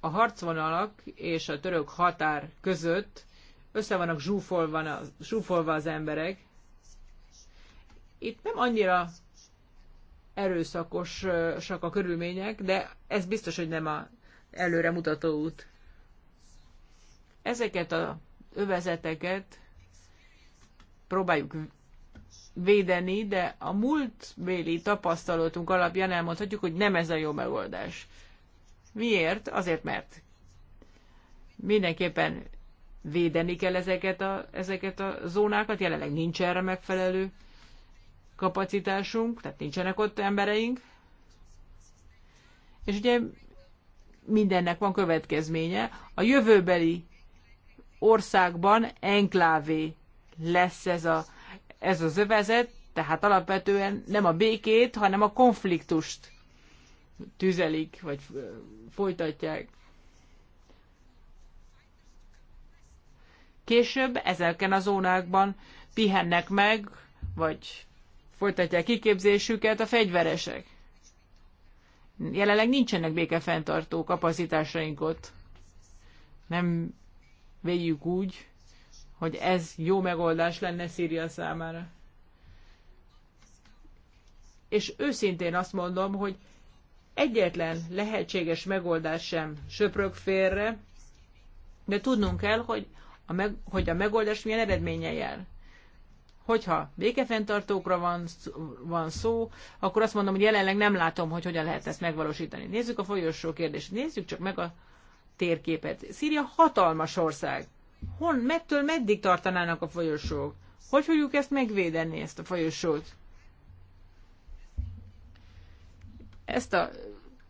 a harcvonalak és a török határ között össze vannak zsúfolva, zsúfolva az emberek. Itt nem annyira erőszakosak a körülmények, de ez biztos, hogy nem a előre mutató út. Ezeket a övezeteket próbáljuk védeni, de a múltbéli tapasztalatunk alapján elmondhatjuk, hogy nem ez a jó megoldás. Miért? Azért, mert mindenképpen védeni kell ezeket a, ezeket a zónákat, jelenleg nincs erre megfelelő kapacitásunk, tehát nincsenek ott embereink. És ugye mindennek van következménye. A jövőbeli országban enklávé lesz ez, a, ez az övezet, tehát alapvetően nem a békét, hanem a konfliktust tüzelik, vagy folytatják. Később ezeken a zónákban pihennek meg, vagy folytatják kiképzésüket a fegyveresek. Jelenleg nincsenek békefenntartó kapacitásaink ott. Nem véljük úgy, hogy ez jó megoldás lenne Szíria számára. És őszintén azt mondom, hogy egyetlen lehetséges megoldás sem söprök félre, de tudnunk kell, hogy a, meg, hogy a megoldás milyen eredménye jár. Hogyha békefenntartókra van, van szó, akkor azt mondom, hogy jelenleg nem látom, hogy hogyan lehet ezt megvalósítani. Nézzük a folyosó kérdést, nézzük csak meg a térképet. Szíria hatalmas ország. Hon, mettől meddig tartanának a folyosók? Hogy fogjuk ezt megvédeni, ezt a folyosót? Ezt a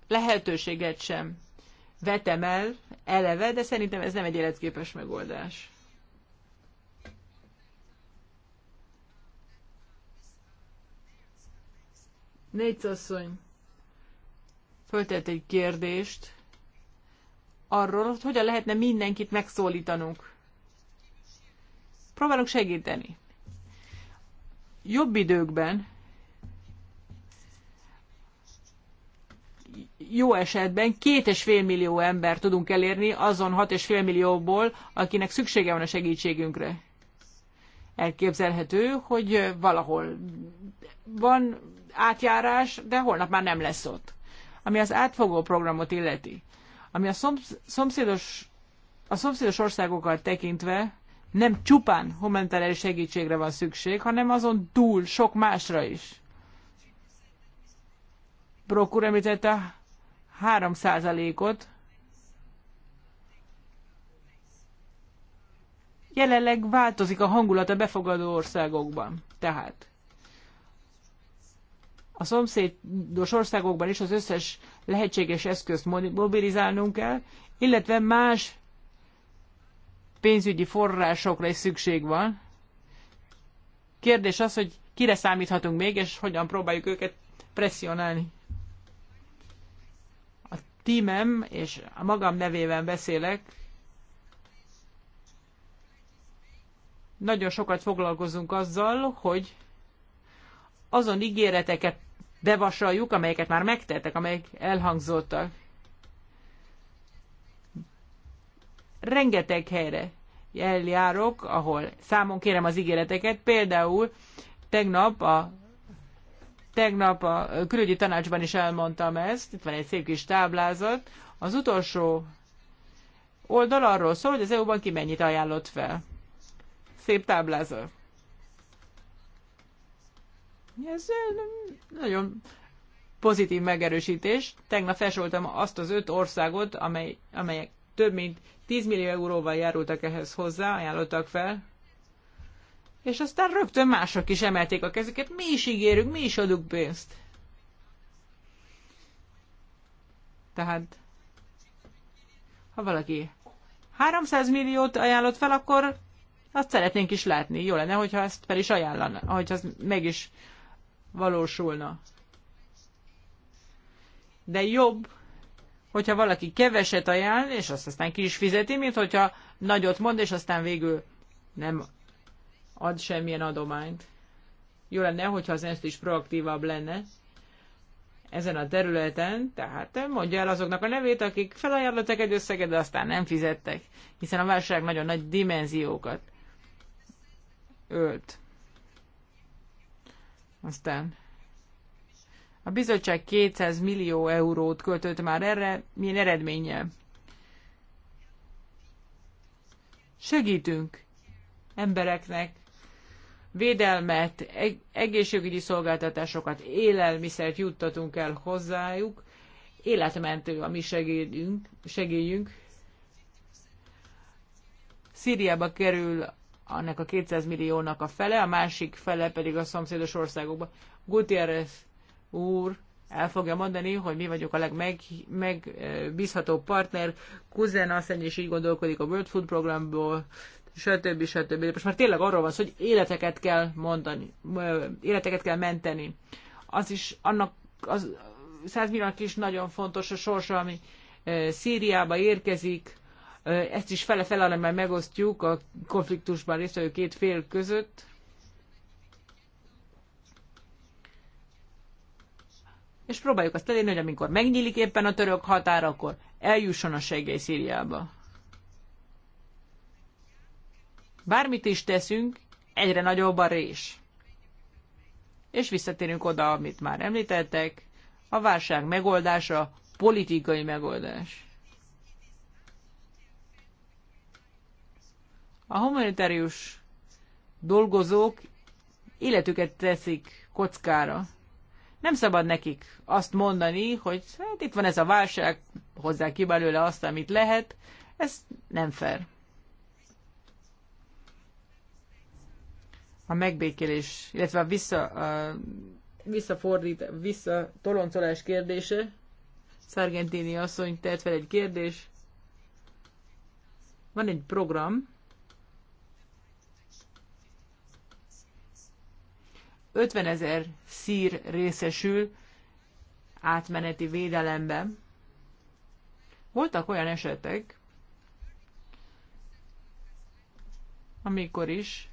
lehetőséget sem vetem el eleve, de szerintem ez nem egy életképes megoldás. Négy asszony föltett egy kérdést arról, hogy hogyan lehetne mindenkit megszólítanunk. Próbálunk segíteni. Jobb időkben, jó esetben két és fél millió ember tudunk elérni azon hat és fél millióból, akinek szüksége van a segítségünkre. Elképzelhető, hogy valahol van átjárás, de holnap már nem lesz ott. Ami az átfogó programot illeti, ami a szomszédos, a szomszédos országokkal tekintve nem csupán humanitárius segítségre van szükség, hanem azon túl sok másra is. Brok úr említette 3 ot Jelenleg változik a hangulat a befogadó országokban. Tehát a szomszédos országokban is az összes lehetséges eszközt mobilizálnunk kell, illetve más pénzügyi forrásokra is szükség van. Kérdés az, hogy kire számíthatunk még, és hogyan próbáljuk őket presszionálni. A tímem, és a magam nevében beszélek, nagyon sokat foglalkozunk azzal, hogy azon ígéreteket bevasaljuk, amelyeket már megtettek, amelyek elhangzottak. Rengeteg helyre eljárok, ahol számon kérem az ígéreteket, például tegnap a tegnap a külügyi tanácsban is elmondtam ezt, itt van egy szép kis táblázat, az utolsó oldal arról szól, hogy az EU-ban ki mennyit ajánlott fel. Szép táblázat. Ez nagyon pozitív megerősítés. Tegnap felsoroltam azt az öt országot, amely, amelyek több mint 10 millió euróval járultak ehhez hozzá, ajánlottak fel, és aztán rögtön mások is emelték a kezüket, mi is ígérünk, mi is adunk pénzt. Tehát, ha valaki 300 milliót ajánlott fel, akkor azt szeretnénk is látni. Jó lenne, hogyha ezt fel is ajánlana, hogyha meg is valósulna. De jobb, hogyha valaki keveset ajánl, és azt aztán ki is fizeti, mint hogyha nagyot mond, és aztán végül nem ad semmilyen adományt. Jó lenne, hogyha az ENSZ is proaktívabb lenne ezen a területen, tehát mondja el azoknak a nevét, akik felajánlottak egy összeget, de aztán nem fizettek, hiszen a válság nagyon nagy dimenziókat ölt. Aztán a bizottság 200 millió eurót költött már erre, milyen eredménye? Segítünk embereknek védelmet, egészségügyi szolgáltatásokat, élelmiszert juttatunk el hozzájuk, életmentő a mi segédünk, segélyünk. Szíriába kerül annak a 200 milliónak a fele, a másik fele pedig a szomszédos országokban. Gutierrez úr el fogja mondani, hogy mi vagyok a legmegbízható meg, partner, Kuzen asszony is így gondolkodik a World Food programból, stb. stb. Most már tényleg arról van szó, hogy életeket kell mondani, életeket kell menteni. Az is annak, az 100 milliónak is nagyon fontos a sorsa, ami Szíriába érkezik, ezt is fele-fele, hanem már megosztjuk a konfliktusban résztvevő két fél között. És próbáljuk azt elérni, hogy amikor megnyílik éppen a török határ, akkor eljusson a segély Szíriába. Bármit is teszünk, egyre nagyobb a rés. És visszatérünk oda, amit már említettek, a válság megoldása politikai megoldás. A humanitárius dolgozók életüket teszik kockára. Nem szabad nekik azt mondani, hogy hát itt van ez a válság, hozzá ki belőle azt, amit lehet. Ez nem fair. A megbékélés, illetve a vissza, a visszafordít, visszatoloncolás kérdése. Szargentini asszony tett fel egy kérdés. Van egy program, 50 ezer szír részesül átmeneti védelemben. Voltak olyan esetek, amikor is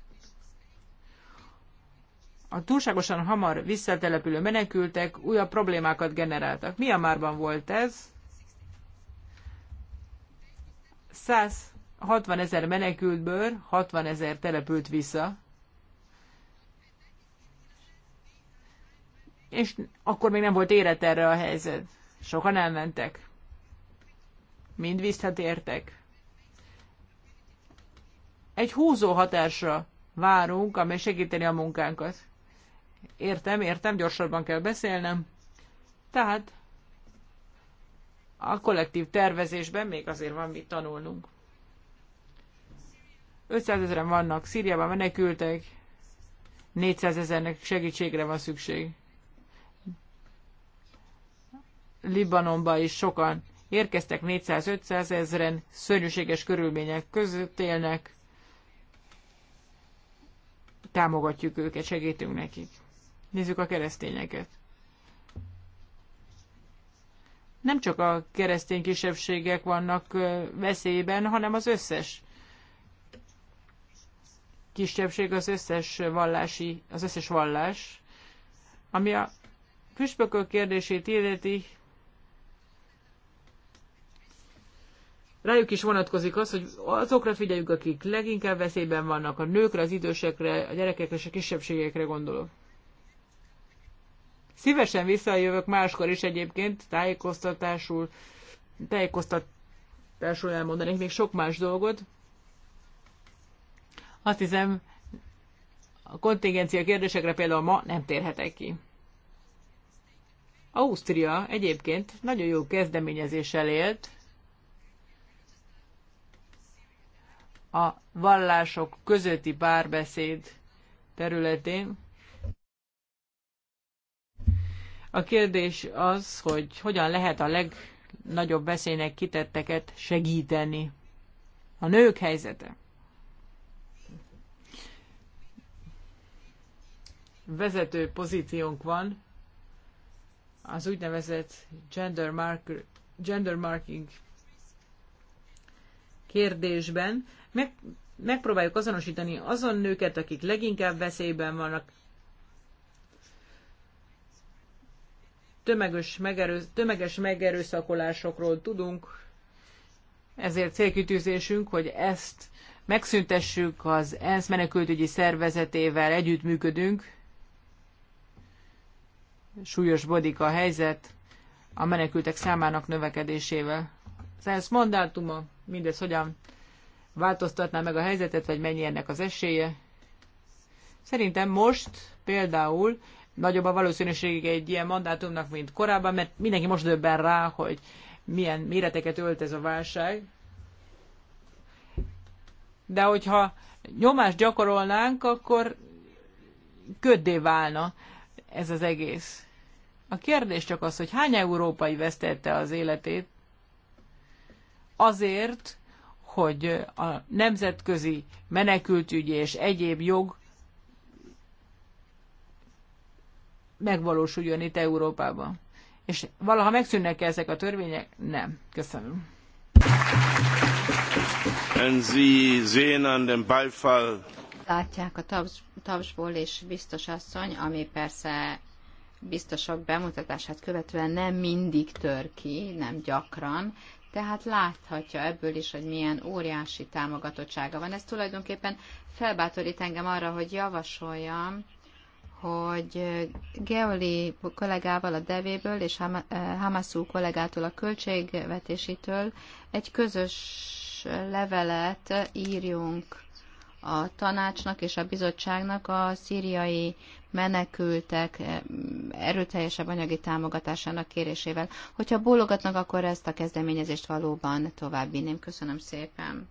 a túlságosan hamar visszatelepülő menekültek újabb problémákat generáltak. Mi a márban volt ez? 160 ezer menekültből 60 ezer települt vissza. és akkor még nem volt érett erre a helyzet. Sokan elmentek. Mind visszatértek. Egy húzó hatásra várunk, amely segíteni a munkánkat. Értem, értem, gyorsabban kell beszélnem. Tehát a kollektív tervezésben még azért van mit tanulnunk. 500 ezeren vannak, Szíriában menekültek, 400 ezernek segítségre van szükség. Libanonba is sokan érkeztek, 400-500 ezeren, szörnyűséges körülmények között élnek, támogatjuk őket, segítünk nekik. Nézzük a keresztényeket. Nem csak a keresztény kisebbségek vannak veszélyben, hanem az összes kisebbség, az összes vallási, az összes vallás, ami a püspökök kérdését illeti, rájuk is vonatkozik az, hogy azokra figyeljük, akik leginkább veszélyben vannak, a nőkre, az idősekre, a gyerekekre és a kisebbségekre gondolok. Szívesen visszajövök máskor is egyébként tájékoztatásul, tájékoztatásul elmondanék még sok más dolgot. Azt hiszem, a kontingencia kérdésekre például ma nem térhetek ki. Ausztria egyébként nagyon jó kezdeményezéssel élt, a vallások közötti párbeszéd területén. A kérdés az, hogy hogyan lehet a legnagyobb veszélynek kitetteket segíteni. A nők helyzete. Vezető pozíciónk van az úgynevezett gender, marker, gender marking kérdésben meg, megpróbáljuk azonosítani azon nőket, akik leginkább veszélyben vannak, tömeges, megerő, tömeges megerőszakolásokról tudunk, ezért célkitűzésünk, hogy ezt megszüntessük, az ENSZ menekültügyi szervezetével együttműködünk. Súlyos bodik a helyzet a menekültek számának növekedésével az mandátuma, mindez hogyan változtatná meg a helyzetet, vagy mennyi ennek az esélye. Szerintem most például nagyobb a valószínűség egy ilyen mandátumnak, mint korábban, mert mindenki most döbben rá, hogy milyen méreteket ölt ez a válság. De hogyha nyomást gyakorolnánk, akkor köddé válna ez az egész. A kérdés csak az, hogy hány európai vesztette az életét, azért, hogy a nemzetközi menekültügyi és egyéb jog megvalósuljon itt Európában. És valaha megszűnnek -e ezek a törvények? Nem. Köszönöm. And Sie sehen an dem Beifall. Látják a taps, tapsból, és biztos asszony, ami persze biztosok bemutatását követően nem mindig tör ki, nem gyakran, tehát láthatja ebből is, hogy milyen óriási támogatottsága van. Ez tulajdonképpen felbátorít engem arra, hogy javasoljam, hogy Geoli kollégával a devéből és eh, Hamasú kollégától a költségvetésitől egy közös levelet írjunk a tanácsnak és a bizottságnak a szíriai menekültek erőteljesebb anyagi támogatásának kérésével. Hogyha bólogatnak, akkor ezt a kezdeményezést valóban továbbvinném. Köszönöm szépen.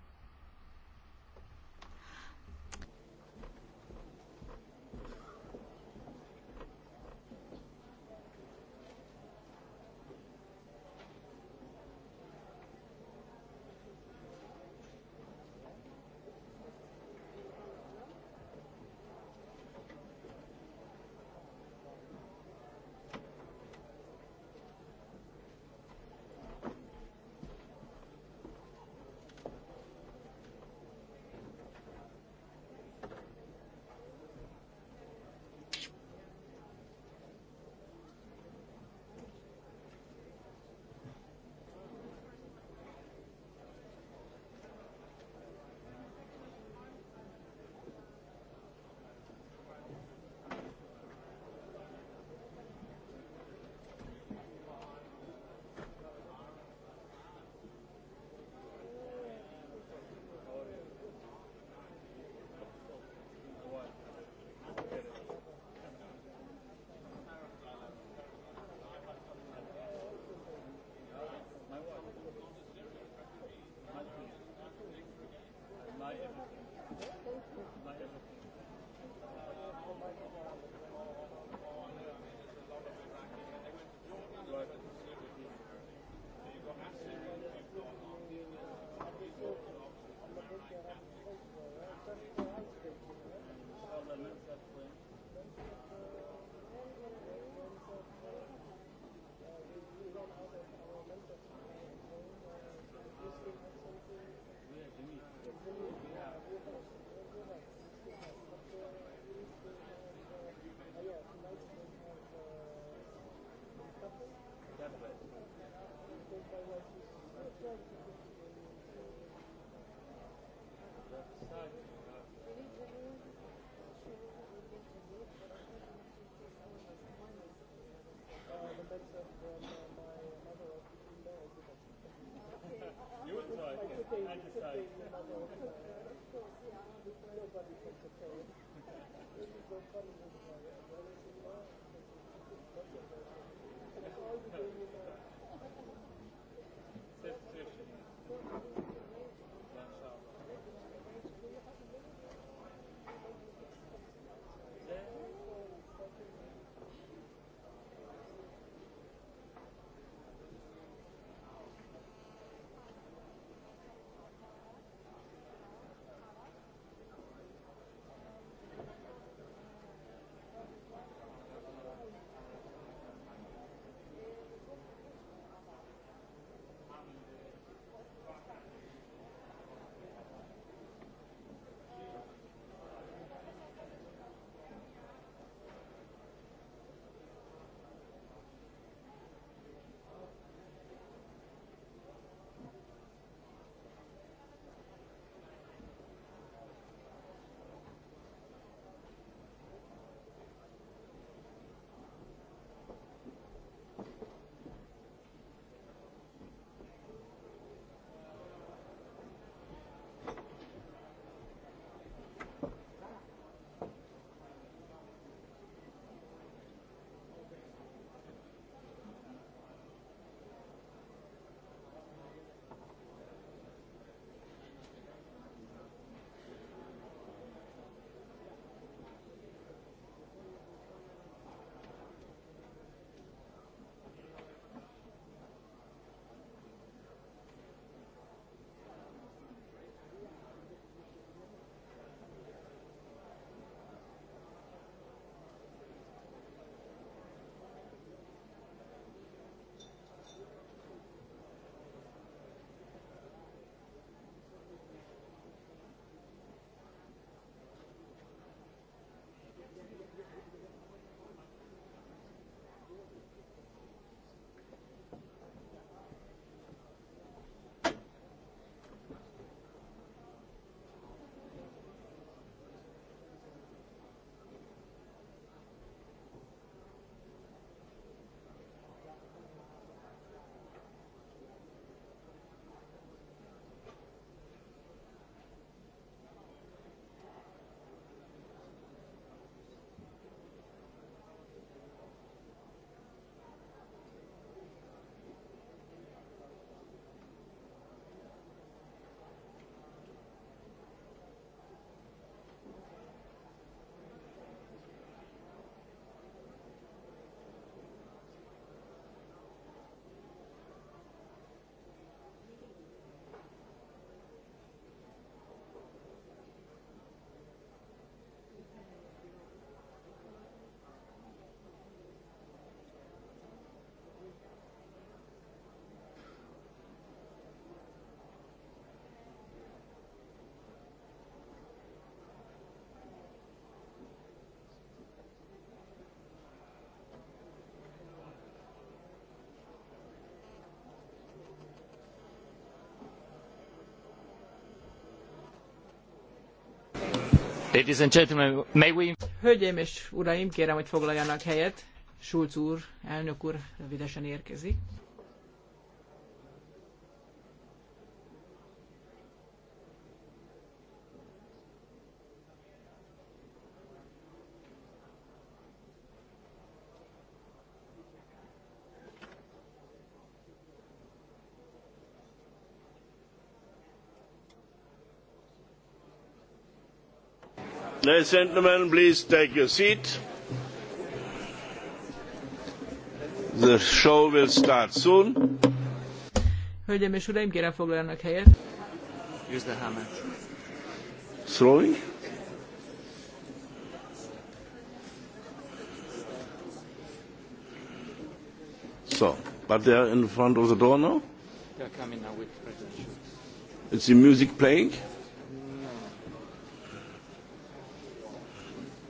Ladies and gentlemen, may we... Hölgyeim és uraim, kérem, hogy foglaljanak helyet. Schulz úr, elnök úr rövidesen érkezik. Ladies and gentlemen, please take your seat. The show will start soon. Hölgyeim és uraim, kérem foglaljanak helyet. Use the hammer. Throwing? So, but they are in front of the door now? They are coming now with presidential. Is the music playing?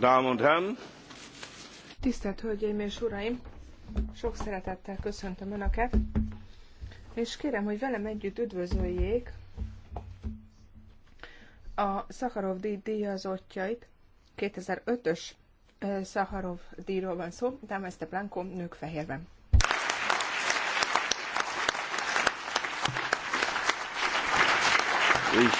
Damen und Herren! Tisztelt Hölgyeim és Uraim! Sok szeretettel köszöntöm Önöket, és kérem, hogy velem együtt üdvözöljék a Szaharov díj díjazottjait. 2005-ös Szaharov díjról van szó, Dámeszte Blanco, nők fehérben. Ich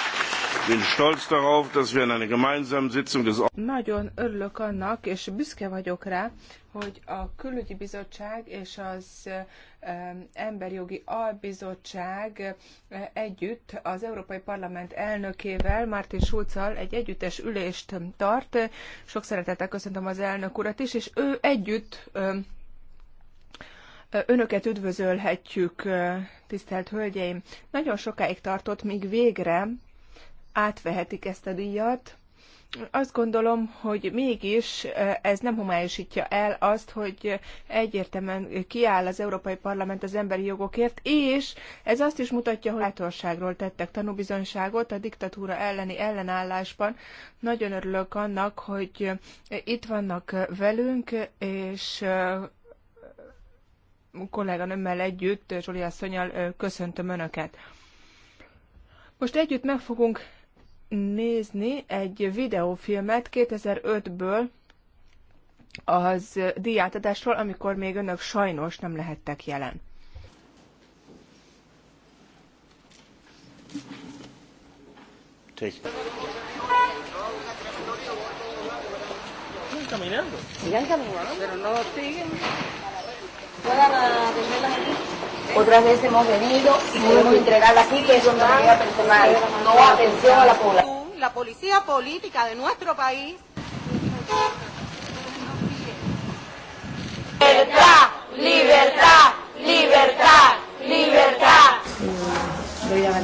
bin stolz darauf, dass wir in einer gemeinsamen Sitzung des nagyon örülök annak, és büszke vagyok rá, hogy a Külügyi Bizottság és az Emberjogi Albizottság eh, együtt az Európai Parlament elnökével, Martin Schulzal egy együttes ülést tart. Sok szeretettel köszöntöm az elnök urat is, és ő együtt eh, Önöket üdvözölhetjük, eh, tisztelt Hölgyeim! Nagyon sokáig tartott, míg végre átvehetik ezt a díjat, azt gondolom, hogy mégis ez nem homályosítja el azt, hogy egyértelműen kiáll az Európai Parlament az emberi jogokért, és ez azt is mutatja, hogy bátorságról tettek tanúbizonyságot a diktatúra elleni ellenállásban. Nagyon örülök annak, hogy itt vannak velünk, és kolléganőmmel együtt, Zsoli asszonyal köszöntöm Önöket. Most együtt meg fogunk nézni egy videófilmet 2005-ből az díjátadásról, amikor még önök sajnos nem lehettek jelen. Sigan caminando. Sigan caminando. Pero no siguen. Puedan atender la gente. Otras veces hemos venido y podemos entregarla aquí, que es una medida personal, no atención a la población. La policía política de nuestro país. Libertad, libertad, libertad, libertad. Voy a para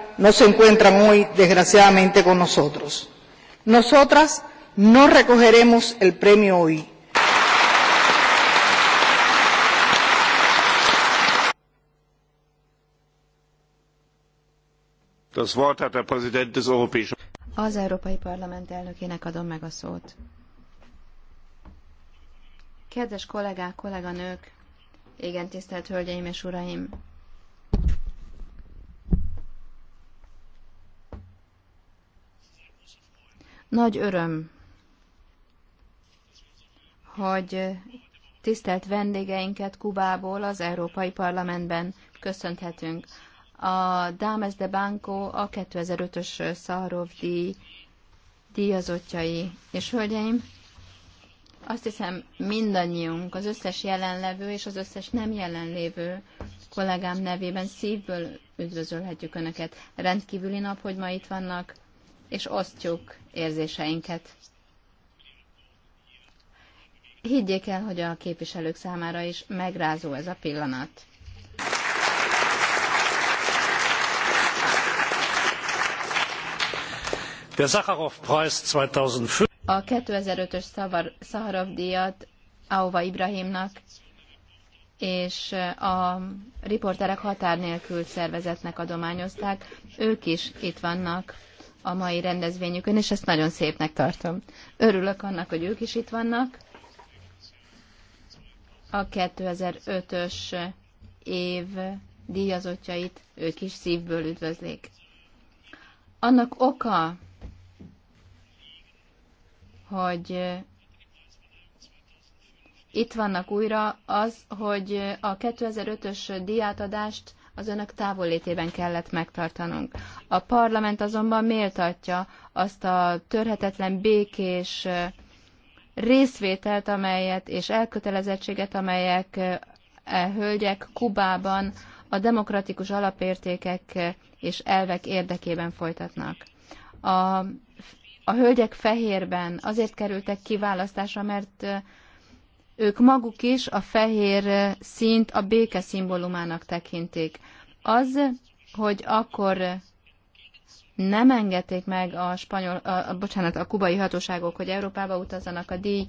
no se encuentran hoy, desgraciadamente, con nosotros. Nosotras no recogeremos el premio hoy. Das Wort hat der Präsident des Europäischen az Európai Parlament elnökének adom meg a szót. Kedves kollégák, kolléganők, igen, tisztelt hölgyeim és uraim! Nagy öröm, hogy tisztelt vendégeinket Kubából az Európai Parlamentben köszönthetünk. A Dámez de Banco a 2005-ös Szarov díj díjazottjai és hölgyeim, azt hiszem mindannyiunk, az összes jelenlevő és az összes nem jelenlévő kollégám nevében szívből üdvözölhetjük Önöket. Rendkívüli nap, hogy ma itt vannak, és osztjuk érzéseinket. Higgyék el, hogy a képviselők számára is megrázó ez a pillanat. Der Sacharov-Preis 2005 a 2005-ös Szaharov díjat Auva Ibrahimnak és a riporterek határ nélkül szervezetnek adományozták. Ők is itt vannak a mai rendezvényükön, és ezt nagyon szépnek tartom. Örülök annak, hogy ők is itt vannak. A 2005-ös év díjazottjait ők is szívből üdvözlik. Annak oka, hogy itt vannak újra az, hogy a 2005-ös díjátadást az önök távollétében kellett megtartanunk. A parlament azonban méltatja azt a törhetetlen békés részvételt, amelyet és elkötelezettséget, amelyek e hölgyek Kubában a demokratikus alapértékek és elvek érdekében folytatnak. A, a hölgyek fehérben azért kerültek kiválasztásra, mert ők maguk is a fehér színt a béke szimbólumának tekintik. Az, hogy akkor nem engedték meg a spanyol, a, a, bocsánat, a kubai hatóságok, hogy Európába utazzanak a díj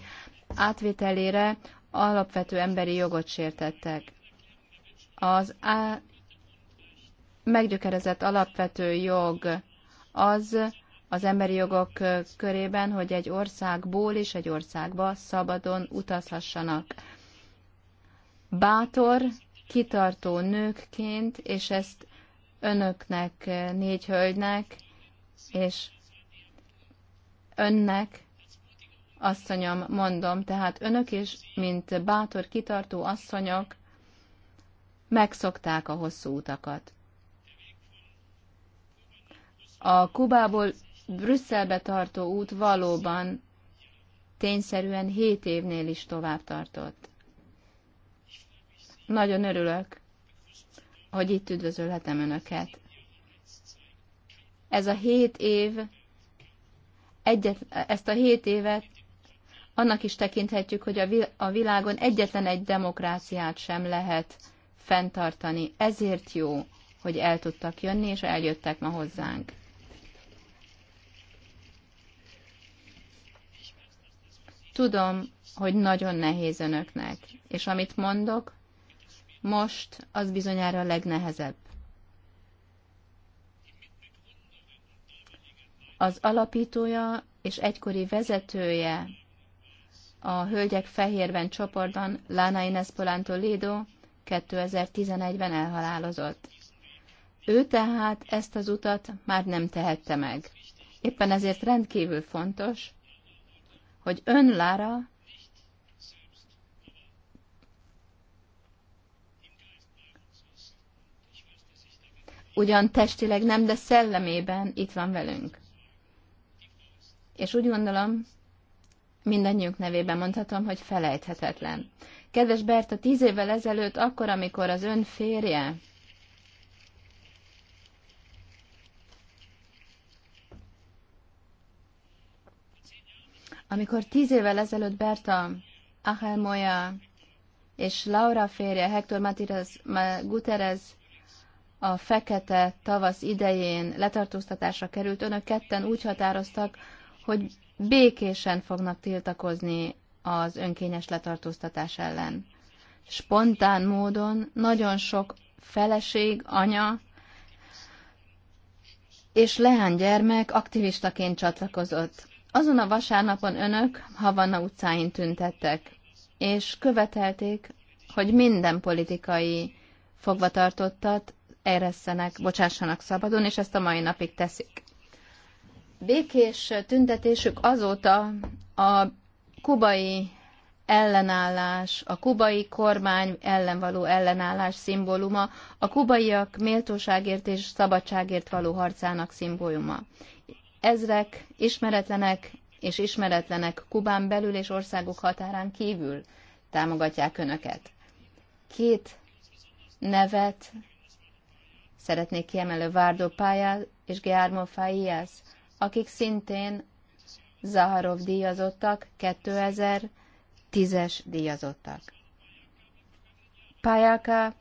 átvételére, alapvető emberi jogot sértettek. Az á, meggyökerezett alapvető jog az, az emberi jogok körében, hogy egy országból és egy országba szabadon utazhassanak. Bátor, kitartó nőkként, és ezt önöknek, négy hölgynek, és önnek, asszonyom, mondom, tehát önök is, mint bátor, kitartó asszonyok, megszokták a hosszú utakat. A Kubából Brüsszelbe tartó út valóban tényszerűen hét évnél is tovább tartott. Nagyon örülök, hogy itt üdvözölhetem Önöket. Ez a hét év, egyet, ezt a hét évet annak is tekinthetjük, hogy a világon egyetlen egy demokráciát sem lehet fenntartani. Ezért jó, hogy el tudtak jönni, és eljöttek ma hozzánk. Tudom, hogy nagyon nehéz önöknek, és amit mondok, most az bizonyára a legnehezebb. Az alapítója és egykori vezetője a Hölgyek Fehérben csoportban Lana Ines Polanto Lido 2011-ben elhalálozott. Ő tehát ezt az utat már nem tehette meg. Éppen ezért rendkívül fontos, hogy ön, Lara ugyan testileg nem, de szellemében itt van velünk. És úgy gondolom, mindannyiunk nevében mondhatom, hogy felejthetetlen. Kedves Berta, tíz évvel ezelőtt, akkor, amikor az ön férje, Amikor tíz évvel ezelőtt Berta, Ahel Moya és Laura férje, Hector Matiras Guterres a fekete tavasz idején letartóztatásra került, önök ketten úgy határoztak, hogy békésen fognak tiltakozni az önkényes letartóztatás ellen. Spontán módon nagyon sok feleség, anya és leánygyermek aktivistaként csatlakozott. Azon a vasárnapon önök Havana utcáin tüntettek, és követelték, hogy minden politikai fogvatartottat eresszenek, bocsássanak szabadon, és ezt a mai napig teszik. Békés tüntetésük azóta a kubai ellenállás, a kubai kormány ellen való ellenállás szimbóluma, a kubaiak méltóságért és szabadságért való harcának szimbóluma ezrek ismeretlenek és ismeretlenek Kubán belül és országok határán kívül támogatják önöket. Két nevet szeretnék kiemelő Várdó Pályá és Geármo Faias, akik szintén Zaharov díjazottak, 2010-es díjazottak. Pályáka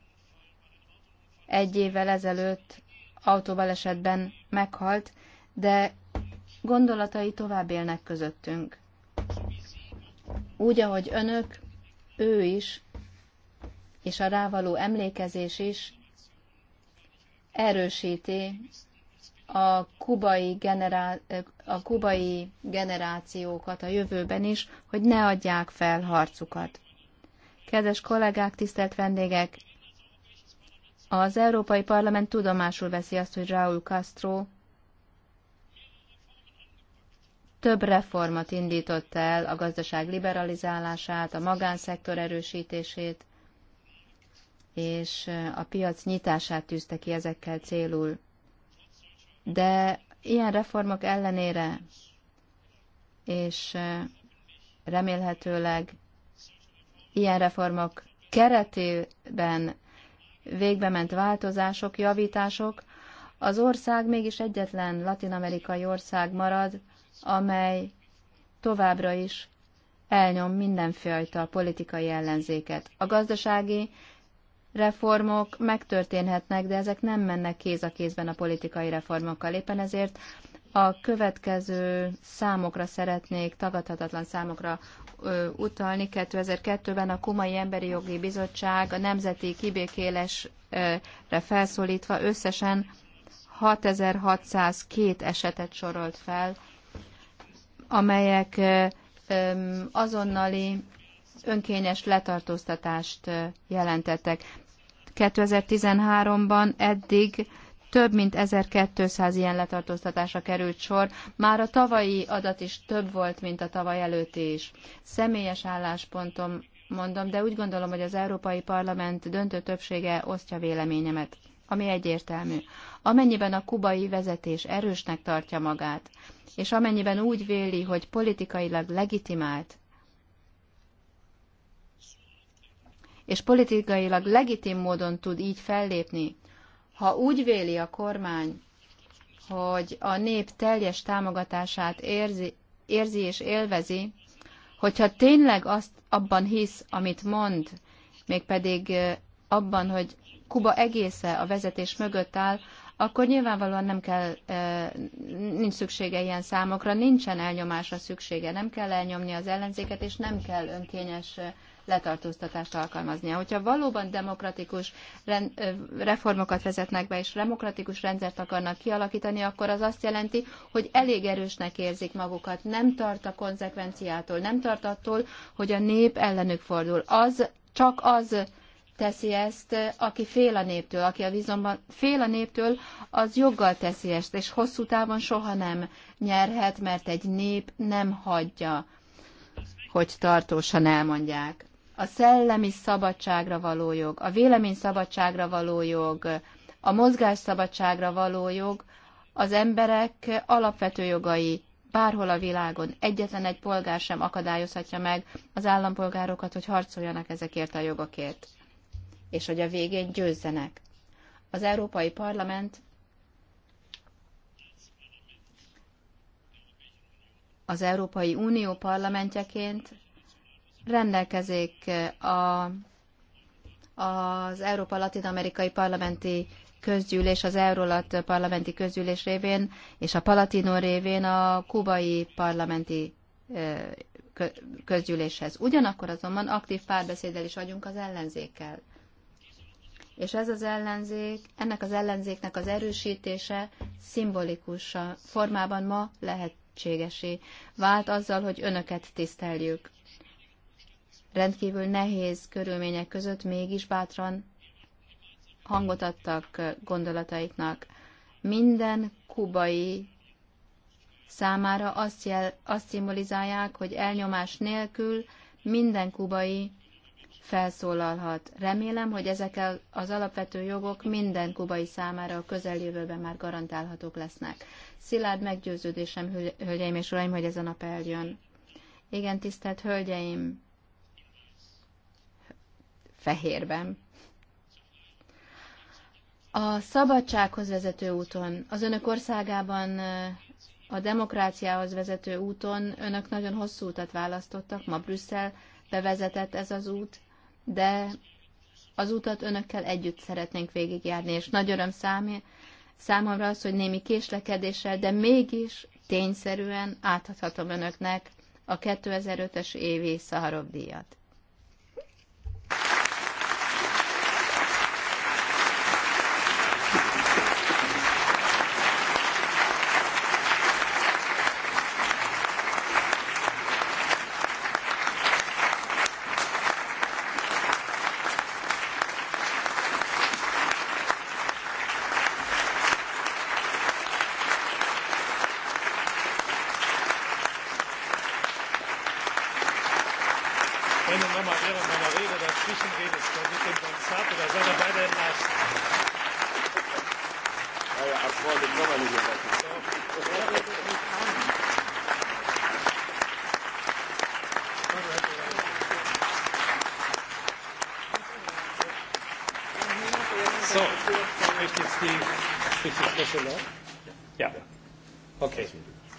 egy évvel ezelőtt autóbalesetben meghalt, de gondolatai tovább élnek közöttünk. Úgy, ahogy önök, ő is, és a rávaló emlékezés is erősíti a kubai, generá- a kubai generációkat a jövőben is, hogy ne adják fel harcukat. Kedves kollégák, tisztelt vendégek! Az Európai Parlament tudomásul veszi azt, hogy Raúl Castro több reformat indított el, a gazdaság liberalizálását, a magánszektor erősítését, és a piac nyitását tűzte ki ezekkel célul. De ilyen reformok ellenére, és remélhetőleg ilyen reformok keretében végbe ment változások, javítások, az ország mégis egyetlen latinamerikai ország marad, amely továbbra is elnyom mindenfajta politikai ellenzéket. A gazdasági reformok megtörténhetnek, de ezek nem mennek kéz a kézben a politikai reformokkal. Éppen ezért a következő számokra szeretnék, tagadhatatlan számokra ö, utalni. 2002-ben a Kumai Emberi Jogi Bizottság a Nemzeti Kibékélesre felszólítva összesen 6602 esetet sorolt fel, amelyek azonnali önkényes letartóztatást jelentettek. 2013-ban eddig több mint 1200 ilyen letartóztatásra került sor, már a tavalyi adat is több volt, mint a tavaly előtti is. Személyes álláspontom mondom, de úgy gondolom, hogy az Európai Parlament döntő többsége osztja véleményemet ami egyértelmű. Amennyiben a kubai vezetés erősnek tartja magát, és amennyiben úgy véli, hogy politikailag legitimált, és politikailag legitim módon tud így fellépni, ha úgy véli a kormány, hogy a nép teljes támogatását érzi, érzi és élvezi, hogyha tényleg azt abban hisz, amit mond, mégpedig eh, abban, hogy Kuba egésze a vezetés mögött áll, akkor nyilvánvalóan nem kell, e, nincs szüksége ilyen számokra, nincsen elnyomásra szüksége, nem kell elnyomni az ellenzéket, és nem kell önkényes e, letartóztatást alkalmaznia. Hogyha valóban demokratikus e, reformokat vezetnek be, és demokratikus rendszert akarnak kialakítani, akkor az azt jelenti, hogy elég erősnek érzik magukat, nem tart a konzekvenciától, nem tart attól, hogy a nép ellenük fordul. Az csak az teszi ezt, aki fél a néptől, aki a vízomban fél a néptől, az joggal teszi ezt, és hosszú távon soha nem nyerhet, mert egy nép nem hagyja, hogy tartósan elmondják. A szellemi szabadságra való jog, a vélemény szabadságra való jog, a mozgás szabadságra való jog az emberek alapvető jogai bárhol a világon egyetlen egy polgár sem akadályozhatja meg az állampolgárokat, hogy harcoljanak ezekért a jogokért és hogy a végén győzzenek. Az Európai Parlament az Európai Unió parlamentjeként rendelkezik a, az Európa Latin-amerikai parlamenti közgyűlés, az Eurolat parlamenti közgyűlés révén és a Palatino révén a kubai parlamenti közgyűléshez. Ugyanakkor azonban aktív párbeszéddel is vagyunk az ellenzékkel és ez az ellenzék, ennek az ellenzéknek az erősítése szimbolikus formában ma lehetségesé vált azzal, hogy önöket tiszteljük. Rendkívül nehéz körülmények között mégis bátran hangot adtak gondolataiknak. Minden kubai számára azt, jel, azt szimbolizálják, hogy elnyomás nélkül minden kubai felszólalhat. Remélem, hogy ezek az alapvető jogok minden kubai számára a közeljövőben már garantálhatók lesznek. Szilárd meggyőződésem, hölgyeim és uraim, hogy ez a nap eljön. Igen, tisztelt hölgyeim, fehérben. A szabadsághoz vezető úton, az önök országában a demokráciához vezető úton önök nagyon hosszú utat választottak, ma Brüsszel bevezetett ez az út, de az utat önökkel együtt szeretnénk végigjárni, és nagy öröm számít, számomra az, hogy némi késlekedéssel, de mégis tényszerűen átadhatom önöknek a 2005-es évi Szaharov díjat.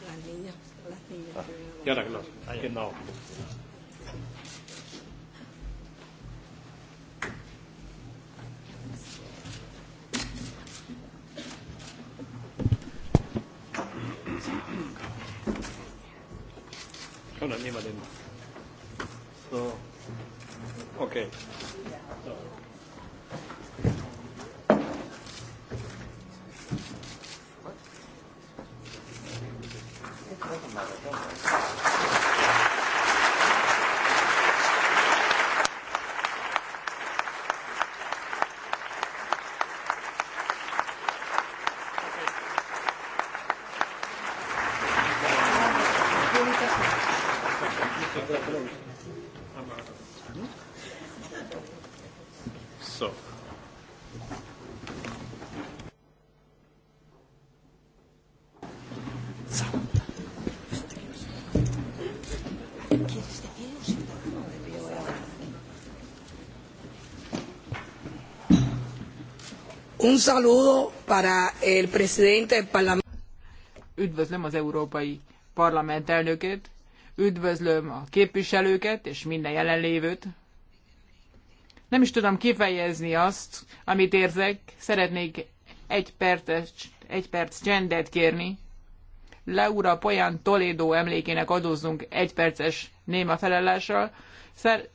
Las niñas. Las niñas. Ah, y Genau. Un saludo para el presidente del Parlamento. Üdvözlöm az Európai Parlament elnökét, üdvözlöm a képviselőket és minden jelenlévőt. Nem is tudom kifejezni azt, amit érzek. Szeretnék egy, perces, egy perc csendet kérni. Laura Poyan Toledo emlékének adózzunk egy perces néma felellással. Szer-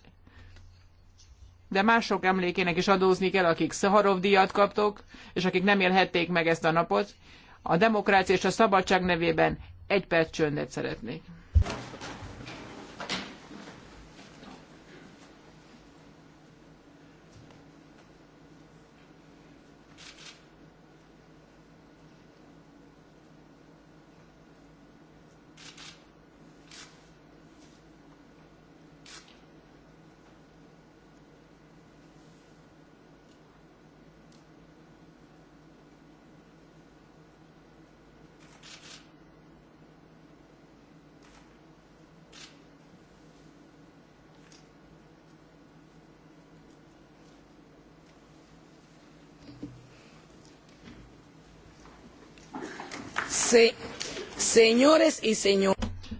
de mások emlékének is adózni kell, akik Szaharov díjat kaptok, és akik nem élhették meg ezt a napot. A demokrácia és a szabadság nevében egy perc csöndet szeretnék.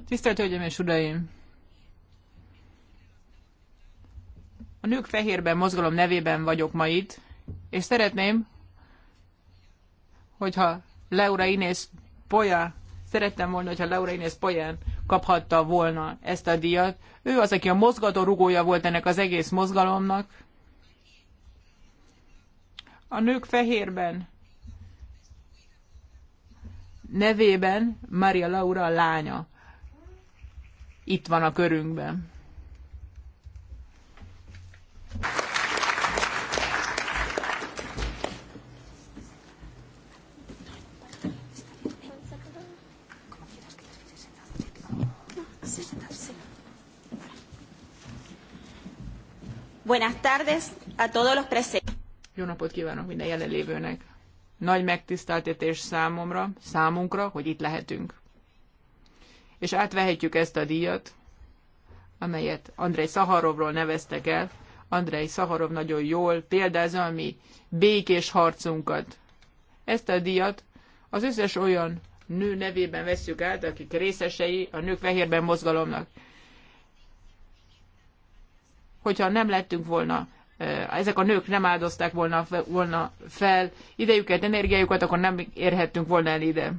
Tisztelt Hölgyeim és Uraim! A Nők Fehérben mozgalom nevében vagyok ma itt, és szeretném, hogyha Laura Inés Poya, szerettem volna, hogyha Laura Inés Poyán kaphatta volna ezt a díjat. Ő az, aki a mozgató rugója volt ennek az egész mozgalomnak. A Nők Fehérben nevében Maria Laura a lánya itt van a körünkben. Buenas tardes a todos los presentes. Jó napot kívánok minden jelenlévőnek! nagy megtiszteltetés számomra, számunkra, hogy itt lehetünk. És átvehetjük ezt a díjat, amelyet Andrei Szaharovról neveztek el. Andrei Szaharov nagyon jól példázza a mi békés harcunkat. Ezt a díjat az összes olyan nő nevében vesszük át, akik részesei a nők fehérben mozgalomnak. Hogyha nem lettünk volna Eh, ezek a nők nem áldozták volna, volna fel idejüket, energiájukat, akkor nem érhettünk volna el ide.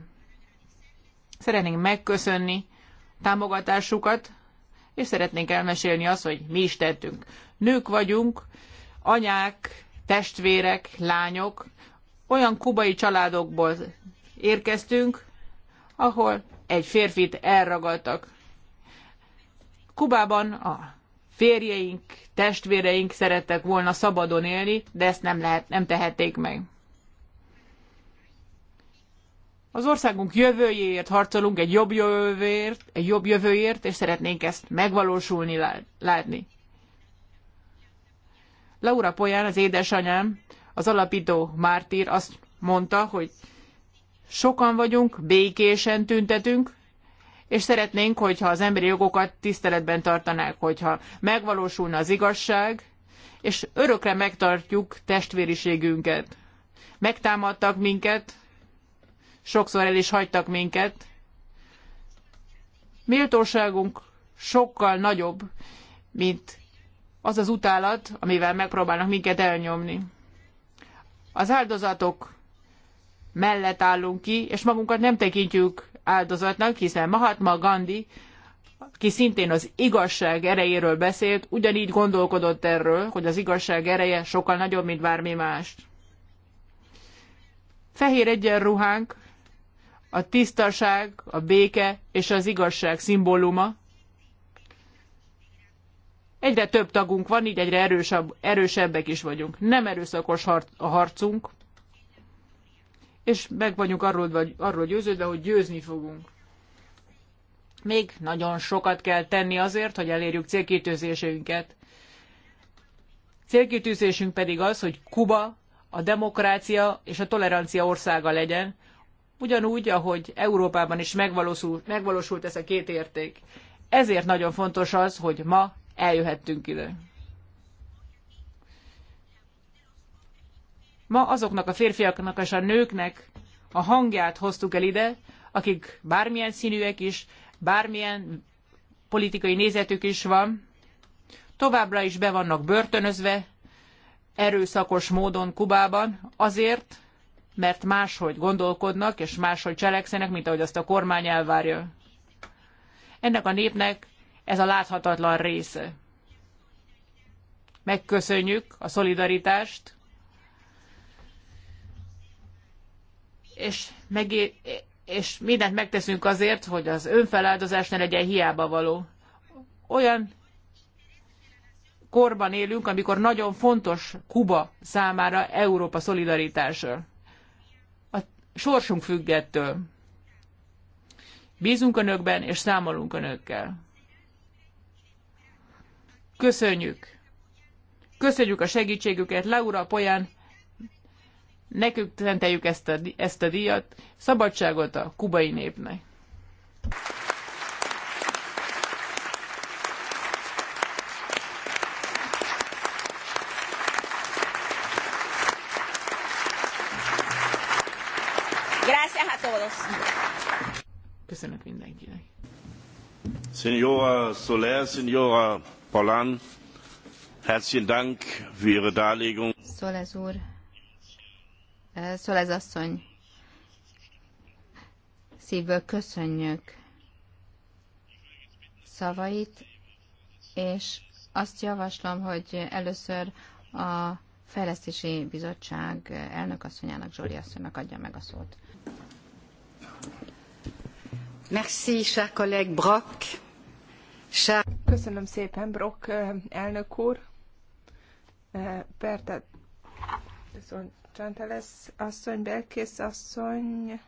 Szeretnénk megköszönni támogatásukat, és szeretnénk elmesélni azt, hogy mi is tettünk. Nők vagyunk, anyák, testvérek, lányok, olyan kubai családokból érkeztünk, ahol egy férfit elragadtak. Kubában a férjeink, testvéreink szerettek volna szabadon élni, de ezt nem, lehet, nem tehették meg. Az országunk jövőjéért harcolunk, egy jobb jövőért, egy jobb jövőért, és szeretnénk ezt megvalósulni, látni. Laura Poján, az édesanyám, az alapító mártír azt mondta, hogy sokan vagyunk, békésen tüntetünk, és szeretnénk, hogyha az emberi jogokat tiszteletben tartanák, hogyha megvalósulna az igazság, és örökre megtartjuk testvériségünket. Megtámadtak minket, sokszor el is hagytak minket. Méltóságunk sokkal nagyobb, mint az az utálat, amivel megpróbálnak minket elnyomni. Az áldozatok mellett állunk ki, és magunkat nem tekintjük áldozatnak, hiszen Mahatma Gandhi, aki szintén az igazság erejéről beszélt, ugyanígy gondolkodott erről, hogy az igazság ereje sokkal nagyobb, mint bármi más. Fehér egyenruhánk a tisztaság, a béke és az igazság szimbóluma. Egyre több tagunk van, így egyre erősebb, erősebbek is vagyunk. Nem erőszakos har a harcunk, és meg vagyunk arról, vagy, arról győződve, hogy győzni fogunk. Még nagyon sokat kell tenni azért, hogy elérjük célkitűzésünket. Célkitűzésünk pedig az, hogy Kuba a demokrácia és a tolerancia országa legyen, ugyanúgy, ahogy Európában is megvalósult, megvalósult ez a két érték. Ezért nagyon fontos az, hogy ma eljöhettünk ide. Ma azoknak a férfiaknak és a nőknek a hangját hoztuk el ide, akik bármilyen színűek is, bármilyen politikai nézetük is van, továbbra is be vannak börtönözve erőszakos módon Kubában azért, mert máshogy gondolkodnak és máshogy cselekszenek, mint ahogy azt a kormány elvárja. Ennek a népnek ez a láthatatlan része. Megköszönjük a szolidaritást, és, megé- és mindent megteszünk azért, hogy az önfeláldozás ne legyen hiába való. Olyan korban élünk, amikor nagyon fontos Kuba számára Európa szolidaritása. A sorsunk ettől. Bízunk önökben, és számolunk önökkel. Köszönjük! Köszönjük a segítségüket Laura Poyán Nekünk szenteljük ezt a, ezt a díjat, szabadságot a kubai népnek. Köszönöm mindenkinek. Signora Soler, Signora Polan, herzlichen Dank für Ihre Darlegung. Soler úr, ez asszony, szívből köszönjük szavait, és azt javaslom, hogy először a Fejlesztési Bizottság elnök asszonyának, Zsoli asszonynak adja meg a szót. Merci, cher collègue Brock. Cher... Köszönöm szépen, Brock eh, elnök úr. Pertet, eh, viszont Csantelesz asszony, Belkész asszony,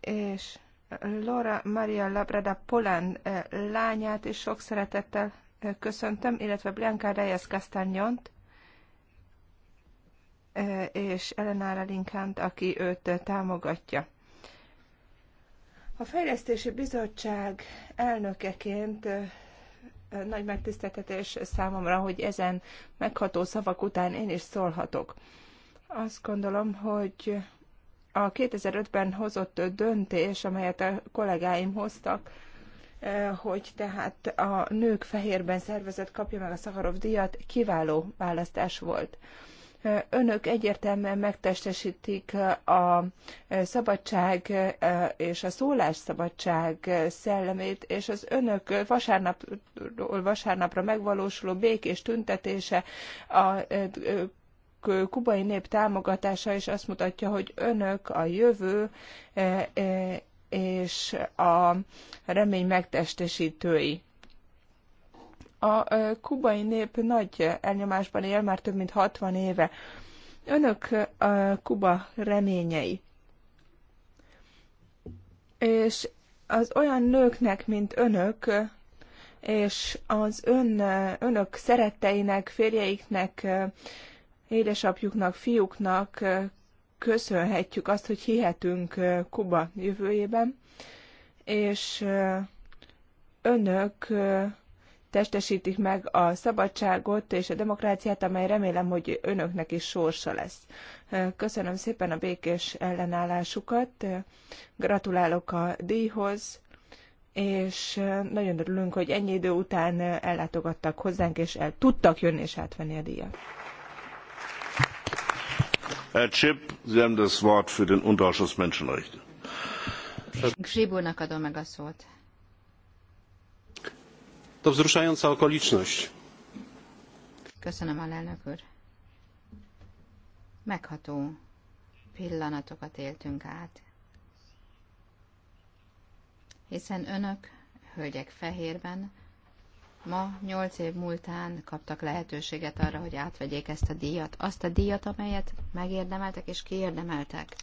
és Laura Maria Labrada Polán lányát is sok szeretettel köszöntöm, illetve Blanca Reyes Castagnont, és Elenára Linkánt, aki őt támogatja. A Fejlesztési Bizottság elnökeként nagy megtiszteltetés számomra, hogy ezen megható szavak után én is szólhatok. Azt gondolom, hogy a 2005-ben hozott döntés, amelyet a kollégáim hoztak, eh, hogy tehát a nők fehérben szervezet kapja meg a Szaharov díjat, kiváló választás volt. Önök egyértelműen megtestesítik a szabadság és a szólásszabadság szellemét, és az önök vasárnapról vasárnapra megvalósuló békés tüntetése a kubai nép támogatása is azt mutatja, hogy önök a jövő és a remény megtestesítői. A kubai nép nagy elnyomásban él már több mint 60 éve. Önök a Kuba reményei. És az olyan nőknek, mint önök, és az ön, önök szeretteinek, férjeiknek, édesapjuknak, fiúknak köszönhetjük azt, hogy hihetünk Kuba jövőjében, és önök testesítik meg a szabadságot és a demokráciát, amely remélem, hogy önöknek is sorsa lesz. Köszönöm szépen a békés ellenállásukat, gratulálok a díjhoz, és nagyon örülünk, hogy ennyi idő után ellátogattak hozzánk, és el tudtak jönni és átvenni a díjat. Herr Chip, Sie haben das Wort für den Unterausschuss Menschenrechte. Gribónak adom meg a szót. To wzruszająca okoliczność. Köszönöm, alelnök úr. Megható pillanatokat éltünk át. Hiszen önök, hölgyek fehérben, ma nyolc év múltán kaptak lehetőséget arra, hogy átvegyék ezt a díjat. Azt a díjat, amelyet megérdemeltek és kiérdemeltek.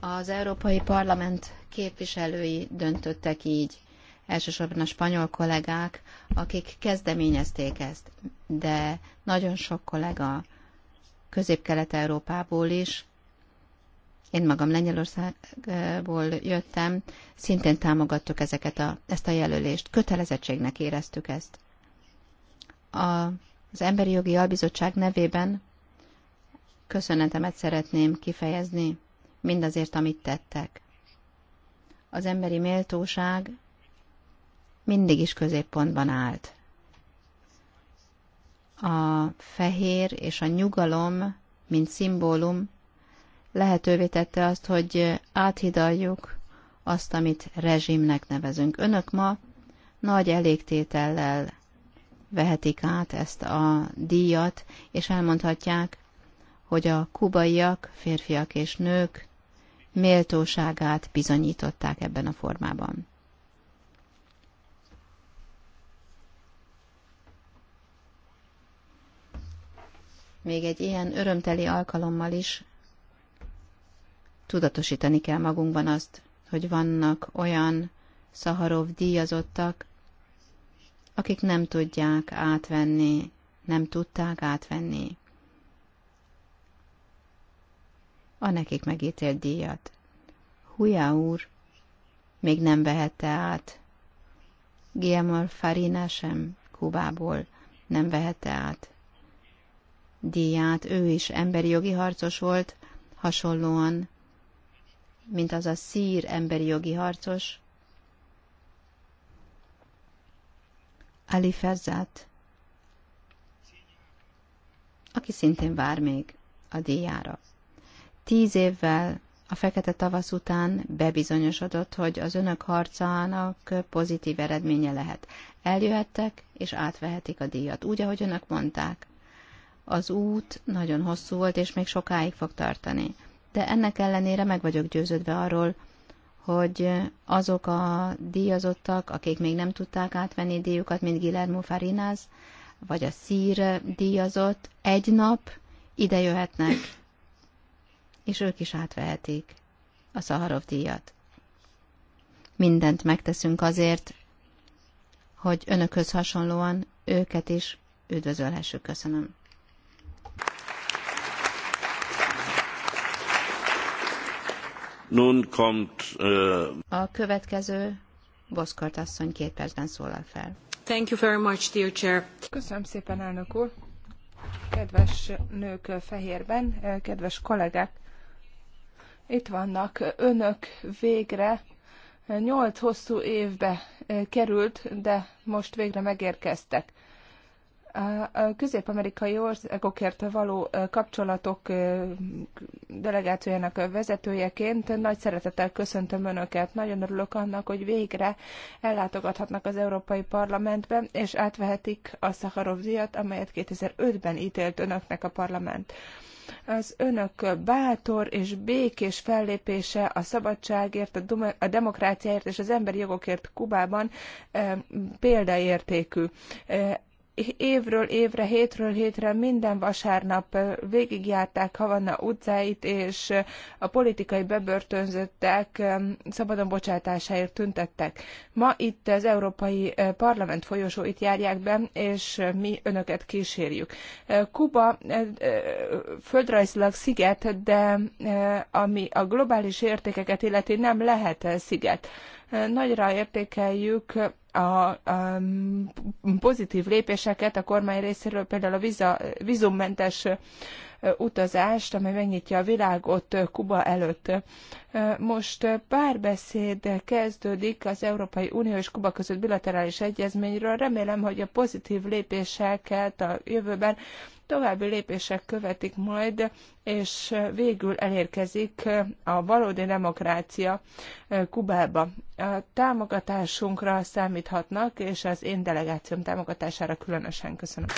Az Európai Parlament képviselői döntöttek így elsősorban a spanyol kollégák, akik kezdeményezték ezt, de nagyon sok kollega közép-kelet-európából is, én magam Lengyelországból jöttem, szintén támogattuk ezeket a, ezt a jelölést. Kötelezettségnek éreztük ezt. A, az Emberi Jogi Albizottság nevében köszönetemet szeretném kifejezni mindazért, amit tettek. Az emberi méltóság mindig is középpontban állt. A fehér és a nyugalom, mint szimbólum, lehetővé tette azt, hogy áthidaljuk azt, amit rezsimnek nevezünk. Önök ma nagy elégtétellel vehetik át ezt a díjat, és elmondhatják, hogy a kubaiak, férfiak és nők méltóságát bizonyították ebben a formában. még egy ilyen örömteli alkalommal is tudatosítani kell magunkban azt, hogy vannak olyan Szaharov díjazottak, akik nem tudják átvenni, nem tudták átvenni a nekik megítélt díjat. Hujá úr még nem vehette át. Guillermo Farina sem Kubából nem vehette át díját. Ő is emberi jogi harcos volt, hasonlóan, mint az a szír emberi jogi harcos, Ali Fezzát, aki szintén vár még a díjára. Tíz évvel a fekete tavasz után bebizonyosodott, hogy az önök harcának pozitív eredménye lehet. Eljöhettek és átvehetik a díjat, úgy, ahogy önök mondták. Az út nagyon hosszú volt, és még sokáig fog tartani. De ennek ellenére meg vagyok győződve arról, hogy azok a díjazottak, akik még nem tudták átvenni díjukat, mint Guillermo Farinas, vagy a szír díjazott, egy nap ide jöhetnek, és ők is átvehetik a Szaharov díjat. Mindent megteszünk azért, hogy önökhöz hasonlóan őket is üdvözölhessük. Köszönöm. Nun kommt, uh... A következő Boszkort asszony két percben szólal fel. Thank you very much, dear chair. Köszönöm szépen, elnök úr. Kedves nők fehérben, kedves kollégák, itt vannak önök végre. Nyolc hosszú évbe került, de most végre megérkeztek. A közép-amerikai országokért való kapcsolatok delegációjának vezetőjeként nagy szeretettel köszöntöm Önöket. Nagyon örülök annak, hogy végre ellátogathatnak az Európai Parlamentbe, és átvehetik a Szaharov díjat, amelyet 2005-ben ítélt Önöknek a parlament. Az önök bátor és békés fellépése a szabadságért, a demokráciáért és az emberi jogokért Kubában példaértékű évről évre, hétről hétre minden vasárnap végigjárták Havanna utcáit, és a politikai bebörtönzöttek szabadon bocsátásáért tüntettek. Ma itt az Európai Parlament folyosóit járják be, és mi önöket kísérjük. Kuba földrajzilag sziget, de ami a globális értékeket illeti nem lehet sziget. Nagyra értékeljük a, a pozitív lépéseket a kormány részéről, például a viza, vízummentes utazást, amely megnyitja a világot Kuba előtt. Most párbeszéd kezdődik az Európai Unió és Kuba között bilaterális egyezményről. Remélem, hogy a pozitív lépéseket a jövőben További lépések követik majd, és végül elérkezik a valódi demokrácia Kubába. A támogatásunkra számíthatnak, és az én delegációm támogatására különösen köszönöm.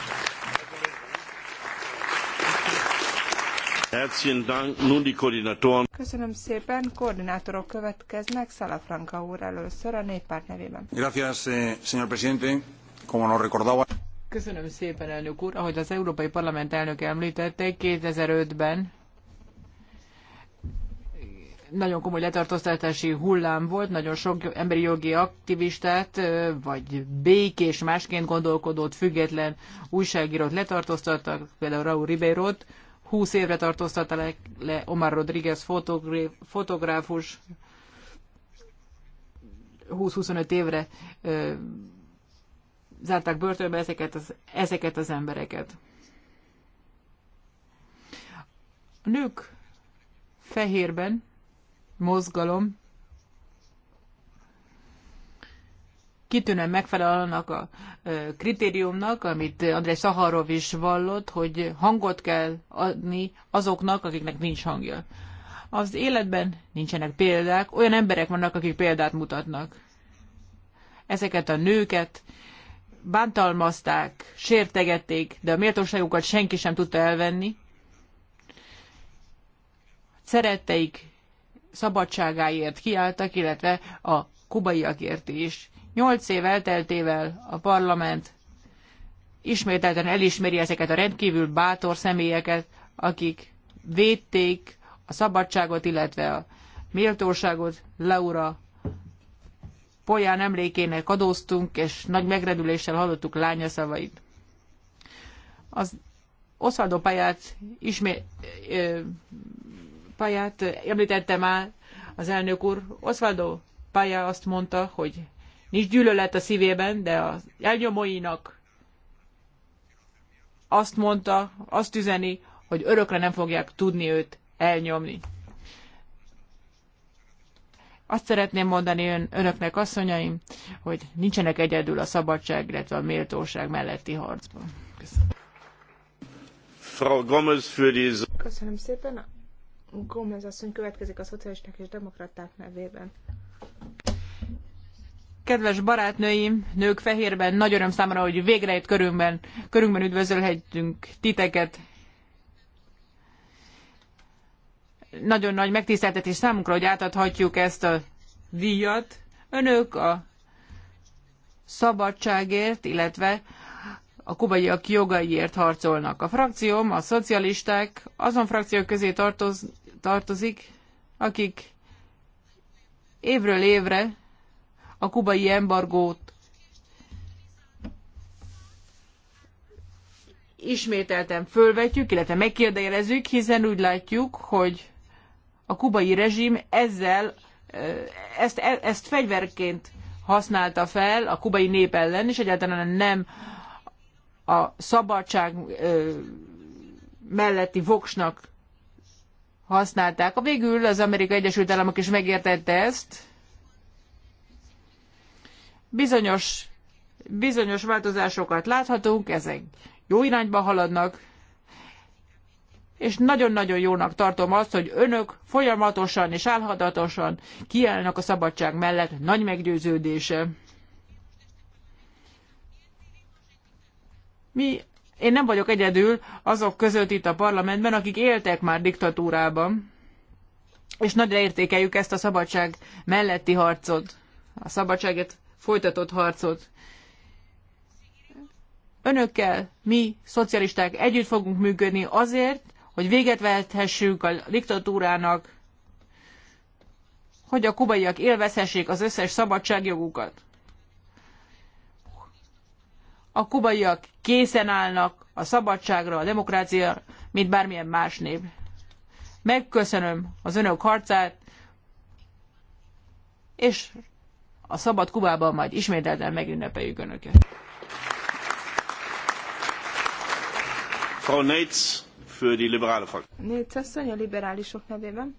Köszönöm szépen. Koordinátorok következnek. Salafranca úr először a néppárt nevében. Gracias, eh, señor presidente. Como nos recordaba... Köszönöm szépen, elnök úr. Ahogy az Európai Parlament elnök említette, 2005-ben nagyon komoly letartóztatási hullám volt, nagyon sok emberi jogi aktivistát, vagy békés, másként gondolkodót, független újságírót letartóztattak, például Raúl Ribeirot, 20 évre tartóztatták le Omar Rodriguez fotográfus, 20-25 évre zárták börtönbe ezeket az, ezeket az embereket. A nők fehérben mozgalom kitűnően megfelel annak a kritériumnak, amit Andrei Szaharov is vallott, hogy hangot kell adni azoknak, akiknek nincs hangja. Az életben nincsenek példák, olyan emberek vannak, akik példát mutatnak. Ezeket a nőket bántalmazták, sértegették, de a méltóságukat senki sem tudta elvenni. Szeretteik szabadságáért kiálltak, illetve a kubaiakért is. Nyolc év elteltével a parlament ismételten elismeri ezeket a rendkívül bátor személyeket, akik védték a szabadságot, illetve a méltóságot Laura Polyán emlékének adóztunk, és nagy megredüléssel hallottuk lánya szavait. Az Osvaldo pályát, ismét, pályát említette már az elnök úr. Osvaldo pálya azt mondta, hogy nincs gyűlölet a szívében, de az elnyomóinak azt mondta, azt üzeni, hogy örökre nem fogják tudni őt elnyomni. Azt szeretném mondani ön, önöknek, asszonyaim, hogy nincsenek egyedül a szabadság, illetve a méltóság melletti harcban. Köszönöm. Frau Gomez für Köszönöm szépen. Gomez asszony következik a szocialisták és demokraták nevében. Kedves barátnőim, nők fehérben, nagy öröm számomra, hogy végre itt körünkben, körünkben üdvözölhetünk titeket, nagyon nagy megtiszteltetés számunkra, hogy átadhatjuk ezt a díjat. Önök a szabadságért, illetve a kubaiak jogaiért harcolnak. A frakcióm, a szocialisták azon frakciók közé tartoz, tartozik, akik évről évre a kubai embargót ismételten fölvetjük, illetve megkérdejelezzük, hiszen úgy látjuk, hogy a kubai rezsim ezzel ezt, e, ezt fegyverként használta fel a kubai nép ellen, és egyáltalán nem a szabadság ö, melletti voksnak használták. A végül az Amerikai Egyesült Államok is megértette ezt. Bizonyos, bizonyos változásokat láthatunk, ezek jó irányba haladnak, és nagyon-nagyon jónak tartom azt, hogy önök folyamatosan és álhatatosan kiállnak a szabadság mellett, nagy meggyőződése. Mi, én nem vagyok egyedül azok között itt a parlamentben, akik éltek már diktatúrában, és nagyra értékeljük ezt a szabadság melletti harcot, a szabadságért folytatott harcot. Önökkel mi, szocialisták együtt fogunk működni azért, hogy véget vethessünk a diktatúrának, hogy a kubaiak élvezhessék az összes szabadságjogukat. A kubaiak készen állnak a szabadságra, a demokrácia, mint bármilyen más nép. Megköszönöm az önök harcát, és a szabad Kubában majd ismételten megünnepeljük önöket. Frau Neitz für die liberale Fraktion. Nils asszony a liberálisok nevében.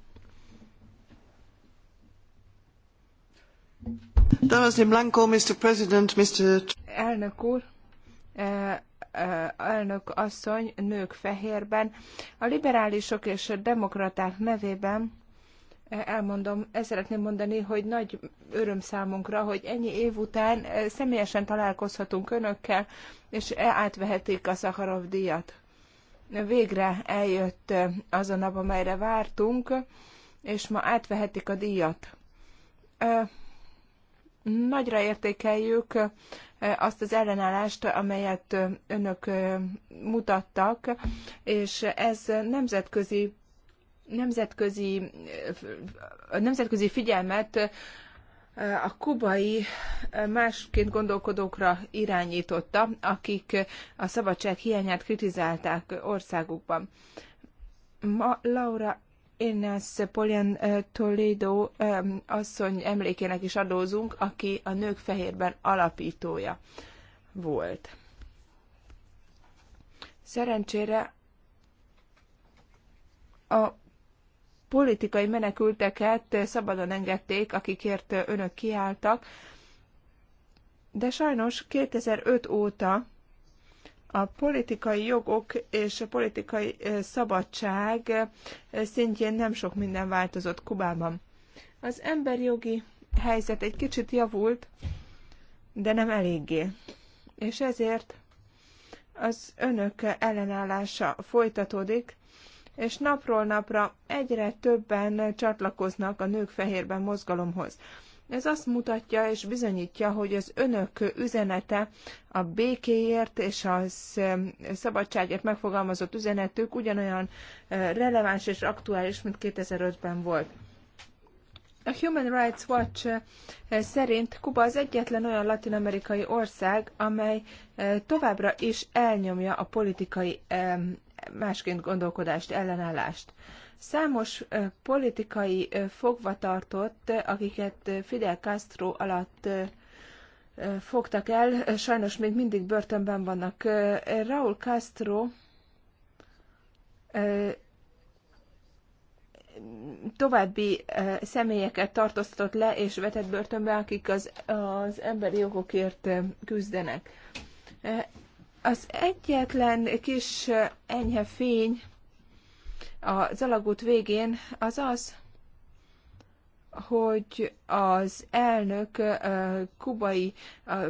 Blanco, Mr. President, Mr. Elnök úr, eh, eh, elnök asszony, nők fehérben. A liberálisok és a demokraták nevében eh, elmondom, ezt szeretném mondani, hogy nagy öröm számunkra, hogy ennyi év után személyesen találkozhatunk önökkel, és e átvehetik a Szaharov díjat végre eljött eh, az a nap, amelyre vártunk, és ma átvehetik a díjat. Eh, nagyra értékeljük eh, azt az ellenállást, amelyet önök mutattak, és ez nemzetközi nemzetközi, nemzetközi figyelmet a kubai másként gondolkodókra irányította, akik a szabadság hiányát kritizálták országukban. Ma Laura Inés Polian Toledo asszony emlékének is adózunk, aki a Nők Fehérben alapítója volt. Szerencsére a politikai menekülteket szabadon engedték, akikért önök kiálltak, de sajnos 2005 óta a politikai jogok és a politikai szabadság szintjén nem sok minden változott Kubában. Az emberjogi helyzet egy kicsit javult, de nem eléggé. És ezért az önök ellenállása folytatódik, és napról napra egyre többen csatlakoznak a nők fehérben mozgalomhoz. Ez azt mutatja és bizonyítja, hogy az önök üzenete, a békéért és a szabadságért megfogalmazott üzenetük ugyanolyan releváns és aktuális, mint 2005-ben volt. A Human Rights Watch szerint Kuba az egyetlen olyan latinamerikai ország, amely továbbra is elnyomja a politikai másként gondolkodást, ellenállást. Számos politikai fogvatartott, akiket Fidel Castro alatt fogtak el, sajnos még mindig börtönben vannak. Raúl Castro további személyeket tartóztatott le és vetett börtönbe, akik az, az emberi jogokért küzdenek. Az egyetlen kis enyhe fény az alagút végén az az, hogy az elnök kubai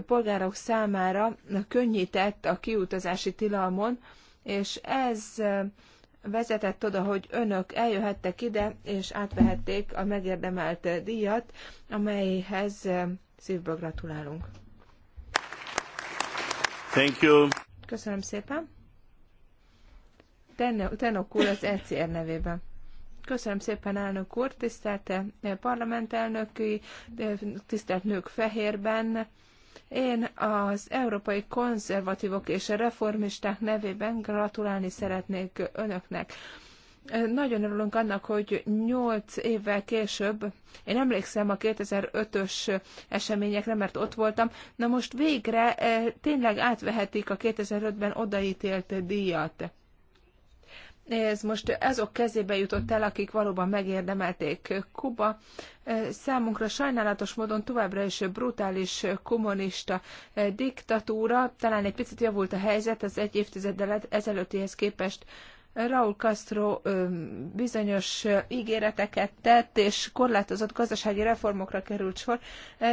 polgárok számára könnyített a kiutazási tilalmon, és ez vezetett oda, hogy önök eljöhettek ide, és átvehették a megérdemelt díjat, amelyhez szívből gratulálunk. Thank you. Köszönöm szépen. Tenok úr az ECR nevében. Köszönöm szépen, elnök úr, tisztelt eh, parlamentelnöki, eh, tisztelt nők fehérben. Én az európai konzervatívok és a reformisták nevében gratulálni szeretnék önöknek nagyon örülünk annak, hogy 8 évvel később, én emlékszem a 2005-ös eseményekre, mert ott voltam, na most végre eh, tényleg átvehetik a 2005-ben odaítélt díjat. Ez most azok kezébe jutott el, akik valóban megérdemelték Kuba. Eh, számunkra sajnálatos módon továbbra is brutális kommunista eh, diktatúra. Talán egy picit javult a helyzet az egy évtizeddel ezelőttihez képest, Raúl Castro bizonyos ígéreteket tett, és korlátozott gazdasági reformokra került sor,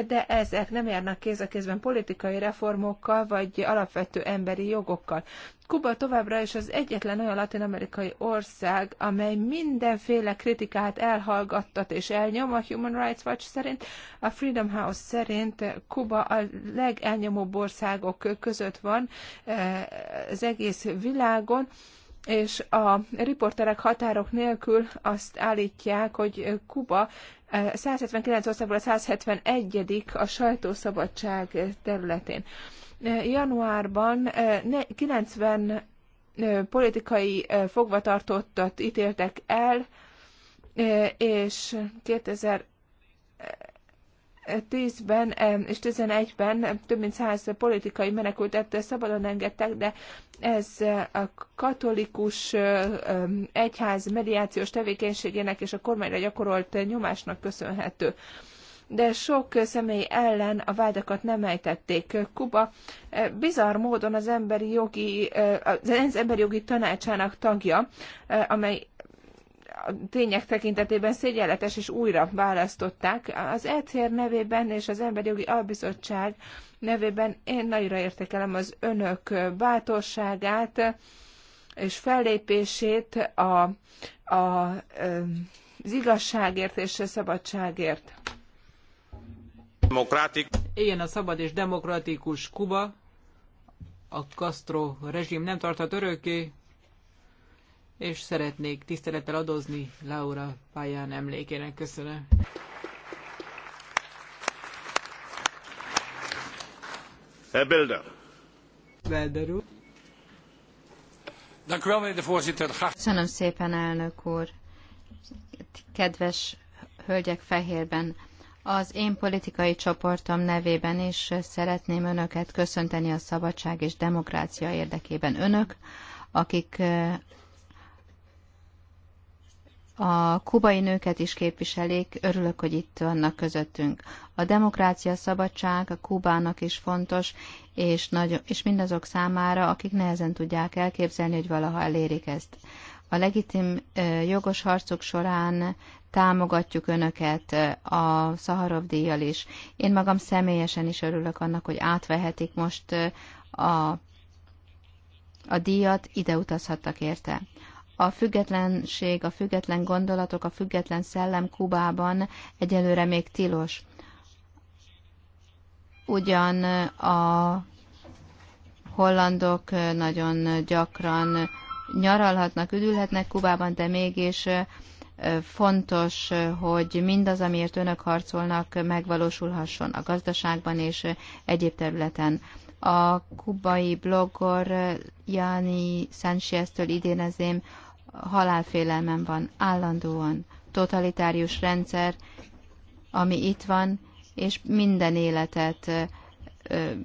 de ezek nem járnak kéz a kézben politikai reformokkal, vagy alapvető emberi jogokkal. Kuba továbbra is az egyetlen olyan latin-amerikai ország, amely mindenféle kritikát elhallgattat és elnyom a Human Rights Watch szerint. A Freedom House szerint Kuba a legelnyomóbb országok között van az egész világon és a riporterek határok nélkül azt állítják, hogy Kuba 179 eh, országból a 171 a sajtószabadság területén. Eh, januárban 90 eh, politikai fogvatartottat ítéltek el, és 2000 10-ben és 11-ben több mint 100 politikai menekültet szabadon engedtek, de ez a katolikus egyház mediációs tevékenységének és a kormányra gyakorolt nyomásnak köszönhető de sok személy ellen a vádakat nem ejtették. Kuba bizarr módon az emberi jogi, az emberi jogi tanácsának tagja, amely a tények tekintetében szégyenletes, és újra választották. Az ECR nevében és az Emberi Jogi Albizottság nevében én nagyra értékelem az önök bátorságát és fellépését a, a, az igazságért és a szabadságért. Demokratik. Ilyen a szabad és demokratikus Kuba. A Castro rezsim nem tarthat örökké, és szeretnék tisztelettel adózni Laura Pályán emlékének. Köszönöm. Herr Belder. úr. Köszönöm szépen, elnök úr. Kedves hölgyek fehérben, az én politikai csoportom nevében is szeretném önöket köszönteni a szabadság és demokrácia érdekében. Önök, akik a kubai nőket is képviselik, örülök, hogy itt vannak közöttünk. A demokrácia, a szabadság a Kubának is fontos, és, nagy, és mindazok számára, akik nehezen tudják elképzelni, hogy valaha elérik ezt. A legitim jogos harcok során támogatjuk Önöket a Szaharov díjjal is. Én magam személyesen is örülök annak, hogy átvehetik most a, a díjat, ide utazhattak érte a függetlenség, a független gondolatok, a független szellem Kubában egyelőre még tilos. Ugyan a hollandok nagyon gyakran nyaralhatnak, üdülhetnek Kubában, de mégis fontos, hogy mindaz, amiért önök harcolnak, megvalósulhasson a gazdaságban és egyéb területen. A kubai blogger Jani Sánchez-től idénezém, halálfélelmem van állandóan. Totalitárius rendszer, ami itt van, és minden életet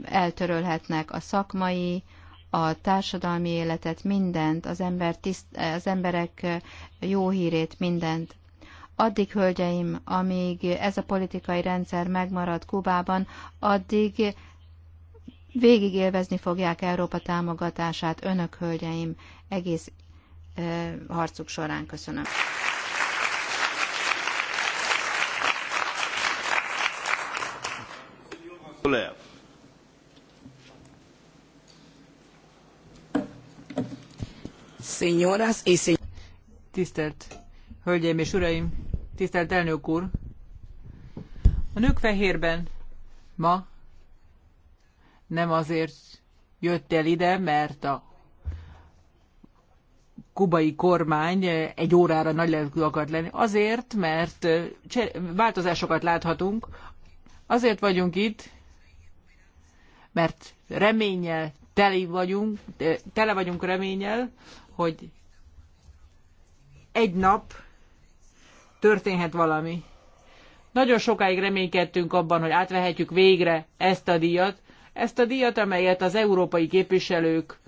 eltörölhetnek a szakmai, a társadalmi életet, mindent, az, ember tiszt, az emberek jó hírét, mindent. Addig, hölgyeim, amíg ez a politikai rendszer megmarad Kubában, addig végig élvezni fogják Európa támogatását önök, hölgyeim, egész harcuk során. Köszönöm. E tisztelt Hölgyeim és Uraim, tisztelt elnök úr! A nők fehérben ma nem azért jött el ide, mert a kubai kormány eh, egy órára nagy lelkű akart lenni. Azért, mert eh, változásokat láthatunk, azért vagyunk itt, mert reménnyel teli vagyunk, eh, tele vagyunk reménnyel, hogy egy nap történhet valami. Nagyon sokáig reménykedtünk abban, hogy átvehetjük végre ezt a díjat, ezt a díjat, amelyet az európai képviselők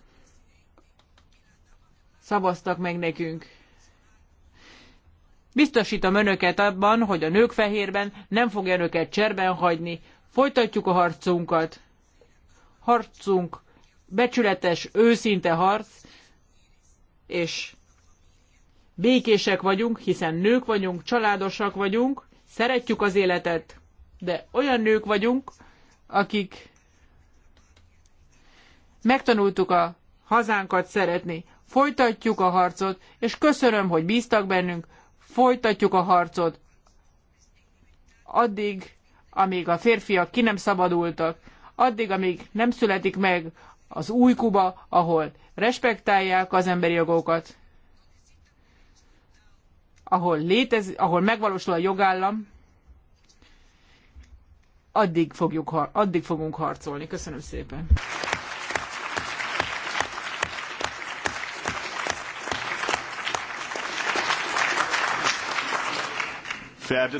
szavaztak meg nekünk. Biztosítom önöket abban, hogy a nők fehérben nem fogja önöket cserben hagyni. Folytatjuk a harcunkat. Harcunk, becsületes, őszinte harc, és békések vagyunk, hiszen nők vagyunk, családosak vagyunk, szeretjük az életet, de olyan nők vagyunk, akik megtanultuk a hazánkat szeretni. Folytatjuk a harcot, és köszönöm, hogy bíztak bennünk, folytatjuk a harcot addig, amíg a férfiak ki nem szabadultak, addig, amíg nem születik meg az új Kuba, ahol respektálják az emberi jogokat, ahol, létez, ahol megvalósul a jogállam, addig, fogjuk, addig fogunk harcolni. Köszönöm szépen!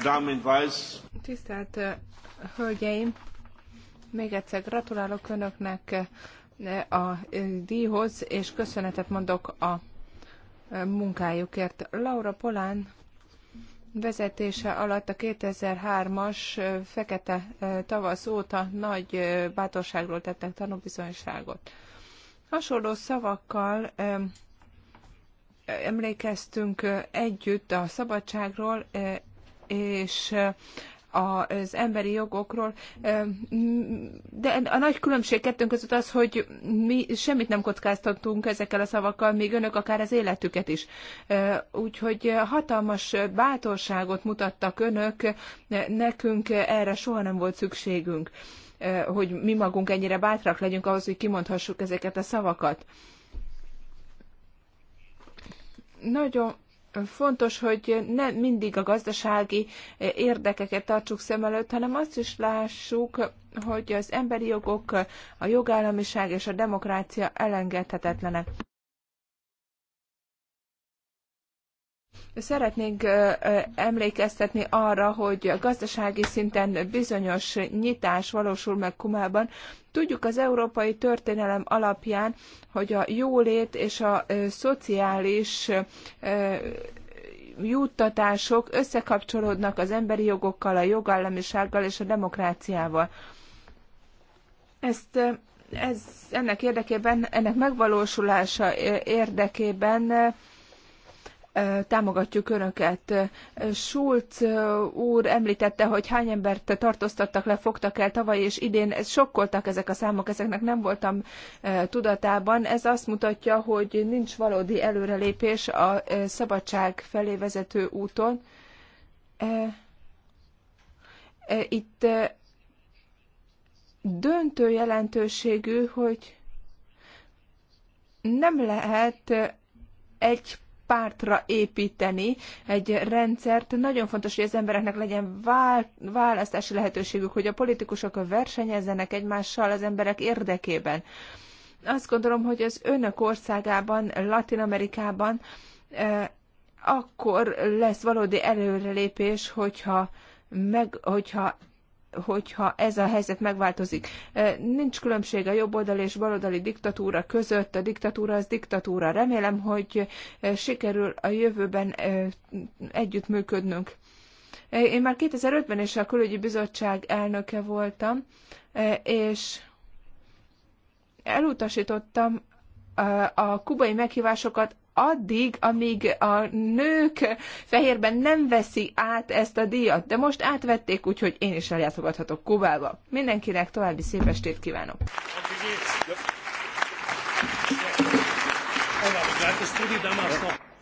Damen Tisztelt Hölgyeim, még egyszer gratulálok Önöknek a díjhoz, és köszönetet mondok a munkájukért. Laura Polán vezetése alatt a 2003-as fekete tavasz óta nagy bátorságról tettek tanúbizonyságot. Hasonló szavakkal emlékeztünk együtt a szabadságról és az emberi jogokról, de a nagy különbség kettőnk között az, hogy mi semmit nem kockáztatunk ezekkel a szavakkal, még önök akár az életüket is. Úgyhogy hatalmas bátorságot mutattak önök, nekünk erre soha nem volt szükségünk, hogy mi magunk ennyire bátrak legyünk ahhoz, hogy kimondhassuk ezeket a szavakat. Nagyon fontos, hogy nem mindig a gazdasági eh, érdekeket tartsuk szem előtt, hanem azt is lássuk, hogy az emberi jogok, a jogállamiság és a demokrácia elengedhetetlenek. Szeretnénk emlékeztetni arra, hogy a gazdasági szinten bizonyos nyitás valósul meg Kumában. Tudjuk az európai történelem alapján, hogy a jólét és a szociális juttatások összekapcsolódnak az emberi jogokkal, a jogállamisággal és a demokráciával. Ezt ez, ennek érdekében, ennek megvalósulása érdekében támogatjuk Önöket. Schulz úr említette, hogy hány embert tartóztattak le, fogtak el tavaly és idén. Ez sokkoltak ezek a számok, ezeknek nem voltam tudatában. Ez azt mutatja, hogy nincs valódi előrelépés a szabadság felé vezető úton. Itt döntő jelentőségű, hogy nem lehet egy pártra építeni egy rendszert. Nagyon fontos, hogy az embereknek legyen választási lehetőségük, hogy a politikusok versenyezzenek egymással az emberek érdekében. Azt gondolom, hogy az önök országában, Latin Amerikában e, akkor lesz valódi előrelépés, hogyha meg, hogyha hogyha ez a helyzet megváltozik. Nincs különbség a jobboldali és baloldali diktatúra között, a diktatúra az diktatúra. Remélem, hogy sikerül a jövőben együttműködnünk. Én már 2005-ben is a külügyi bizottság elnöke voltam, és elutasítottam a kubai meghívásokat addig, amíg a nők fehérben nem veszi át ezt a díjat. De most átvették, úgyhogy én is eljátogathatok Kubába. Mindenkinek további szép estét kívánok! Köszönöm.